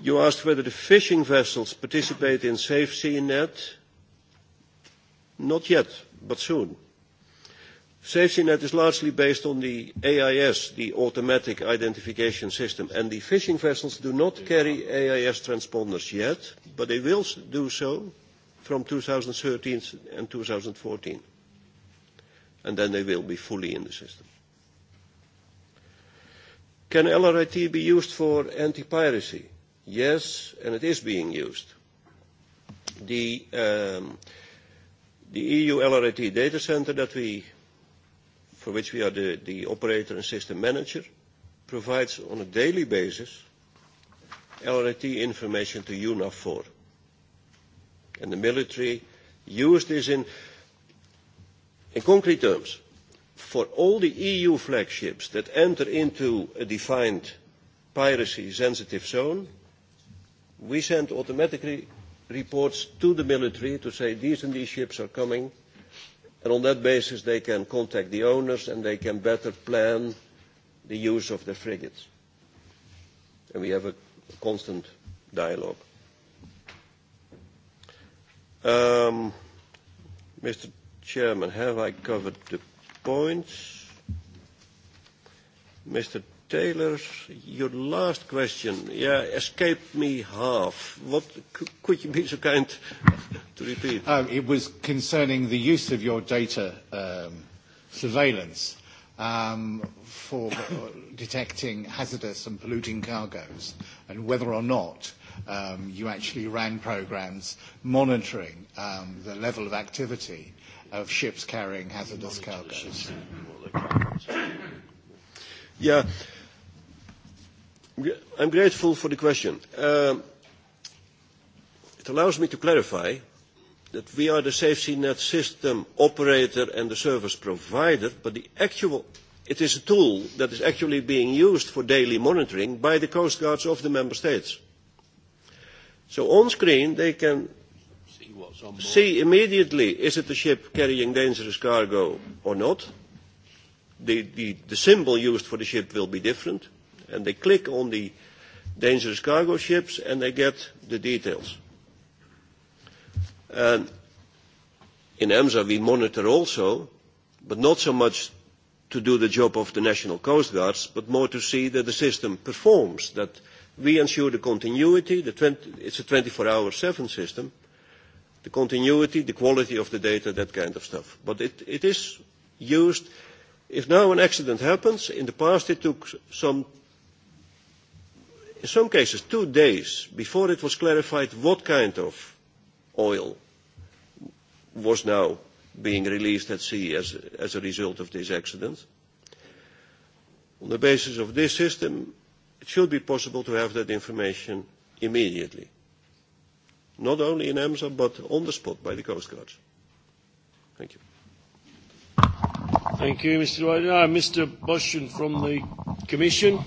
You asked whether the fishing vessels participate in Safe SafeSeaNet. Not yet, but soon. SafeSeaNet is largely based on the AIS, the Automatic Identification System, and the fishing vessels do not carry AIS transponders yet, but they will do so from 2013 and 2014. And then they will be fully in the system. Can LRIT be used for anti-piracy? Yes, and it is being used. The, um, the EU LRIT data center that we, for which we are the, the operator and system manager, provides on a daily basis LRIT information to UNAV4. And the military use this in, in concrete terms for all the EU flagships that enter into a defined piracy-sensitive zone, we send automatically reports to the military to say these and these ships are coming, and on that basis they can contact the owners and they can better plan the use of the frigates. And we have a constant dialogue. Um, Mr. Chairman, have I covered the points. Mr. Taylor, your last question, yeah, escaped me half. What could you be so kind to repeat? Um, it was concerning the use of your data um, surveillance um, for uh, detecting hazardous and polluting cargoes, and whether or not um, you actually ran programs monitoring um, the level of activity of ships carrying hazardous cargoes. Yeah. I'm grateful for the question. Um, it allows me to clarify that we are the safety net system operator and the service provider, but the actual, it is a tool that is actually being used for daily monitoring by the coast guards of the member states. So on screen, they can see immediately is it a ship carrying dangerous cargo or not. The, the, the symbol used for the ship will be different, and they click on the dangerous cargo ships and they get the details. And in EMSA we monitor also, but not so much to do the job of the national coast guards, but more to see that the system performs, that we ensure the continuity, the 20, it's a 24-hour 7 system, uh, the continuity, the quality of the data, that kind of stuff. But it, it is used. If now an accident happens, in the past it took some, in some cases, two days before it was clarified what kind of oil was now being released at sea as, as a result of this accident. On the basis of this system, it should be possible to have that information immediately not only in Amsterdam, but on the spot by the Coast Guards. Thank you. Thank you, Mr. Ryder. Uh, ah, Mr. Boschen from the Commission.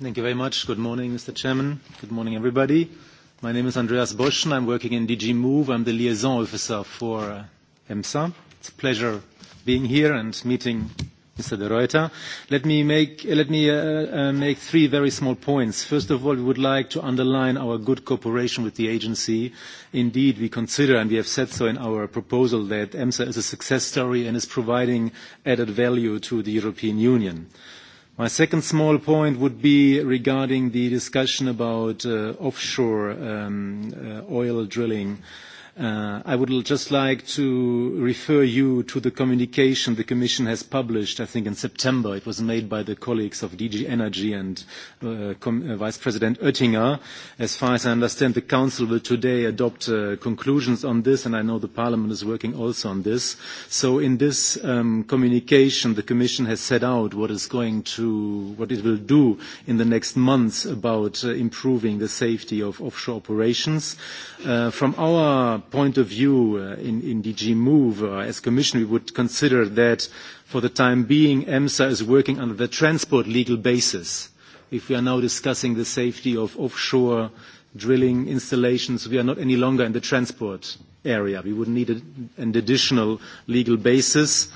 Thank you very much. Good morning, Mr. Chairman. Good morning, everybody. My name is Andreas Boschen. I'm working in DG Move. I'm the liaison officer for uh, EMSA. It's a pleasure being here and meeting Mr. De Ruyter. Let me make, let me, uh, uh, make three very small points. First of all, we would like to underline our good cooperation with the agency. Indeed, we consider, and we have said so in our proposal, that EMSA is a success story and is providing added value to the European Union. My second small point would be regarding the discussion about uh, offshore um, uh, oil drilling. Uh, Uh, I would just like to refer you to the communication the Commission has published, I think in September. It was made by the colleagues of DG Energy and uh, Com- uh, Vice President Oettinger. As far as I understand, the Council will today adopt uh, conclusions on this, and I know the Parliament is working also on this. So in this um, communication, the Commission has set out what is going to, what it will do in the next months about uh, improving the safety of offshore operations. Uh, from our point of view uh, in, in DG Move, uh, as Commission, we would consider that for the time being, EMSA is working under the transport legal basis. If we are now discussing the safety of offshore drilling installations, we are not any longer in the transport area. We would need a, an additional legal basis.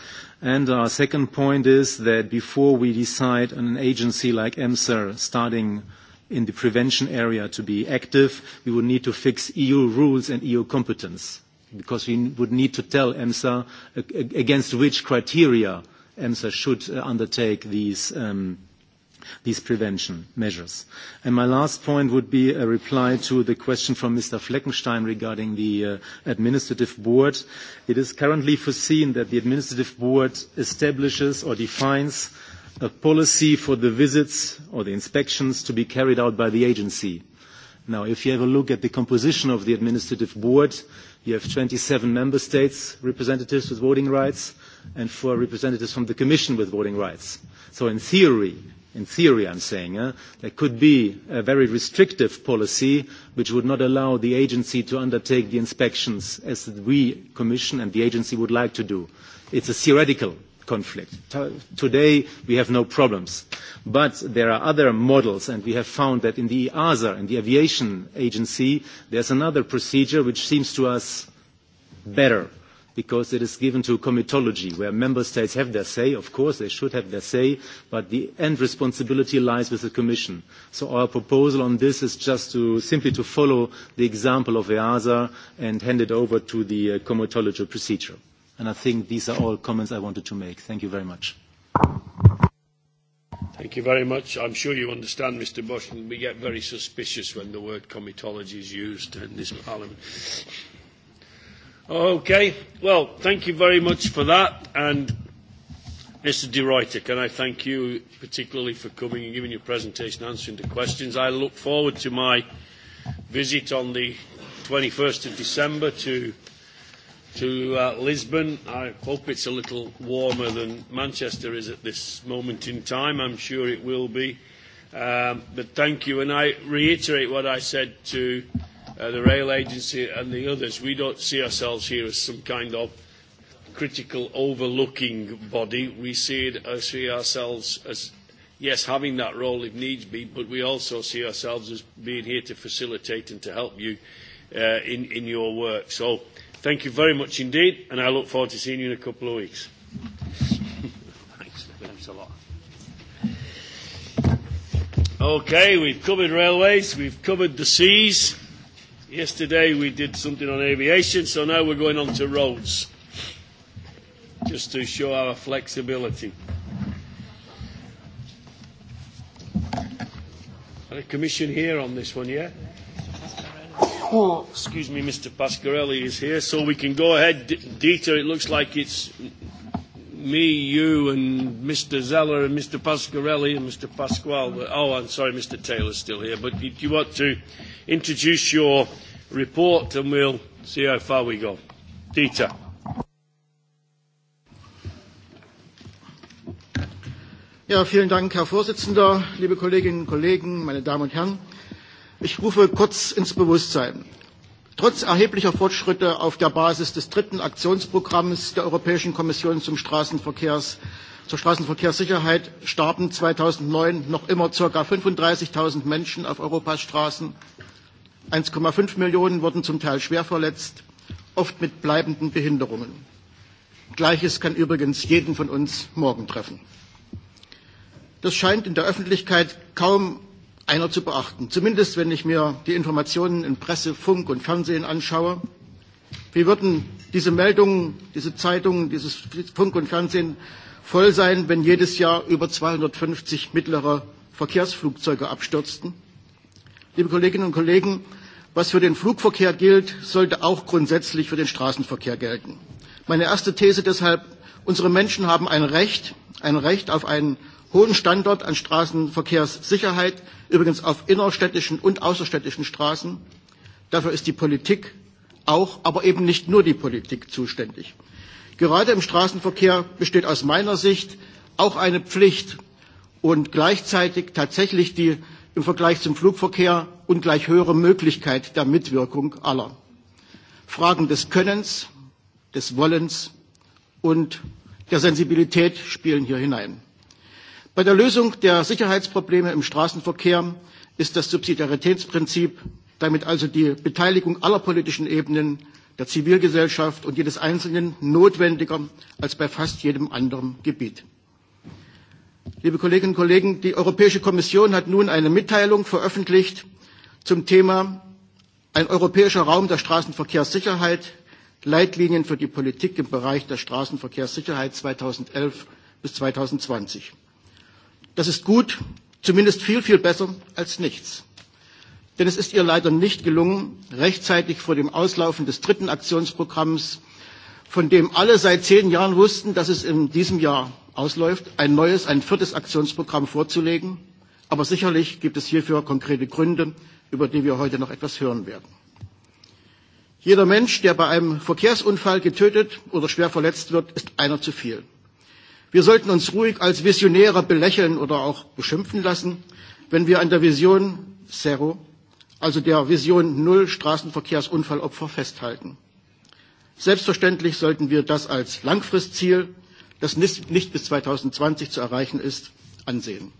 And our second point is that before we decide on an agency like EMSA starting in the prevention area to be active, we would need to fix EU rules and EU competence because we would need to tell EMSA against which criteria EMSA should uh, undertake these, um, these prevention measures. And my last point would be a reply to the question from Mr. Fleckenstein regarding the uh, administrative board. It is currently foreseen that the administrative board establishes or defines a policy for the visits or the inspections to be carried out by the agency. Now, if you have a look at the composition of the administrative board, you have 27 member states representatives with voting rights and four representatives from the commission with voting rights. So in theory, in theory I'm saying, eh, there could be a very restrictive policy which would not allow the agency to undertake the inspections as we, commission, and the agency would like to do. It's a theoretical conflict. T- today, we have no problems. But there are other models, and we have found that in the EASA, in the aviation agency, there's another procedure which seems to us better because it is given to comitology, where member states have their say. Of course, they should have their say, but the end responsibility lies with the Commission. So our proposal on this is just to simply to follow the example of EASA and hand it over to the uh, comitology procedure. And I think these are all comments I wanted to make. Thank you very much. Thank you very much. I'm sure you understand, Mr. Bush, and we get very suspicious when the word comitology is used in this parliament. Okay. Well, thank you very much for that. And Mr. De Ruyter, can I thank you particularly for coming and giving your presentation, answering the questions. I look forward to my visit on the 21st of December to to uh, Lisbon. I hope it's a little warmer than Manchester is at this moment in time. I'm sure it will be. Um, but thank you. And I reiterate what I said to uh, the rail agency and the others. We don't see ourselves here as some kind of critical overlooking body. We see, it, uh, see ourselves as, yes, having that role if needs be, but we also see ourselves as being here to facilitate and to help you uh, in, in your work. So Thank you very much indeed, and I look forward to seeing you in a couple of weeks. Thanks, thanks a lot. Okay, we've covered railways, we've covered the seas. Yesterday we did something on aviation, so now we're going on to roads, just to show our flexibility. And a commission here on this one, yeah? yeah. Oh, excuse me, Mr. Pasquarelli is here, so we can go ahead. D- Dieter, it looks like it's me, you, and Mr. Zeller, and Mr. Pasquarelli, and Mr. Pasquale. But, oh, I'm sorry, Mr. Taylor's still here. But do you want to introduce your report, and we'll see how far we go. Dieter. Ja, vielen Dank, Herr Vorsitzender, liebe Kolleginnen und Kollegen, meine Damen und Herren. Ich rufe kurz ins Bewusstsein. Trotz erheblicher Fortschritte auf der Basis des dritten Aktionsprogramms der Europäischen Kommission zum Straßenverkehrs, zur Straßenverkehrssicherheit starben 2009 noch immer ca. 35.000 Menschen auf Europas Straßen. 1,5 Millionen wurden zum Teil schwer verletzt, oft mit bleibenden Behinderungen. Gleiches kann übrigens jeden von uns morgen treffen. Das scheint in der Öffentlichkeit kaum einer zu beachten. Zumindest wenn ich mir die Informationen in Presse, Funk und Fernsehen anschaue. Wir würden diese Meldungen, diese Zeitungen, dieses Funk und Fernsehen voll sein, wenn jedes Jahr über 250 mittlere Verkehrsflugzeuge abstürzten. Liebe Kolleginnen und Kollegen, was für den Flugverkehr gilt, sollte auch grundsätzlich für den Straßenverkehr gelten. Meine erste These deshalb, unsere Menschen haben ein Recht, ein Recht auf einen hohen Standard an Straßenverkehrssicherheit, übrigens auf innerstädtischen und außerstädtischen Straßen. Dafür ist die Politik auch, aber eben nicht nur die Politik zuständig. Gerade im Straßenverkehr besteht aus meiner Sicht auch eine Pflicht und gleichzeitig tatsächlich die im Vergleich zum Flugverkehr ungleich höhere Möglichkeit der Mitwirkung aller. Fragen des Könnens, des Wollens und der Sensibilität spielen hier hinein. Bei der Lösung der Sicherheitsprobleme im Straßenverkehr ist das Subsidiaritätsprinzip, damit also die Beteiligung aller politischen Ebenen, der Zivilgesellschaft und jedes Einzelnen notwendiger als bei fast jedem anderen Gebiet. Liebe Kolleginnen und Kollegen, die Europäische Kommission hat nun eine Mitteilung veröffentlicht zum Thema Ein europäischer Raum der Straßenverkehrssicherheit, Leitlinien für die Politik im Bereich der Straßenverkehrssicherheit 2011 bis 2020. Das ist gut, zumindest viel, viel besser als nichts. Denn es ist ihr leider nicht gelungen, rechtzeitig vor dem Auslaufen des dritten Aktionsprogramms, von dem alle seit zehn Jahren wussten, dass es in diesem Jahr ausläuft, ein neues, ein viertes Aktionsprogramm vorzulegen. Aber sicherlich gibt es hierfür konkrete Gründe, über die wir heute noch etwas hören werden. Jeder Mensch, der bei einem Verkehrsunfall getötet oder schwer verletzt wird, ist einer zu viel. Wir sollten uns ruhig als Visionäre belächeln oder auch beschimpfen lassen, wenn wir an der Vision Zero, also der Vision Null Straßenverkehrsunfallopfer festhalten. Selbstverständlich sollten wir das als Langfristziel, das nicht bis 2020 zu erreichen ist, ansehen.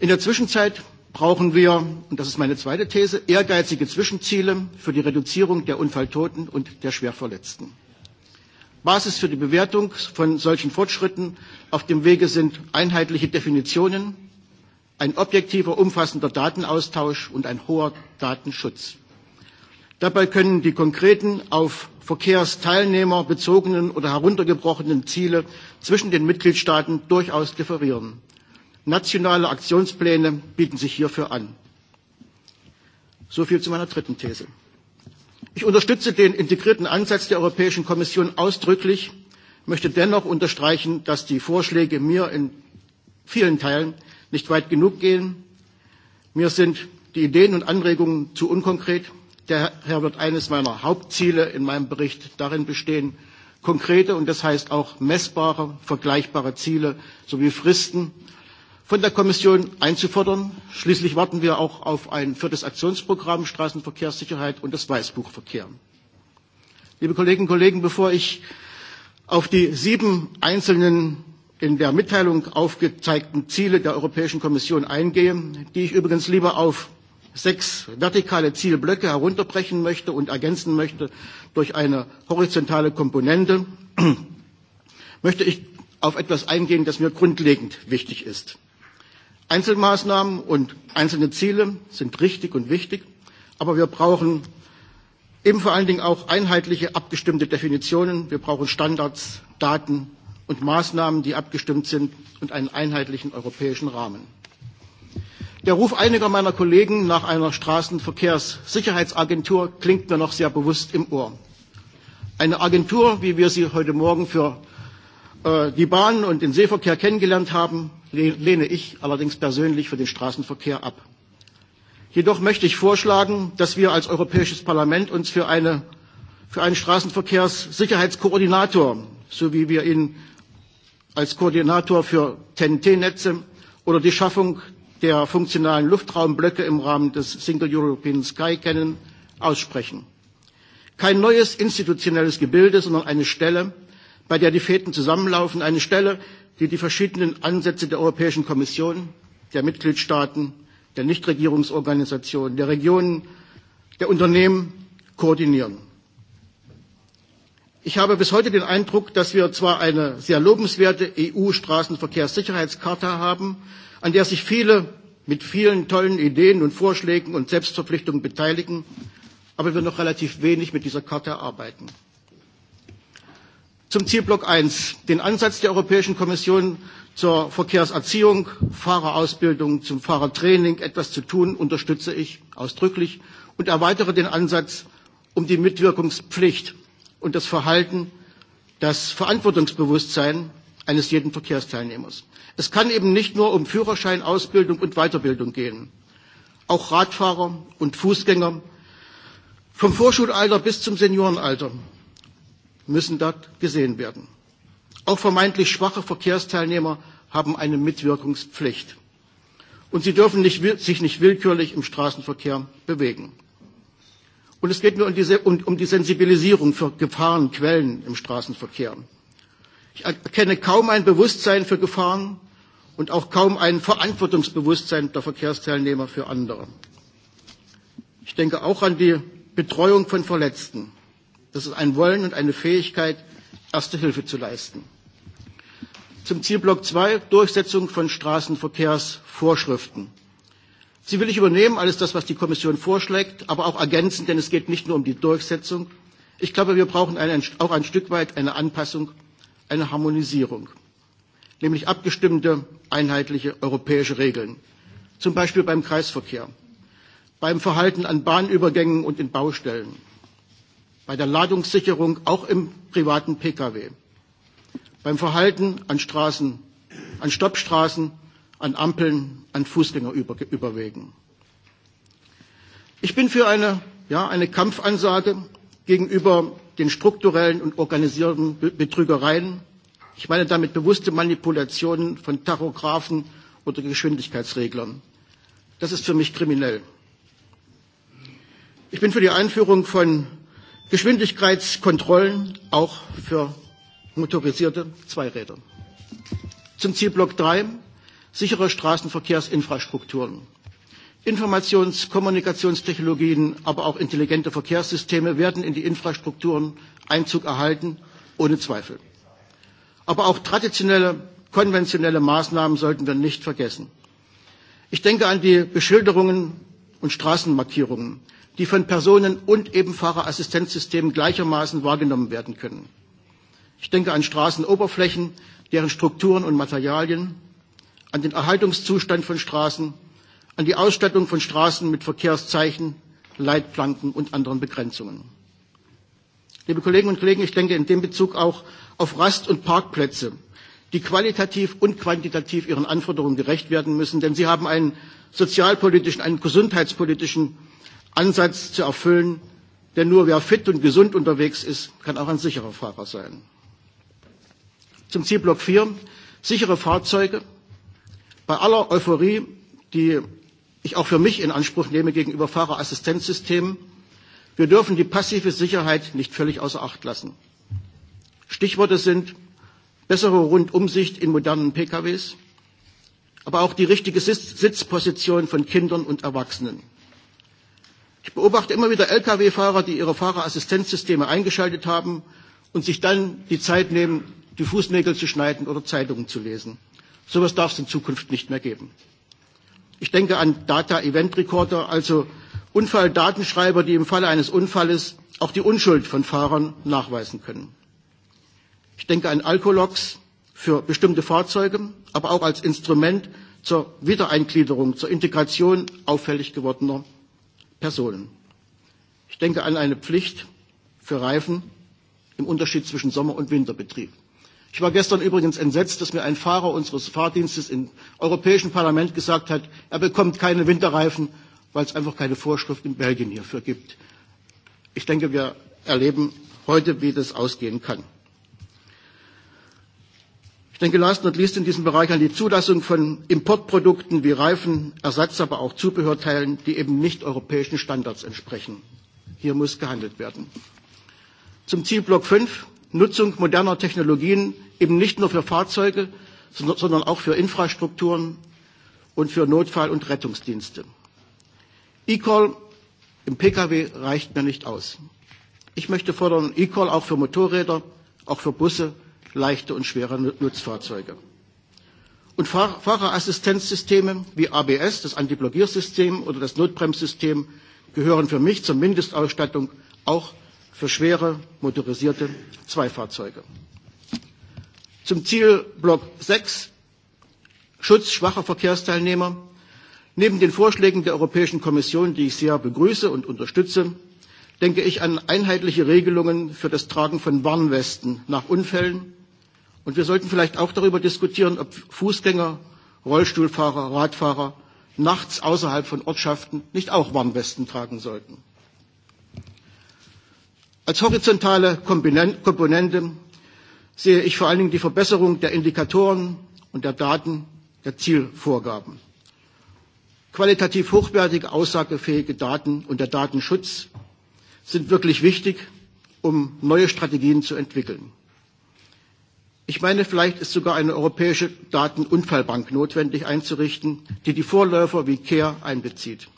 In der Zwischenzeit brauchen wir, und das ist meine zweite These, ehrgeizige Zwischenziele für die Reduzierung der Unfalltoten und der Schwerverletzten. Basis für die Bewertung von solchen Fortschritten auf dem Wege sind einheitliche Definitionen, ein objektiver, umfassender Datenaustausch und ein hoher Datenschutz. Dabei können die konkreten auf Verkehrsteilnehmer bezogenen oder heruntergebrochenen Ziele zwischen den Mitgliedstaaten durchaus differieren. Nationale Aktionspläne bieten sich hierfür an. So viel zu meiner dritten These. Ich unterstütze den integrierten Ansatz der Europäischen Kommission ausdrücklich, möchte dennoch unterstreichen, dass die Vorschläge mir in vielen Teilen nicht weit genug gehen. Mir sind die Ideen und Anregungen zu unkonkret. Daher wird eines meiner Hauptziele in meinem Bericht darin bestehen, konkrete und das heißt auch messbare, vergleichbare Ziele sowie Fristen von der Kommission einzufordern. Schließlich warten wir auch auf ein viertes Aktionsprogramm Straßenverkehrssicherheit und das Weißbuch Verkehr. Liebe Kolleginnen und Kollegen, bevor ich auf die sieben einzelnen in der Mitteilung aufgezeigten Ziele der Europäischen Kommission eingehe, die ich übrigens lieber auf sechs vertikale Zielblöcke herunterbrechen möchte und ergänzen möchte durch eine horizontale Komponente, möchte ich auf etwas eingehen, das mir grundlegend wichtig ist. Einzelmaßnahmen und einzelne Ziele sind richtig und wichtig, aber wir brauchen eben vor allen Dingen auch einheitliche, abgestimmte Definitionen. Wir brauchen Standards, Daten und Maßnahmen, die abgestimmt sind und einen einheitlichen europäischen Rahmen. Der Ruf einiger meiner Kollegen nach einer Straßenverkehrssicherheitsagentur klingt mir noch sehr bewusst im Ohr. Eine Agentur, wie wir sie heute Morgen für äh, die Bahn und den Seeverkehr kennengelernt haben, lehne ich allerdings persönlich für den Straßenverkehr ab. Jedoch möchte ich vorschlagen, dass wir als Europäisches Parlament uns für, eine, für einen Straßenverkehrssicherheitskoordinator, so wie wir ihn als Koordinator für TEN-T-Netze oder die Schaffung der funktionalen Luftraumblöcke im Rahmen des Single European Sky kennen, aussprechen. Kein neues institutionelles Gebilde, sondern eine Stelle, bei der die Fäden zusammenlaufen, eine Stelle, die die verschiedenen Ansätze der Europäischen Kommission, der Mitgliedstaaten, der Nichtregierungsorganisationen, der Regionen, der Unternehmen koordinieren. Ich habe bis heute den Eindruck, dass wir zwar eine sehr lobenswerte EU-Straßenverkehrssicherheitskarte haben, an der sich viele mit vielen tollen Ideen und Vorschlägen und Selbstverpflichtungen beteiligen, aber wir noch relativ wenig mit dieser Karte arbeiten. Zum Zielblock 1, den Ansatz der Europäischen Kommission zur Verkehrserziehung, Fahrerausbildung, zum Fahrertraining etwas zu tun, unterstütze ich ausdrücklich und erweitere den Ansatz um die Mitwirkungspflicht und das Verhalten, das Verantwortungsbewusstsein eines jeden Verkehrsteilnehmers. Es kann eben nicht nur um Führerschein, Ausbildung und Weiterbildung gehen. Auch Radfahrer und Fußgänger vom Vorschulalter bis zum Seniorenalter müssen dort gesehen werden. Auch vermeintlich schwache Verkehrsteilnehmer haben eine Mitwirkungspflicht. Und sie dürfen nicht, sich nicht willkürlich im Straßenverkehr bewegen. Und es geht mir um die, um, um die Sensibilisierung für Gefahrenquellen im Straßenverkehr. Ich er-, erkenne kaum ein Bewusstsein für Gefahren und auch kaum ein Verantwortungsbewusstsein der Verkehrsteilnehmer für andere. Ich denke auch an die Betreuung von Verletzten. Das ist ein Wollen und eine Fähigkeit, erste Hilfe zu leisten. Zum Zielblock 2, Durchsetzung von Straßenverkehrsvorschriften. Sie will ich übernehmen, alles das, was die Kommission vorschlägt, aber auch ergänzen, denn es geht nicht nur um die Durchsetzung. Ich glaube, wir brauchen eine, auch ein Stück weit eine Anpassung, eine Harmonisierung, nämlich abgestimmte, einheitliche europäische Regeln, zum Beispiel beim Kreisverkehr, beim Verhalten an Bahnübergängen und in Baustellen bei der Ladungssicherung auch im privaten Pkw, beim Verhalten an Straßen, an Stoppstraßen, an Ampeln, an Fußgängerüberwegen. Ich bin für eine, ja, eine Kampfansage gegenüber den strukturellen und organisierten Betrügereien. Ich meine damit bewusste Manipulationen von Tachografen oder Geschwindigkeitsreglern. Das ist für mich kriminell. Ich bin für die Einführung von Geschwindigkeitskontrollen auch für motorisierte Zweiräder. Zum Zielblock 3, sichere Straßenverkehrsinfrastrukturen. Informations-, Kommunikationstechnologien, aber auch intelligente Verkehrssysteme werden in die Infrastrukturen Einzug erhalten, ohne Zweifel. Aber auch traditionelle, konventionelle Maßnahmen sollten wir nicht vergessen. Ich denke an die Beschilderungen und Straßenmarkierungen die von Personen und eben Fahrerassistenzsystemen gleichermaßen wahrgenommen werden können. Ich denke an Straßenoberflächen, deren Strukturen und Materialien, an den Erhaltungszustand von Straßen, an die Ausstattung von Straßen mit Verkehrszeichen, Leitplanken und anderen Begrenzungen. Liebe Kolleginnen und Kollegen, ich denke in dem Bezug auch auf Rast- und Parkplätze, die qualitativ und quantitativ ihren Anforderungen gerecht werden müssen, denn sie haben einen sozialpolitischen, einen gesundheitspolitischen Ansatz zu erfüllen, denn nur wer fit und gesund unterwegs ist, kann auch ein sicherer Fahrer sein. Zum Zielblock 4, sichere Fahrzeuge. Bei aller Euphorie, die ich auch für mich in Anspruch nehme gegenüber Fahrerassistenzsystemen, wir dürfen die passive Sicherheit nicht völlig außer Acht lassen. Stichworte sind bessere Rundumsicht in modernen PKWs, aber auch die richtige Sitzposition von Kindern und Erwachsenen. Ich beobachte immer wieder Lkw-Fahrer, die ihre Fahrerassistenzsysteme eingeschaltet haben und sich dann die Zeit nehmen, die Fußnägel zu schneiden oder Zeitungen zu lesen. So etwas darf es in Zukunft nicht mehr geben. Ich denke an Data Event Recorder, also Unfalldatenschreiber, die im Falle eines Unfalles auch die Unschuld von Fahrern nachweisen können. Ich denke an Alkologs für bestimmte Fahrzeuge, aber auch als Instrument zur Wiedereingliederung, zur Integration auffällig gewordener Personen. Ich denke an eine Pflicht für Reifen im Unterschied zwischen Sommer- und Winterbetrieb. Ich war gestern übrigens entsetzt, dass mir ein Fahrer unseres Fahrdienstes im Europäischen Parlament gesagt hat, er bekommt keine Winterreifen, weil es einfach keine Vorschrift in Belgien hierfür gibt. Ich denke, wir erleben heute, wie das ausgehen kann. Ich denke last not least in diesem Bereich an die Zulassung von Importprodukten wie Reifen, Ersatz, aber auch Zubehörteilen, die eben nicht europäischen Standards entsprechen. Hier muss gehandelt werden. Zum Zielblock 5, Nutzung moderner Technologien eben nicht nur für Fahrzeuge, sondern auch für Infrastrukturen und für Notfall- und Rettungsdienste. E-Call im Pkw reicht mir nicht aus. Ich möchte fordern, E-Call auch für Motorräder, auch für Busse leichte und schwere Nutzfahrzeuge. Und Fahr Fahrerassistenzsysteme wie ABS, das Antiblockiersystem oder das Notbremssystem gehören für mich zur Mindestausstattung auch für schwere motorisierte Zweifahrzeuge. Zum Ziel Block 6, Schutz schwacher Verkehrsteilnehmer. Neben den Vorschlägen der Europäischen Kommission, die ich sehr begrüße und unterstütze, denke ich an einheitliche Regelungen für das Tragen von Warnwesten nach Unfällen Und wir sollten vielleicht auch darüber diskutieren, ob Fußgänger, Rollstuhlfahrer, Radfahrer nachts außerhalb von Ortschaften nicht auch Warnwesten tragen sollten. Als horizontale Komponente sehe ich vor allen Dingen die Verbesserung der Indikatoren und der Daten der Zielvorgaben. Qualitativ hochwertige, aussagefähige Daten und der Datenschutz sind wirklich wichtig, um neue Strategien zu entwickeln. Ich meine, vielleicht ist sogar eine europäische Datenunfallbank notwendig einzurichten, die die Vorläufer wie CARE einbezieht.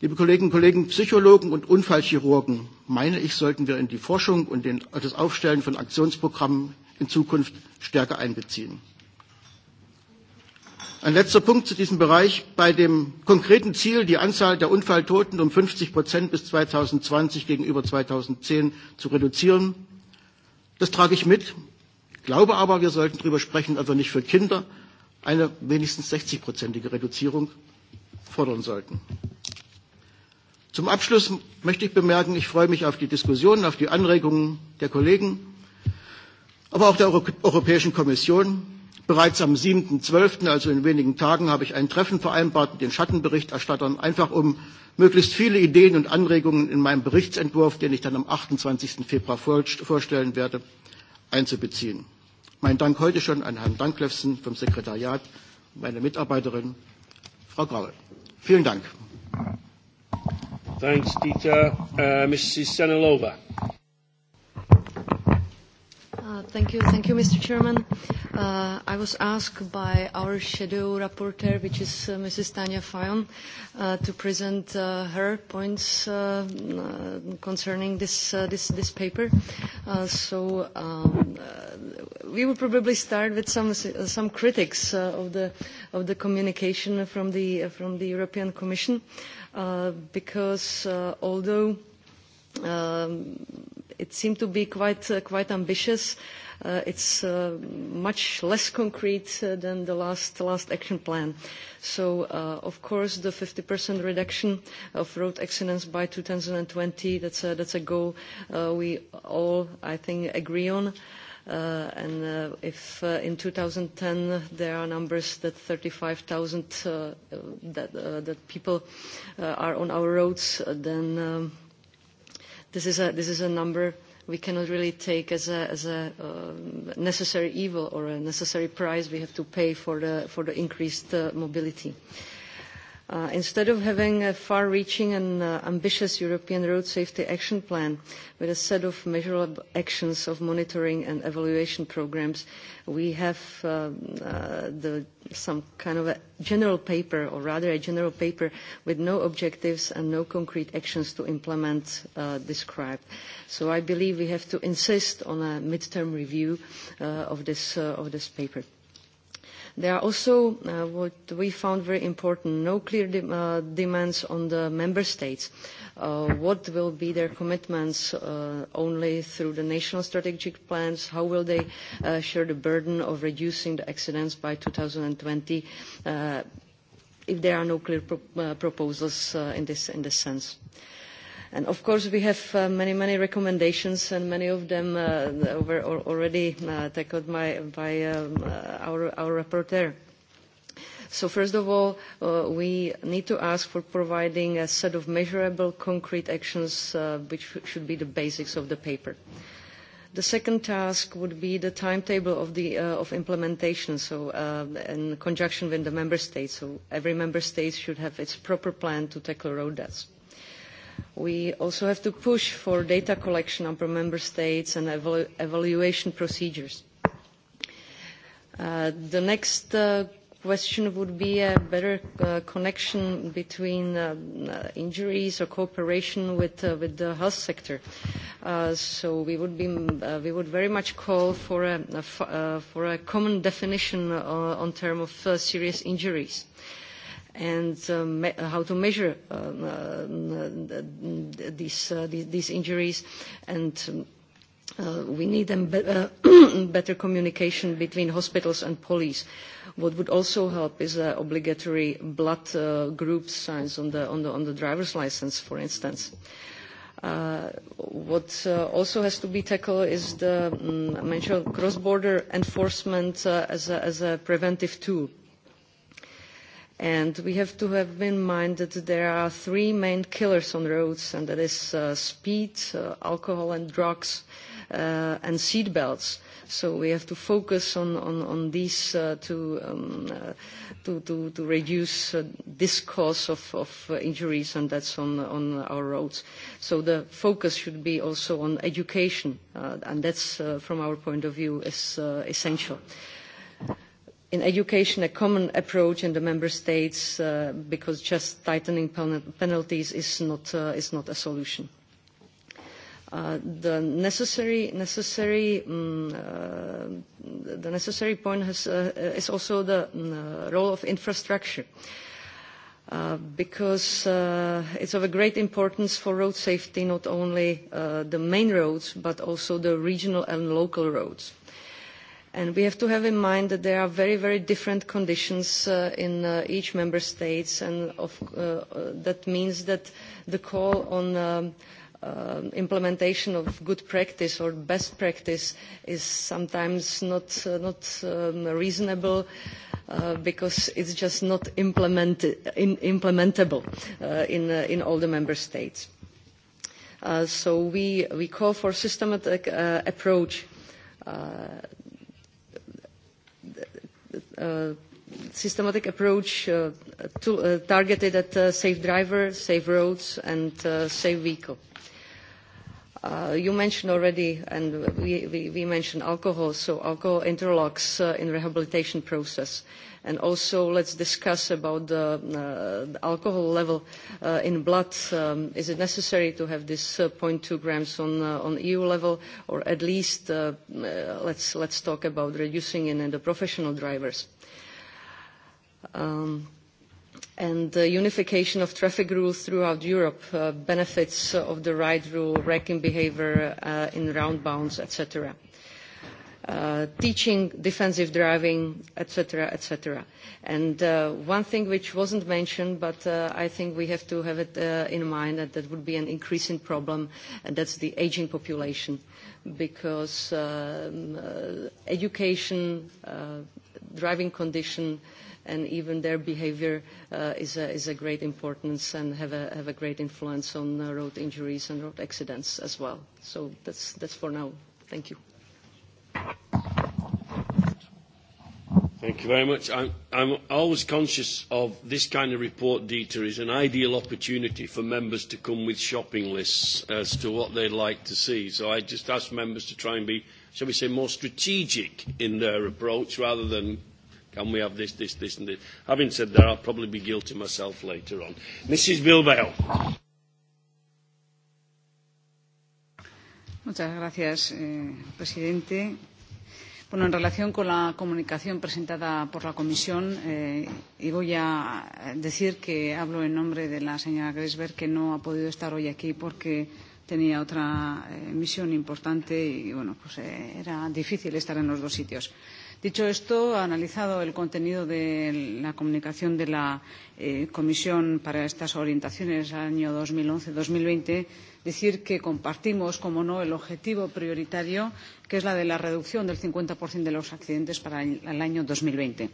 Liebe Kolleginnen und Kollegen, Psychologen und Unfallchirurgen, meine ich, sollten wir in die Forschung und den, das Aufstellen von Aktionsprogrammen in Zukunft stärker einbeziehen. Ein letzter Punkt zu diesem Bereich. Bei dem konkreten Ziel, die Anzahl der Unfalltoten um 50 Prozent bis 2020 gegenüber 2010 zu reduzieren, Das trage ich mit, glaube aber, wir sollten darüber sprechen, ob wir nicht für Kinder eine wenigstens 60-prozentige Reduzierung fordern sollten. Zum Abschluss möchte ich bemerken, ich freue mich auf die Diskussionen, auf die Anregungen der Kollegen, aber auch der Europäischen Kommission. Bereits am 7.12., also in wenigen Tagen, habe ich ein Treffen vereinbart mit den Schattenberichterstattern, einfach um möglichst viele Ideen und Anregungen in meinem Berichtsentwurf, den ich dann am 28. Februar vorstellen werde, einzubeziehen. Mein Dank heute schon an Herrn Danklefsen vom Sekretariat, meine Mitarbeiterin, Frau Graue. Vielen Dank. Thanks, Dieter. Uh, Mrs. Senilova. Uh, thank you. Thank you, Mr. Chairman. Uh, I was asked by our shadow rapporteur, which is uh, Mrs. Tanja Fajon, uh, to present uh, her points uh, uh, concerning this, uh, this, this paper. Uh, so um, uh, we will probably start with some, uh, some critics uh, of, the, of the communication from the, uh, from the European Commission, uh, because uh, although um, it seemed to be quite, uh, quite ambitious. Uh, it's uh, much less concrete uh, than the last, last action plan. So, uh, of course, the 50% reduction of road accidents by 2020, that's a, that's a goal uh, we all, I think, agree on. Uh, and uh, if uh, in 2010 there are numbers that 35,000 uh, that, uh, that people uh, are on our roads, then um, this is a, this is a number we cannot really take as a, as a uh, necessary evil or a necessary price we have to pay for the, for the increased uh, mobility. Uh, Uh, instead of having a far-reaching and uh, ambitious European road safety action plan with a set of measurable actions of monitoring and evaluation programs, we have um, uh, the, some kind of a general paper, or rather a general paper with no objectives and no concrete actions to implement uh, described. So I believe we have to insist on a midterm review uh, of, this, uh, of this paper. There are also, uh, what we found very important, no clear de uh, demands on the member states. Uh, what will be their commitments uh, only through the national strategic plans? How will they uh, share the burden of reducing the accidents by 2020 uh, if there are no clear pro uh, proposals uh, in, this, in this sense? Uh, And of course, we have uh, many, many recommendations, and many of them uh, were already uh, tackled by, by um, uh, our, our rapporteur. So first of all, uh, we need to ask for providing a set of measurable, concrete actions, uh, which should be the basics of the paper. The second task would be the timetable of, the, uh, of implementation, so uh, in conjunction with the member states. So every member state should have its proper plan to tackle road deaths. Uh, We also have to push for data collection upon member states and evalu evaluation procedures. Uh, the next uh, question would be a better uh, connection between um, uh, injuries or cooperation with, uh, with the health sector. Uh, so we would, be, uh, we would very much call for a, a, uh, for a common definition uh, on term of uh, serious injuries. Uh, and um, me- uh, how to measure uh, uh, these, uh, these, these injuries. And um, uh, we need um, be- uh, better communication between hospitals and police. What would also help is uh, obligatory blood uh, group signs on the, on, the, on the driver's license, for instance. Uh, what uh, also has to be tackled is the um, mm, I mentioned cross-border enforcement uh, as, a, as a preventive tool. Uh, And we have to have in mind that there are three main killers on roads, and that is uh, speed, uh, alcohol and drugs, uh, and seat belts. So we have to focus on, on, on these uh, to, um, uh, to, to, to reduce uh, this cause of, of uh, injuries, and that's on, on our roads. So the focus should be also on education, uh, and that's, uh, from our point of view, is uh, essential. Uh, in education, a common approach in the member states, uh, because just tightening pen penalties is not, uh, is not a solution. Uh, the necessary, necessary, um, uh, the necessary point has, uh, is also the um, uh, role of infrastructure. Uh, because uh, it's of a great importance for road safety, not only uh, the main roads, but also the regional and local roads. And we have to have in mind that there are very, very different conditions uh, in uh, each member states, and of, uh, uh that means that the call on um, uh, implementation of good practice or best practice is sometimes not, uh, not um, reasonable uh, because it's just not implement in, implementable uh, in, uh, in all the member states. Uh, so we, we call for systematic uh, approach uh, uh, systematic approach uh, to, uh, targeted at uh, safe driver, safe roads, and uh, safe vehicle. Uh, you mentioned already, and we, we, we mentioned alcohol, so alcohol interlocks uh, in rehabilitation process. And also let's discuss about the, uh, the alcohol level uh, in blood. Um, is it necessary to have this uh, 0.2 grams on, uh, on EU level, or at least uh, uh, let's, let's talk about reducing it in the professional drivers? Um, and the unification of traffic rules throughout Europe, uh, benefits of the right rule, wrecking behavior uh, in round bounds, etc. Uh, teaching defensive driving, etc., etc. And uh, one thing which wasn't mentioned, but uh, I think we have to have it uh, in mind that that would be an increasing problem, and that's the aging population, because um, uh, education, uh, driving condition, uh, and even their behavior uh, is, a, is a great importance and have a, have a great influence on uh, road injuries and road accidents as well. So that's, that's for now. Thank you. Thank you very much. I'm, I'm always conscious of this kind of report, Dieter, is an ideal opportunity for members to come with shopping lists as to what they'd like to see. So I just ask members to try and be, shall we say, more strategic in their approach rather than Can we have this, this, this, and this? Having said that, I'll probably be guilty myself later on. Mrs. Bilbao. Muchas gracias, eh, presidente. Bueno, en relación con la comunicación presentada por la Comisión, eh, y voy a decir que hablo en nombre de la señora Grisberg, que no ha podido estar hoy aquí porque tenía otra eh, misión importante y, bueno, pues eh, era difícil estar en los dos sitios. Eh, Dicho esto, analizado el contenido de la comunicación de la eh, Comisión para estas orientaciones al año 2011-2020, decir que compartimos, como no, el objetivo prioritario, que es la de la reducción del 50% de los accidentes para el, el año 2020.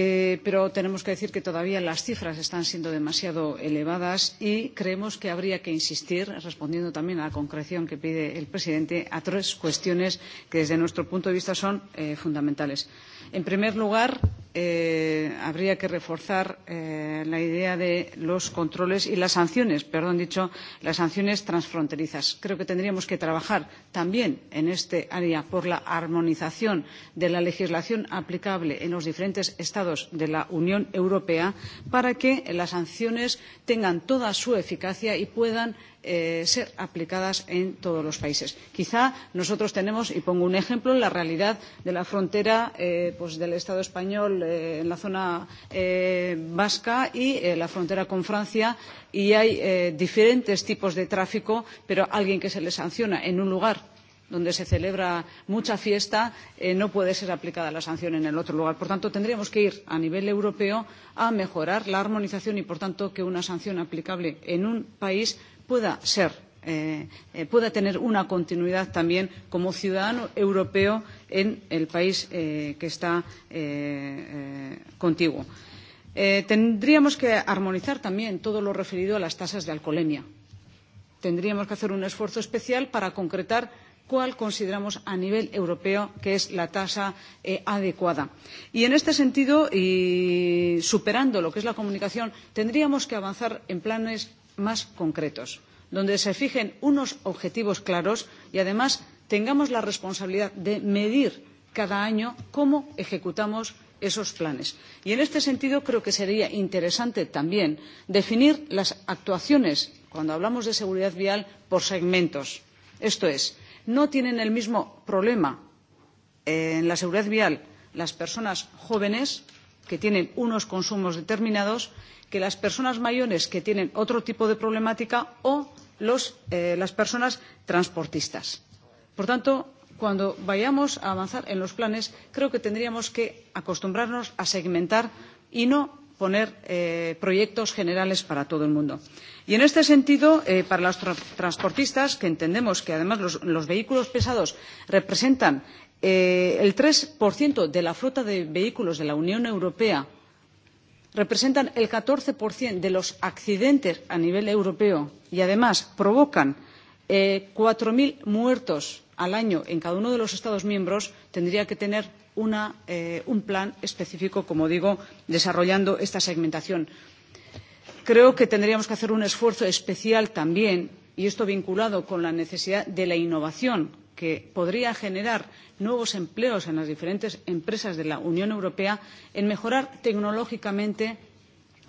Eh, pero tenemos que decir que todavía las cifras están siendo demasiado elevadas y creemos que habría que insistir, respondiendo también a la concreción que pide el presidente, a tres cuestiones que desde nuestro punto de vista son eh, fundamentales. En primer lugar, eh, habría que reforzar eh, la idea de los controles y las sanciones, perdón dicho, las sanciones transfronterizas. Creo que tendríamos que trabajar también en este área por la armonización de la legislación aplicable en los diferentes Estados de la Unión Europea para que las sanciones tengan toda su eficacia y puedan eh, ser aplicadas en todos los países. Quizá nosotros tenemos, y pongo un ejemplo, la realidad de la frontera eh, pues del Estado español eh, en la zona eh, vasca y eh, la frontera con Francia y hay eh, diferentes tipos de tráfico, pero alguien que se le sanciona en un lugar donde se celebra mucha fiesta, eh, no puede ser aplicada la sanción en el otro lugar. Por tanto, tendríamos que ir a nivel europeo a mejorar la armonización y, por tanto, que una sanción aplicable en un país pueda ser eh, eh, pueda tener una continuidad también como ciudadano europeo en el país eh, que está eh, eh, contiguo. Eh, tendríamos que armonizar también todo lo referido a las tasas de alcoholemia. Tendríamos que hacer un esfuerzo especial para concretar cuál consideramos a nivel europeo que es la tasa eh, adecuada. Y en este sentido, y superando lo que es la comunicación, tendríamos que avanzar en planes más concretos, donde se fijen unos objetivos claros y, además, tengamos la responsabilidad de medir cada año cómo ejecutamos esos planes. Y en este sentido creo que sería interesante también definir las actuaciones, cuando hablamos de seguridad vial, por segmentos. Esto es, no tienen el mismo problema en la seguridad vial las personas jóvenes que tienen unos consumos determinados que las personas mayores que tienen otro tipo de problemática o los, eh, las personas transportistas. Por tanto, cuando vayamos a avanzar en los planes, creo que tendríamos que acostumbrarnos a segmentar y no poner eh, proyectos generales para todo el mundo. Y en este sentido, eh, para los tra transportistas, que entendemos que además los, los vehículos pesados representan eh, el 3% de la flota de vehículos de la Unión Europea, representan el 14% de los accidentes a nivel europeo y además provocan eh, 4.000 muertos al año en cada uno de los Estados miembros, tendría que tener una, eh, un plan específico, como digo, desarrollando esta segmentación. Creo que tendríamos que hacer un esfuerzo especial también, y esto vinculado con la necesidad de la innovación que podría generar nuevos empleos en las diferentes empresas de la Unión Europea, en mejorar tecnológicamente,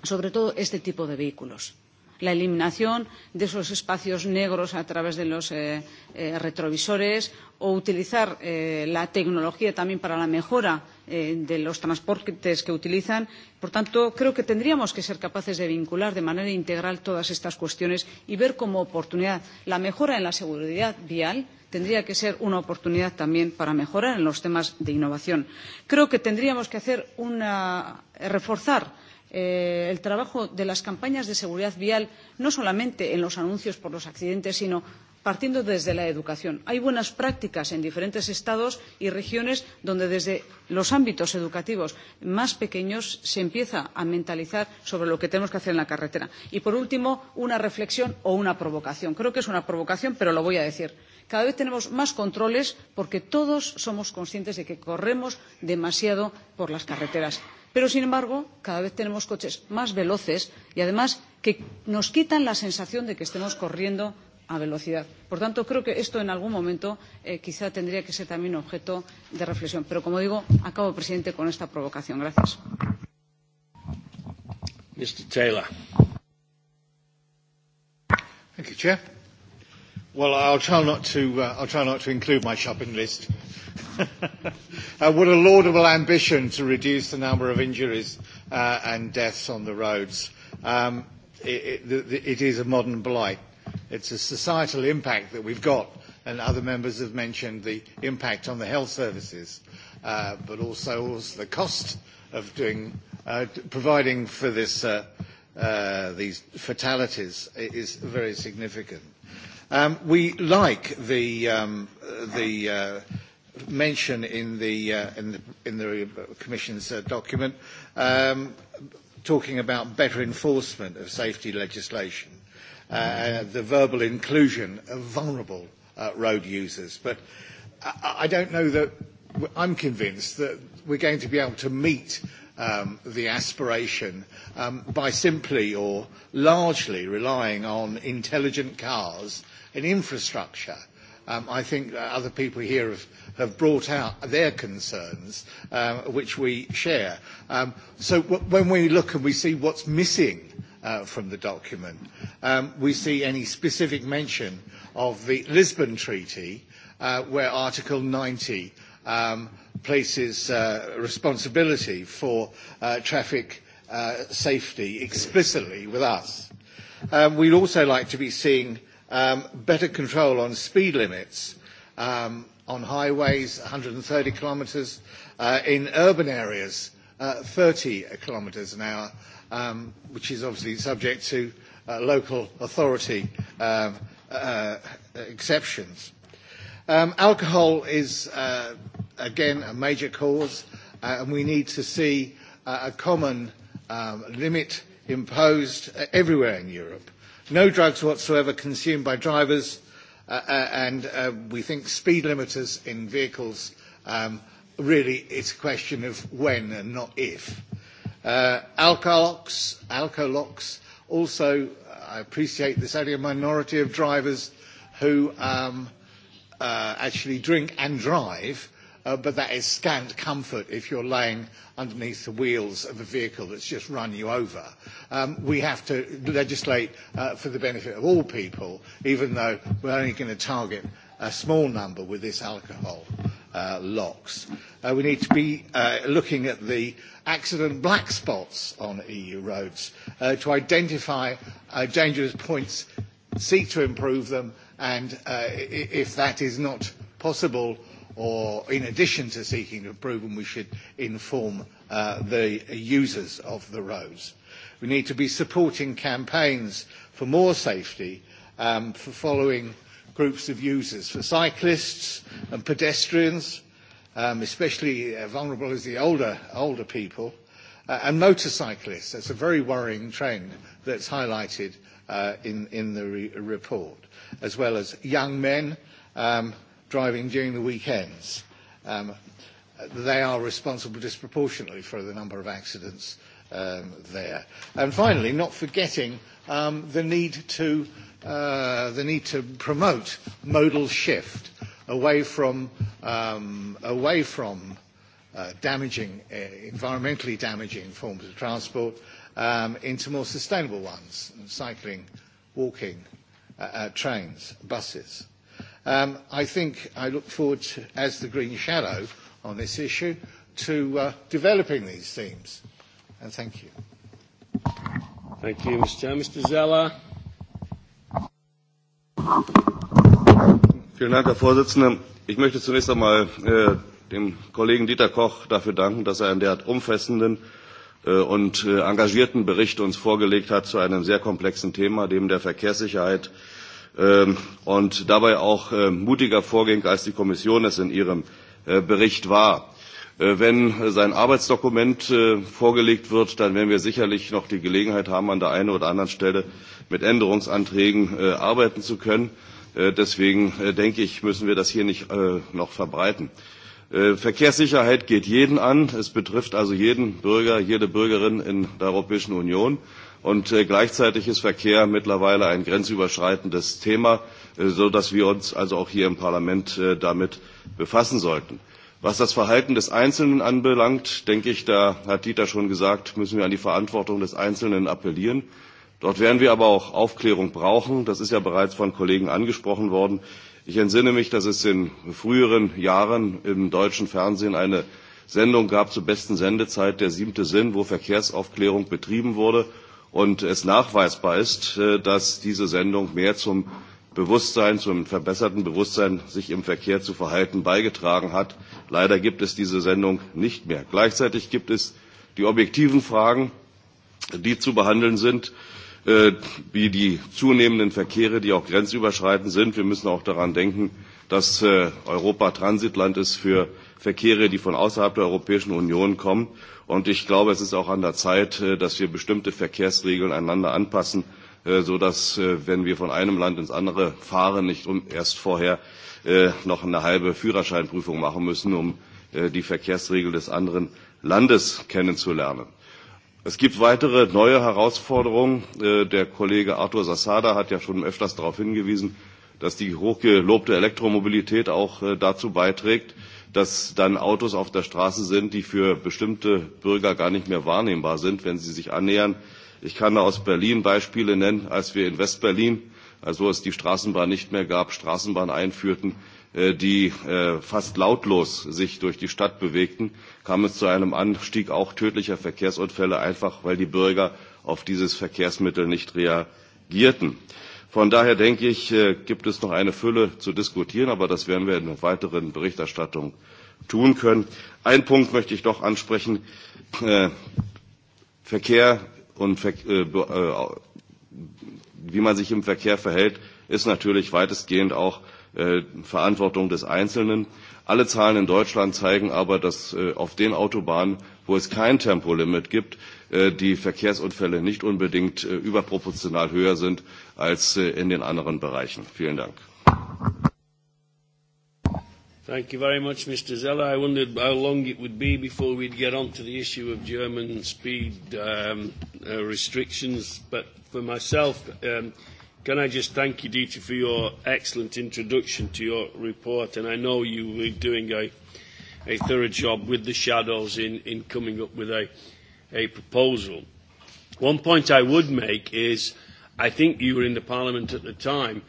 sobre todo, este tipo de vehículos la eliminación de esos espacios negros a través de los eh, eh, retrovisores o utilizar eh, la tecnología también para la mejora eh, de los transportes que utilizan. Por tanto, creo que tendríamos que ser capaces de vincular de manera integral todas estas cuestiones y ver como oportunidad la mejora en la seguridad vial tendría que ser una oportunidad también para mejorar en los temas de innovación. Creo que tendríamos que hacer una, reforzar eh, el trabajo de las campañas de seguridad vial, no solamente en los anuncios por los accidentes, sino partiendo desde la educación. Hay buenas prácticas en diferentes estados y regiones donde desde los ámbitos educativos más pequeños se empieza a mentalizar sobre lo que tenemos que hacer en la carretera. Y, por último, una reflexión o una provocación. Creo que es una provocación, pero lo voy a decir. Cada vez tenemos más controles porque todos somos conscientes de que corremos demasiado por las carreteras pero sin embargo cada vez tenemos coches más veloces y además que nos quitan la sensación de que estemos corriendo a velocidad. Por tanto, creo que esto en algún momento eh, quizá tendría que ser también objeto de reflexión. Pero, como digo, acabo, presidente, con esta provocación. Gracias. Mr. Taylor. Thank you, Chair. Well, I'll try not to, uh, I'll try not to include my shopping list. uh, what a laudable ambition to reduce the number of injuries uh, and deaths on the roads. Um, it, it, it is a modern blight. It's a societal impact that we've got, and other members have mentioned the impact on the health services, uh, but also, also the cost of doing, uh, providing for this, uh, uh, these fatalities is very significant. Um, we like the, um, the uh, mention in the, uh, in the, in the Commission's uh, document um, talking about better enforcement of safety legislation, uh, uh the verbal inclusion of vulnerable uh, road users. But I, I don't know that I'm convinced that we're going to be able to meet um, the aspiration um, by simply or largely relying on intelligent cars uh, in infrastructure. Um, I think uh, other people here have, have brought out their concerns, uh, which we share. Um, so w- when we look and we see what's missing uh, from the document, um, we see any specific mention of the Lisbon Treaty, uh, where Article 90 um, places uh, responsibility for uh, traffic uh, safety explicitly with us. Um, we'd also like to be seeing um, better control on speed limits um, on highways, 130 kilometres, uh, in urban areas, uh, 30 kilometres an hour, um, which is obviously subject to uh, local authority um, uh, exceptions. Um, alcohol is, uh, again, a major cause, uh, and we need to see uh, a common um, limit imposed everywhere in Europe no drugs whatsoever consumed by drivers, uh, uh, and uh, we think speed limiters in vehicles, um, really it's a question of when and not if. Uh, alcolox, alcolox also, uh, I appreciate there's only a minority of drivers who um, uh, actually drink and drive, uh, but that is scant comfort if you're laying underneath the wheels of a vehicle that's just run you over. Um, we have to legislate uh, for the benefit of all people, even though we're only going to target a small number with this alcohol uh, locks. Uh, we need to be uh, looking at the accident black spots on EU roads uh, to identify uh, dangerous points, seek to improve them, and uh, if that is not possible, or in addition to seeking approval, we should inform uh, the users of the roads. We need to be supporting campaigns for more safety, um, for following groups of users, for cyclists and pedestrians, um, especially uh, vulnerable as the older, older people, uh, and motorcyclists. That's a very worrying trend that's highlighted uh, in, in the re- report, as well as young men, um, driving during the weekends. Um, they are responsible disproportionately for the number of accidents um, there. And finally, not forgetting um, the need to uh, the need to promote modal shift away from um, away from uh, damaging, uh, environmentally damaging forms of transport um, into more sustainable ones, cycling, walking, uh, uh, trains, buses. Um, I think I look forward, to, as the Green Shadow on this issue, to uh, developing these themes. And thank you. Thank you, Mr. Chair. Mr. Zeller. Vielen Dank, Herr Vorsitzender. Ich möchte zunächst einmal äh, dem Kollegen Dieter Koch dafür danken, dass er einen derart umfassenden äh, und äh, engagierten Bericht uns vorgelegt hat zu einem sehr komplexen Thema, dem der Verkehrssicherheit äh, Ähm, und dabei auch ähm, mutiger vorging, als die Kommission es in ihrem äh, Bericht war. Äh, wenn äh, sein Arbeitsdokument vorgelegt wird, dann werden wir sicherlich noch die Gelegenheit haben, an der einen oder anderen Stelle mit Änderungsanträgen arbeiten zu können. Deswegen denke ich, müssen wir das hier nicht noch verbreiten. Äh, Verkehrssicherheit geht jeden an. Es betrifft also jeden Bürger, jede Bürgerin in der Europäischen Union. Und äh, gleichzeitig ist Verkehr mittlerweile ein grenzüberschreitendes Thema, äh, sodass wir uns also auch hier im Parlament äh, damit befassen sollten. Was das Verhalten des Einzelnen anbelangt, denke ich, da hat Dieter schon gesagt, müssen wir an die Verantwortung des Einzelnen appellieren. Dort werden wir aber auch Aufklärung brauchen. Das ist ja bereits von Kollegen angesprochen worden. Ich entsinne mich, dass es in früheren Jahren im deutschen Fernsehen eine Sendung gab zur besten Sendezeit, der siebte Sinn, wo Verkehrsaufklärung betrieben wurde und es nachweisbar ist, äh, dass diese Sendung mehr zum Bewusstsein, zum verbesserten Bewusstsein, sich im Verkehr zu verhalten, beigetragen hat. Leider gibt es diese Sendung nicht mehr. Gleichzeitig gibt es die objektiven Fragen, die zu behandeln sind. Äh, wie die zunehmenden Verkehre, die auch grenzüberschreitend sind. Wir müssen auch daran denken, dass äh, Europa Transitland ist für Verkehre, die von außerhalb der Europäischen Union kommen. Und ich glaube, es ist auch an der Zeit, äh, dass wir bestimmte Verkehrsregeln einander anpassen, sodass, wenn wir von einem Land ins andere fahren, nicht um, erst vorher noch eine halbe Führerscheinprüfung machen müssen, um die Verkehrsregeln des anderen Landes kennenzulernen. Es gibt weitere neue Herausforderungen. Äh, der Kollege Arthur Sassada hat ja schon öfters darauf hingewiesen, dass die hochgelobte Elektromobilität auch äh, dazu beiträgt, dass dann Autos auf der Straße sind, die für bestimmte Bürger gar nicht mehr wahrnehmbar sind, wenn sie sich annähern. Ich kann aus Berlin Beispiele nennen, als wir in Westberlin, also es die Straßenbahn nicht mehr gab, Straßenbahn einführten, Äh, die äh, fast lautlos sich durch die Stadt bewegten, kam es zu einem Anstieg auch tödlicher Verkehrsunfälle, einfach weil die Bürger auf dieses Verkehrsmittel nicht reagierten. Von daher denke ich, äh, gibt es noch eine Fülle zu diskutieren, aber das werden wir in der weiteren Berichterstattung tun können. Einen Punkt möchte ich doch ansprechen. Verkehr und wie man sich im Verkehr verhält, ist natürlich weitestgehend auch äh, Verantwortung des Einzelnen. Alle Zahlen in Deutschland zeigen aber, dass äh, auf den Autobahnen, wo es kein Tempolimit gibt, äh, die Verkehrsunfälle nicht unbedingt äh, überproportional höher sind als äh, in den anderen Bereichen. Vielen Dank. Thank you very much, Mr. Zeller. I wondered how long it would be before we'd get on to the issue of German speed um, uh, restrictions. But for myself, um, Can I just thank you, Dieter, for your excellent introduction to your report? And I know you were doing a, a thorough job with the shadows in, in coming up with a, a proposal. One point I would make is I think you were in the Parliament at the time.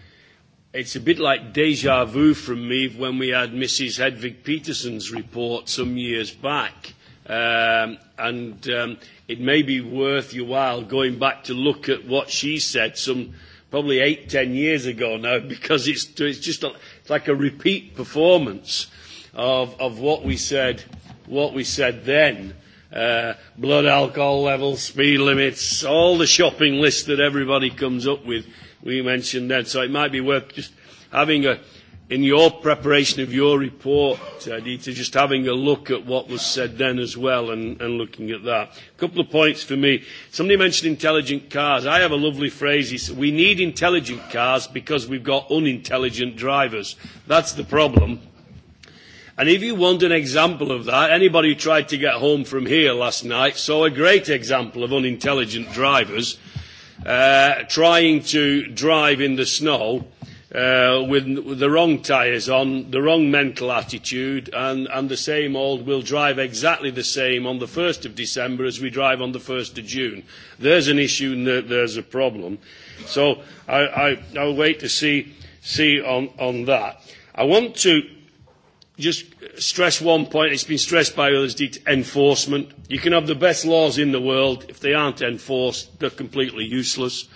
It's a bit like deja vu from me when we had Mrs. Hedvig Peterson's report some years back. Um, and um, it may be worth your while going back to look at what she said some – probably eight, ten years ago now, because it's, it's just a, it's like a repeat performance of, of what we said, what we said then. Uh, blood alcohol levels, speed limits, all the shopping lists that everybody comes up with, we mentioned that. So it might be worth just having a, in your preparation of your report, Adita, just having a look at what was said then as well and, and looking at that. A couple of points for me. Somebody mentioned intelligent cars. I have a lovely phrase. It's, we need intelligent cars because we've got unintelligent drivers. That's the problem. And if you want an example of that, anybody who tried to get home from here last night saw a great example of unintelligent drivers uh, trying to drive in the snow uh, with the wrong tyres on, the wrong mental attitude, and, and the same old will drive exactly the same on the 1st of December as we drive on the 1st of June. There's an issue and there's a problem. So I, I, I'll wait to see, see on, on that. I want to just stress one point, it's been stressed by others, enforcement. You can have the best laws in the world, if they aren't enforced, they're completely useless. Uh,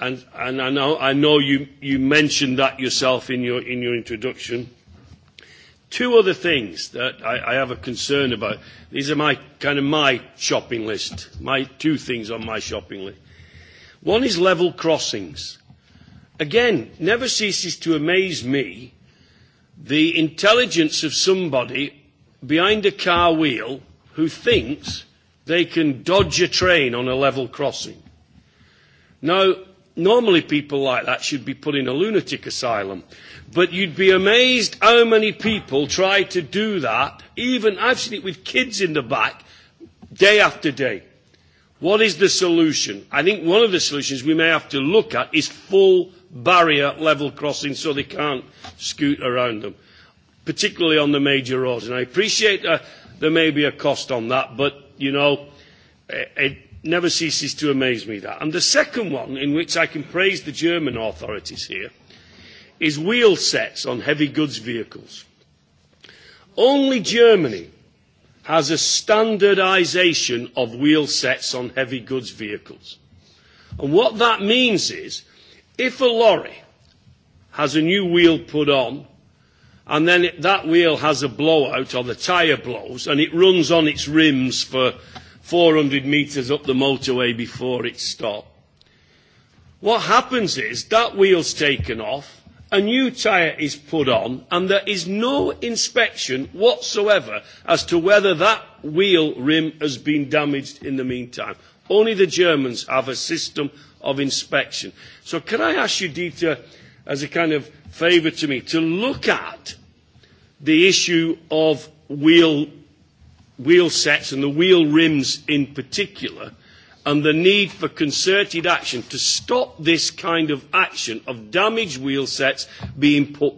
and, and I know, I know you, you mentioned that yourself in your, in your introduction. Two other things that I, I have a concern about. These are my kind of my shopping list, my two things on my shopping list. One is level crossings. Again, never ceases to amaze me the intelligence of somebody behind a car wheel who thinks they can dodge a train on a level crossing. Now, Normally, people like that should be put in a lunatic asylum. But you'd be amazed how many people try to do that. Even I've seen it with kids in the back, day after day. What is the solution? I think one of the solutions we may have to look at is full barrier level crossing so they can't scoot around them, particularly on the major roads. And I appreciate uh, there may be a cost on that, but, you know, eh, it, never ceases to amaze me that. And the second one, in which I can praise the German authorities here, is wheel sets on heavy goods vehicles. Only Germany has a standardisation of wheel sets on heavy goods vehicles. And what that means is, if a lorry has a new wheel put on, and then it, that wheel has a blowout or the tyre blows, and it runs on its rims for 400 metres up the motorway before it stopped. What happens is that wheel's taken off, a new tyre is put on, and there is no inspection whatsoever as to whether that wheel rim has been damaged in the meantime. Only the Germans have a system of inspection. So can I ask you, Dieter, as a kind of favour to me, to look at the issue of wheel wheel sets and the wheel rims in particular, and the need for concerted action to stop this kind of action of damaged wheel sets being put,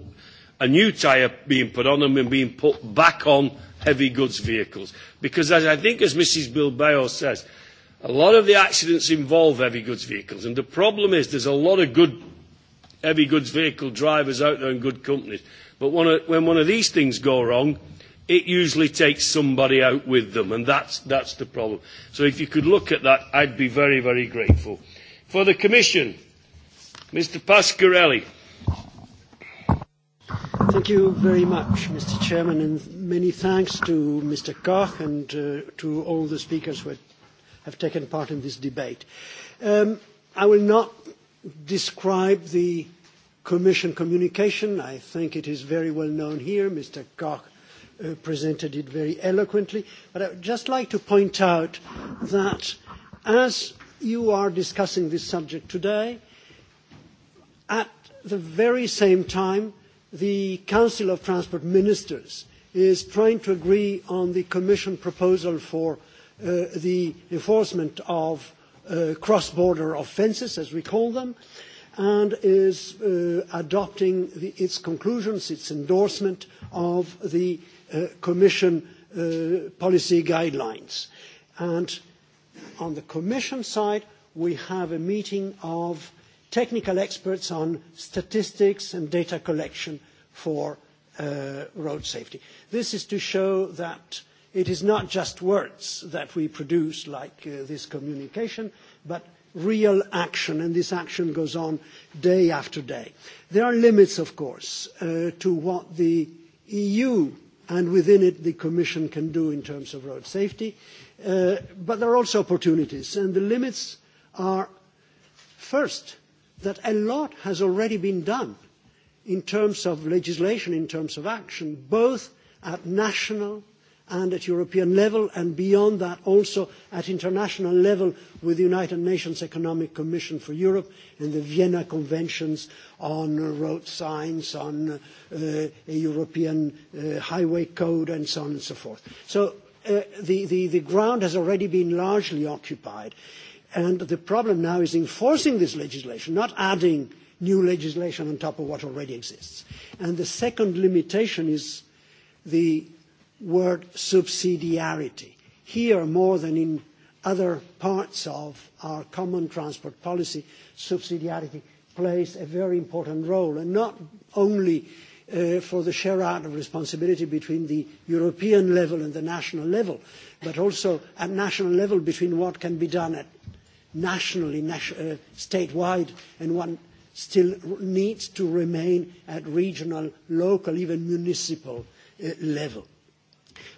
a new tyre being put on them and being put back on heavy goods vehicles. Because as I think as Mrs Bilbao says, a lot of the accidents involve heavy goods vehicles. And the problem is there's a lot of good heavy goods vehicle drivers out there and good companies. But one of, when one of these things go wrong, it usually takes somebody out with them, and that's, that's the problem. So if you could look at that, I'd be very, very grateful. For the Commission, Mr Pasquarelli. Thank you very much, Mr Chairman, and many thanks to Mr Koch and uh, to all the speakers who have taken part in this debate. Um, I will not describe the Commission communication. I think it is very well known here. Mr Koch uh, presented it very eloquently. But I would just like to point out that as you are discussing this subject today, at the very same time, the Council of Transport Ministers is trying to agree on the Commission proposal for uh, the enforcement of uh, cross-border offences, as we call them, and is uh, adopting the, its conclusions, its endorsement of the uh, uh, Commission uh, policy guidelines. And on the Commission side, we have a meeting of technical experts on statistics and data collection for uh, road safety. This is to show that it is not just words that we produce like uh, this communication, but real action, and this action goes on day after day. There are limits, of course, uh, to what the EU and within it, the Commission can do in terms of road safety. Uh, but there are also opportunities, and the limits are, first, that a lot has already been done in terms of legislation, in terms of action, both at national and at European level and beyond that also at international level with the United Nations Economic Commission for Europe and the Vienna Conventions on road signs, on uh, a European uh, highway code and so on and so forth. So uh, the, the, the ground has already been largely occupied and the problem now is enforcing this legislation, not adding new legislation on top of what already exists. And the second limitation is the word subsidiarity. Here, more than in other parts of our common transport policy, subsidiarity plays a very important role, and not only uh, for the share out of responsibility between the European level and the national level, but also at national level between what can be done at nationally, nas- uh, statewide, and what still needs to remain at regional, local, even municipal uh, level. Uh,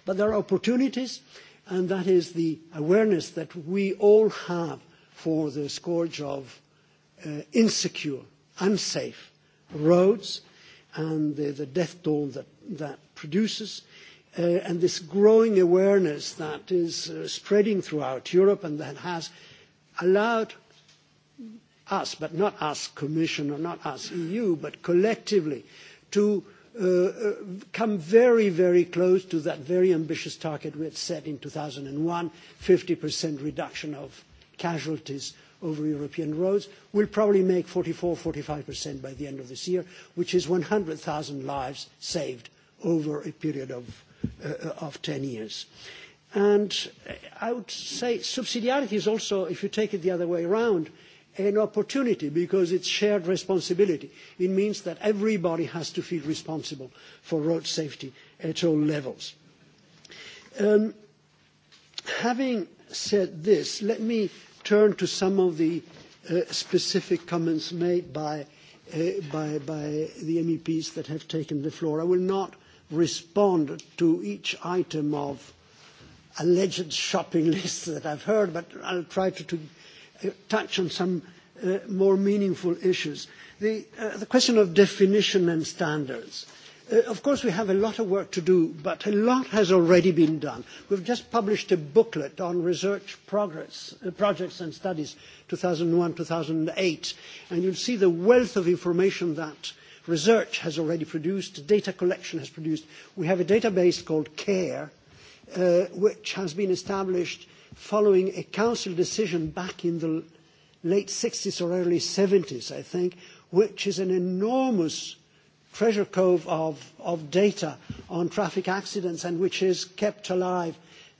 But there are opportunities, and that is the awareness that we all have for the scourge of uh, insecure, unsafe roads and the, the death toll that that produces, uh, and this growing awareness that is uh, spreading throughout Europe and that has allowed us, but not us Commission or not us EU, but collectively to Uh, uh, come very, very close to that very ambitious target we had set in 2001, 50% reduction of casualties over European roads. We'll probably make 44%-45% by the end of this year, which is 100,000 lives saved over a period of, uh, of 10 years. And I would say subsidiarity is also, if you take it the other way around, uh, an opportunity because it's shared responsibility. It means that everybody has to feel responsible for road safety at all levels. Um, having said this, let me turn to some of the uh, specific comments made by, uh, by, by the MEPs that have taken the floor. I will not respond to each item of alleged shopping lists that I've heard, but I'll try to, to uh, touch on some uh, more meaningful issues. The, uh, the question of definition and standards. Uh, of course, we have a lot of work to do, but a lot has already been done. We've just published a booklet on research progress, uh, projects and studies 2001-2008, and you'll see the wealth of information that research has already produced, data collection has produced. We have a database called CARE, uh, which has been established following a council decision back in the late 60s or early 70s, I think, which is an enormous treasure cove of, of data on traffic accidents and which is kept alive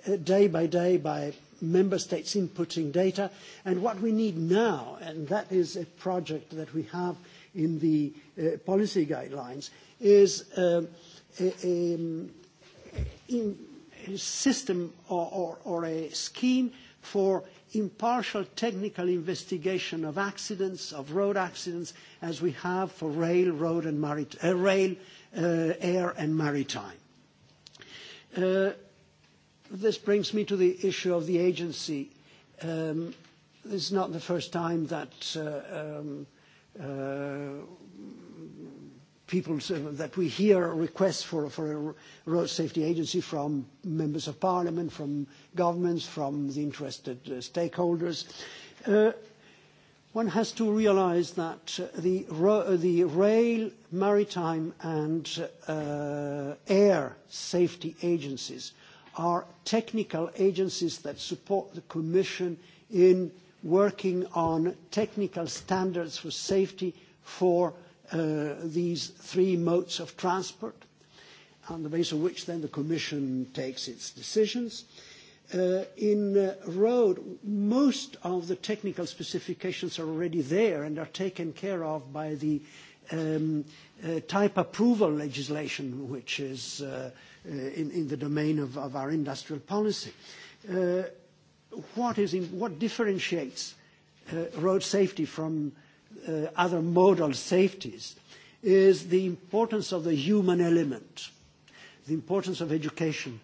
uh, day by day by member states inputting data. And what we need now, and that is a project that we have in the uh, policy guidelines, is uh, a, a, um, in, system or, or, or a scheme for impartial technical investigation of accidents, of road accidents, as we have for rail, road and marit- uh, rail, uh, air and maritime. Uh, this brings me to the issue of the agency. Um, this is not the first time that uh, um, uh, people uh, that we hear requests for, for a road safety agency from members of parliament, from governments, from the interested uh, stakeholders. Uh, one has to realize that uh, the, ro- uh, the rail, maritime, and uh, air safety agencies are technical agencies that support the Commission in working on technical standards for safety for uh, these three modes of transport, on the basis of which then the Commission takes its decisions. Uh, in uh, road, most of the technical specifications are already there and are taken care of by the um, uh, type approval legislation, which is uh, uh in, in the domain of, of our industrial policy. Uh, what, is in, what differentiates uh, road safety from uh, other modal safeties is the importance of the human element, the importance of education,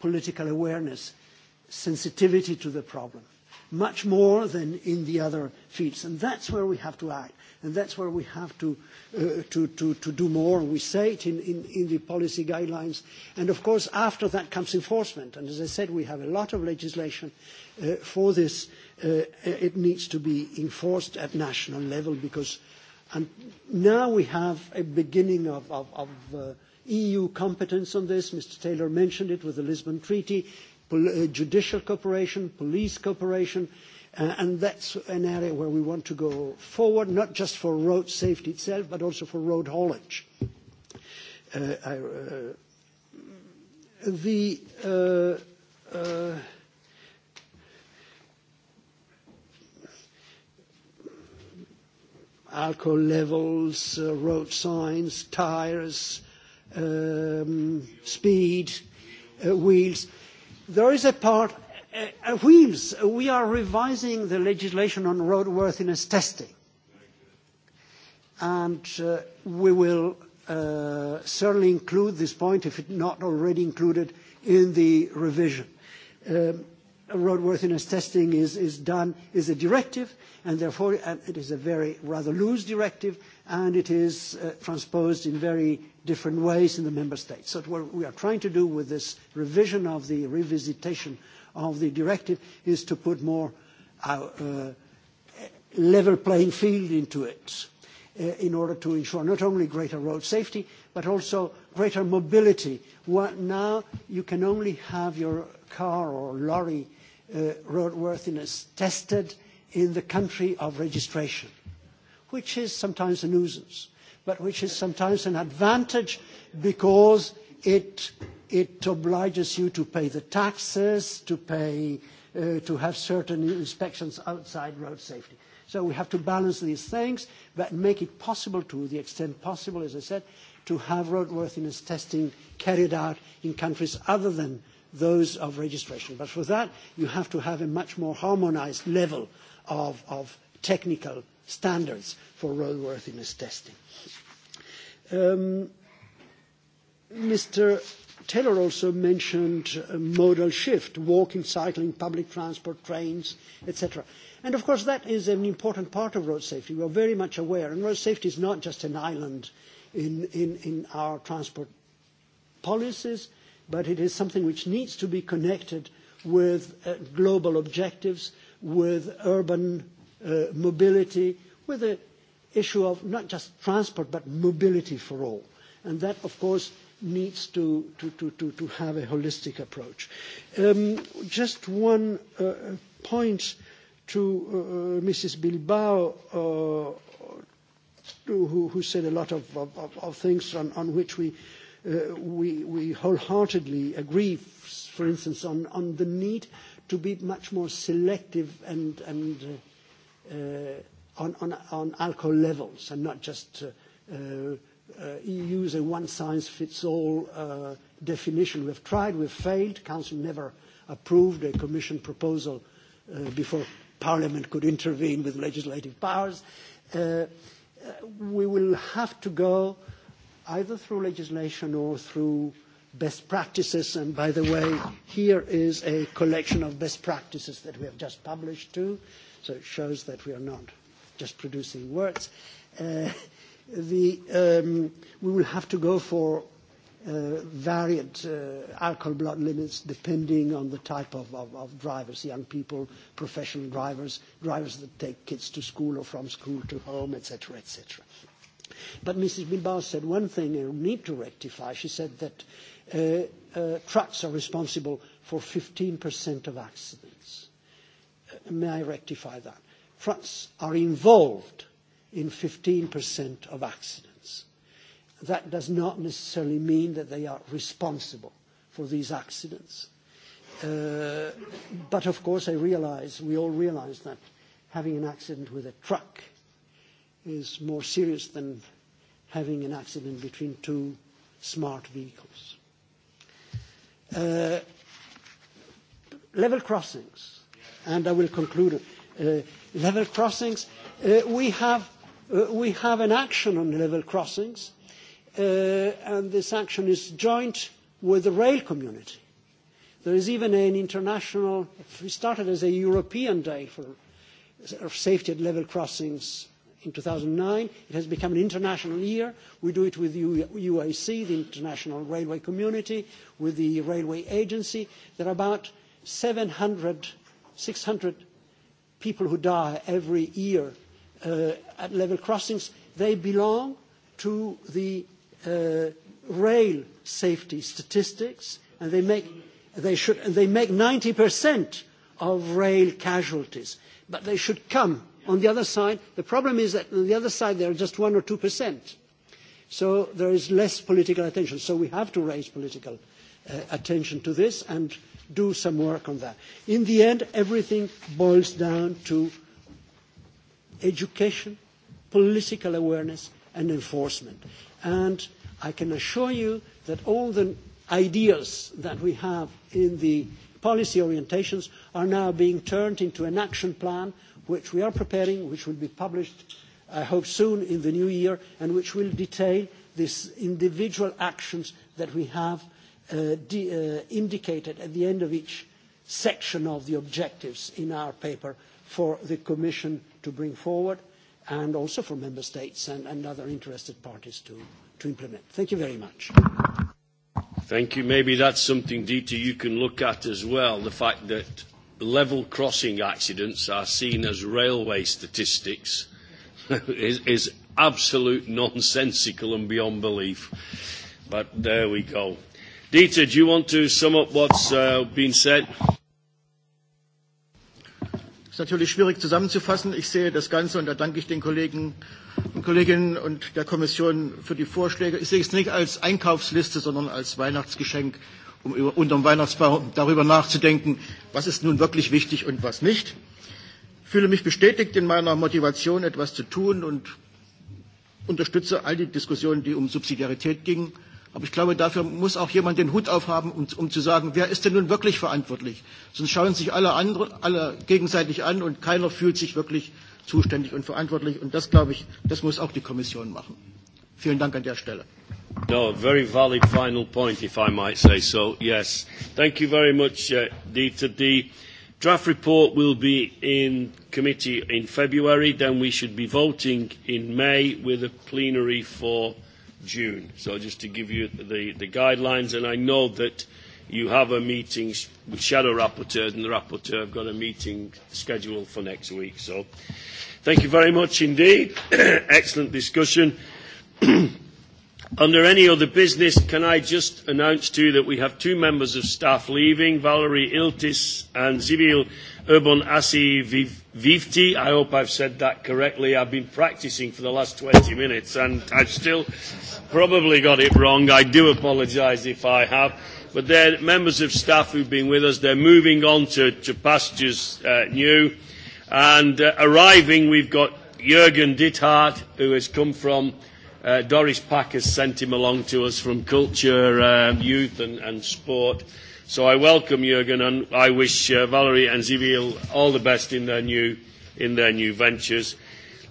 political awareness, sensitivity to the problem, much more than in the other fields. And that's where we have to act, and that's where we have to, uh, to, to, to do more. We say it in, in, in the policy guidelines. And of course, after that comes enforcement. And as I said, we have a lot of legislation uh, for this. Uh, Uh, uh, it needs to be enforced at national level because and now we have a beginning of, of, of uh, EU competence on this. Mr. Taylor mentioned it with the Lisbon Treaty, pol- uh, judicial cooperation, police cooperation, uh, and that's an area where we want to go forward, not just for road safety itself, but also for road haulage. Uh, I, uh, the uh, uh, alcohol levels, uh, road signs, tires, um, speed, uh, wheels. There is a part, uh, uh, wheels, uh, we are revising the legislation on roadworthiness testing. And uh, we will uh, certainly include this point, if it not already included, in the revision. Um, roadworthiness testing is, is done is a directive, and therefore and uh, it is a very rather loose directive, and it is uh, transposed in very different ways in the member states. So what we are trying to do with this revision of the revisitation of the directive is to put more uh, uh, level playing field into it uh, in order to ensure not only greater road safety, but also greater mobility. What, now you can only have your car or lorry Uh, roadworthiness tested in the country of registration, which is sometimes a nuisance, but which is sometimes an advantage because it, it obliges you to pay the taxes, to, pay, uh, to have certain inspections outside road safety. So we have to balance these things, but make it possible to the extent possible, as I said, to have roadworthiness testing carried out in countries other than those of registration. But for that, you have to have a much more harmonized level of, of technical standards for roadworthiness testing. Um, Mr. Taylor also mentioned uh, modal shift, walking, cycling, public transport, trains, etc. And of course, that is an important part of road safety. We are very much aware, and road safety is not just an island in, in, in our transport policies but it is something which needs to be connected with uh, global objectives, with urban uh, mobility, with the issue of not just transport but mobility for all. And that, of course, needs to, to, to, to, to have a holistic approach. Um, just one uh, point to uh, uh Mrs. Bilbao, uh, who, who said a lot of, of, of things on, on which we uh, uh, we, we wholeheartedly agree, for instance, on, on the need to be much more selective and, and uh, uh, on, on, on alcohol levels and not just uh, uh, uh, use a one-size-fits-all uh, definition. We've tried, we've failed. Council never approved a Commission proposal uh, before Parliament could intervene with legislative powers. Uh, uh we will have to go uh, either through legislation or through best practices. And by the way, here is a collection of best practices that we have just published too, so it shows that we are not just producing words. Uh, the, um, we will have to go for uh, varied uh, alcohol blood limits depending on the type of, of, of drivers, young people, professional drivers, drivers that take kids to school or from school to home, etc., etc. But Mrs. Bilbao said one thing I need to rectify. She said that uh, uh, trucks are responsible for 15% of accidents. Uh, may I rectify that? Trucks are involved in 15% of accidents. That does not necessarily mean that they are responsible for these accidents. Uh, but of course, I realize, we all realize that having an accident with a truck uh, is more serious than having an accident between two smart vehicles. Uh, level crossings, and I will conclude. Uh, level crossings, uh, we, have, uh, we have an action on level crossings, uh, and this action is joint with the rail community. There is even an international, it started as a European day for safety at level crossings in 2009. It has become an international year. We do it with UIC, the International Railway Community, with the Railway Agency. There are about 700, 600 people who die every year uh, at level crossings. They belong to the uh, rail safety statistics, and they make, they should, and they make 90% of rail casualties. But they should come On the other side, the problem is that on the other side there are just 1 or 2%. So there is less political attention. So we have to raise political uh, attention to this and do some work on that. In the end, everything boils down to education, political awareness, and enforcement. And I can assure you that all the ideas that we have in the policy orientations are now being turned into an action plan which we are preparing, which will be published, I hope, soon in the new year, and which will detail these individual actions that we have uh, de- uh, indicated at the end of each section of the objectives in our paper for the Commission to bring forward and also for Member States and, and other interested parties to, to implement. Thank you very much. Thank you. Maybe that's something, Dieter, you can look at as well, the fact that level crossing accidents are seen as railway statistics is, is absolute nonsensical and beyond belief. But there we go. Dieter, do you want to sum up what's uh, been said? ist natürlich schwierig zusammenzufassen. Ich sehe das Ganze und da danke ich den Kollegen und Kolleginnen und der Kommission für die Vorschläge. Ich sehe es nicht als Einkaufsliste, sondern als Weihnachtsgeschenk um über, unterm Weihnachtsbaum darüber nachzudenken, was ist nun wirklich wichtig und was nicht. Ich fühle mich bestätigt in meiner Motivation, etwas zu tun und unterstütze all die Diskussionen, die um Subsidiarität gingen. Aber ich glaube, dafür muss auch jemand den Hut aufhaben, um, um zu sagen, wer ist denn nun wirklich verantwortlich? Sonst schauen sich alle, andere, alle gegenseitig an und keiner fühlt sich wirklich zuständig und verantwortlich. Und das, glaube ich, das muss auch die Kommission machen. Vielen Dank an der Stelle. No, very valid final point, if I might say so. Yes. Thank you very much, uh, Dieter. The draft report will be in committee in February. Then we should be voting in May with a plenary for June. So just to give you the, the guidelines, and I know that you have a meeting with shadow rapporteurs, and the rapporteur have got a meeting scheduled for next week. So thank you very much indeed. Excellent discussion. Under any other business, can I just announce to you that we have two members of staff leaving, Valerie Iltis and Zibil Urban Asi Vivti. I hope I've said that correctly. I've been practicing for the last 20 minutes and I've still probably got it wrong. I do apologise if I have. But they're members of staff who've been with us. They're moving on to, to pastures uh, new. And uh, arriving, we've got Jürgen Dithart, who has come from Uh, Doris Pack has sent him along to us from Culture, uh, Youth and, and Sport. So I welcome Jurgen and I wish uh, Valerie and Zivil all the best in their new, in their new ventures.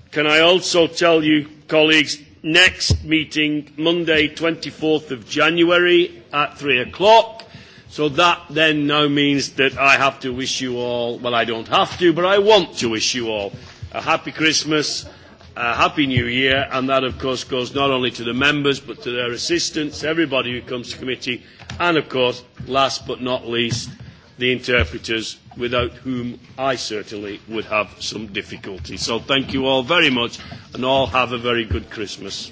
Can I also tell you, colleagues, next meeting, Monday, 24th of January at 3 o'clock. So that then now means that I have to wish you all, well, I don't have to, but I want to wish you all a happy Christmas uh, Happy New Year, and that, of course, goes not only to the members but to their assistants, everybody who comes to committee, and, of course, last but not least, the interpreters, without whom I certainly would have some difficulty. So thank you all very much, and all have a very good Christmas.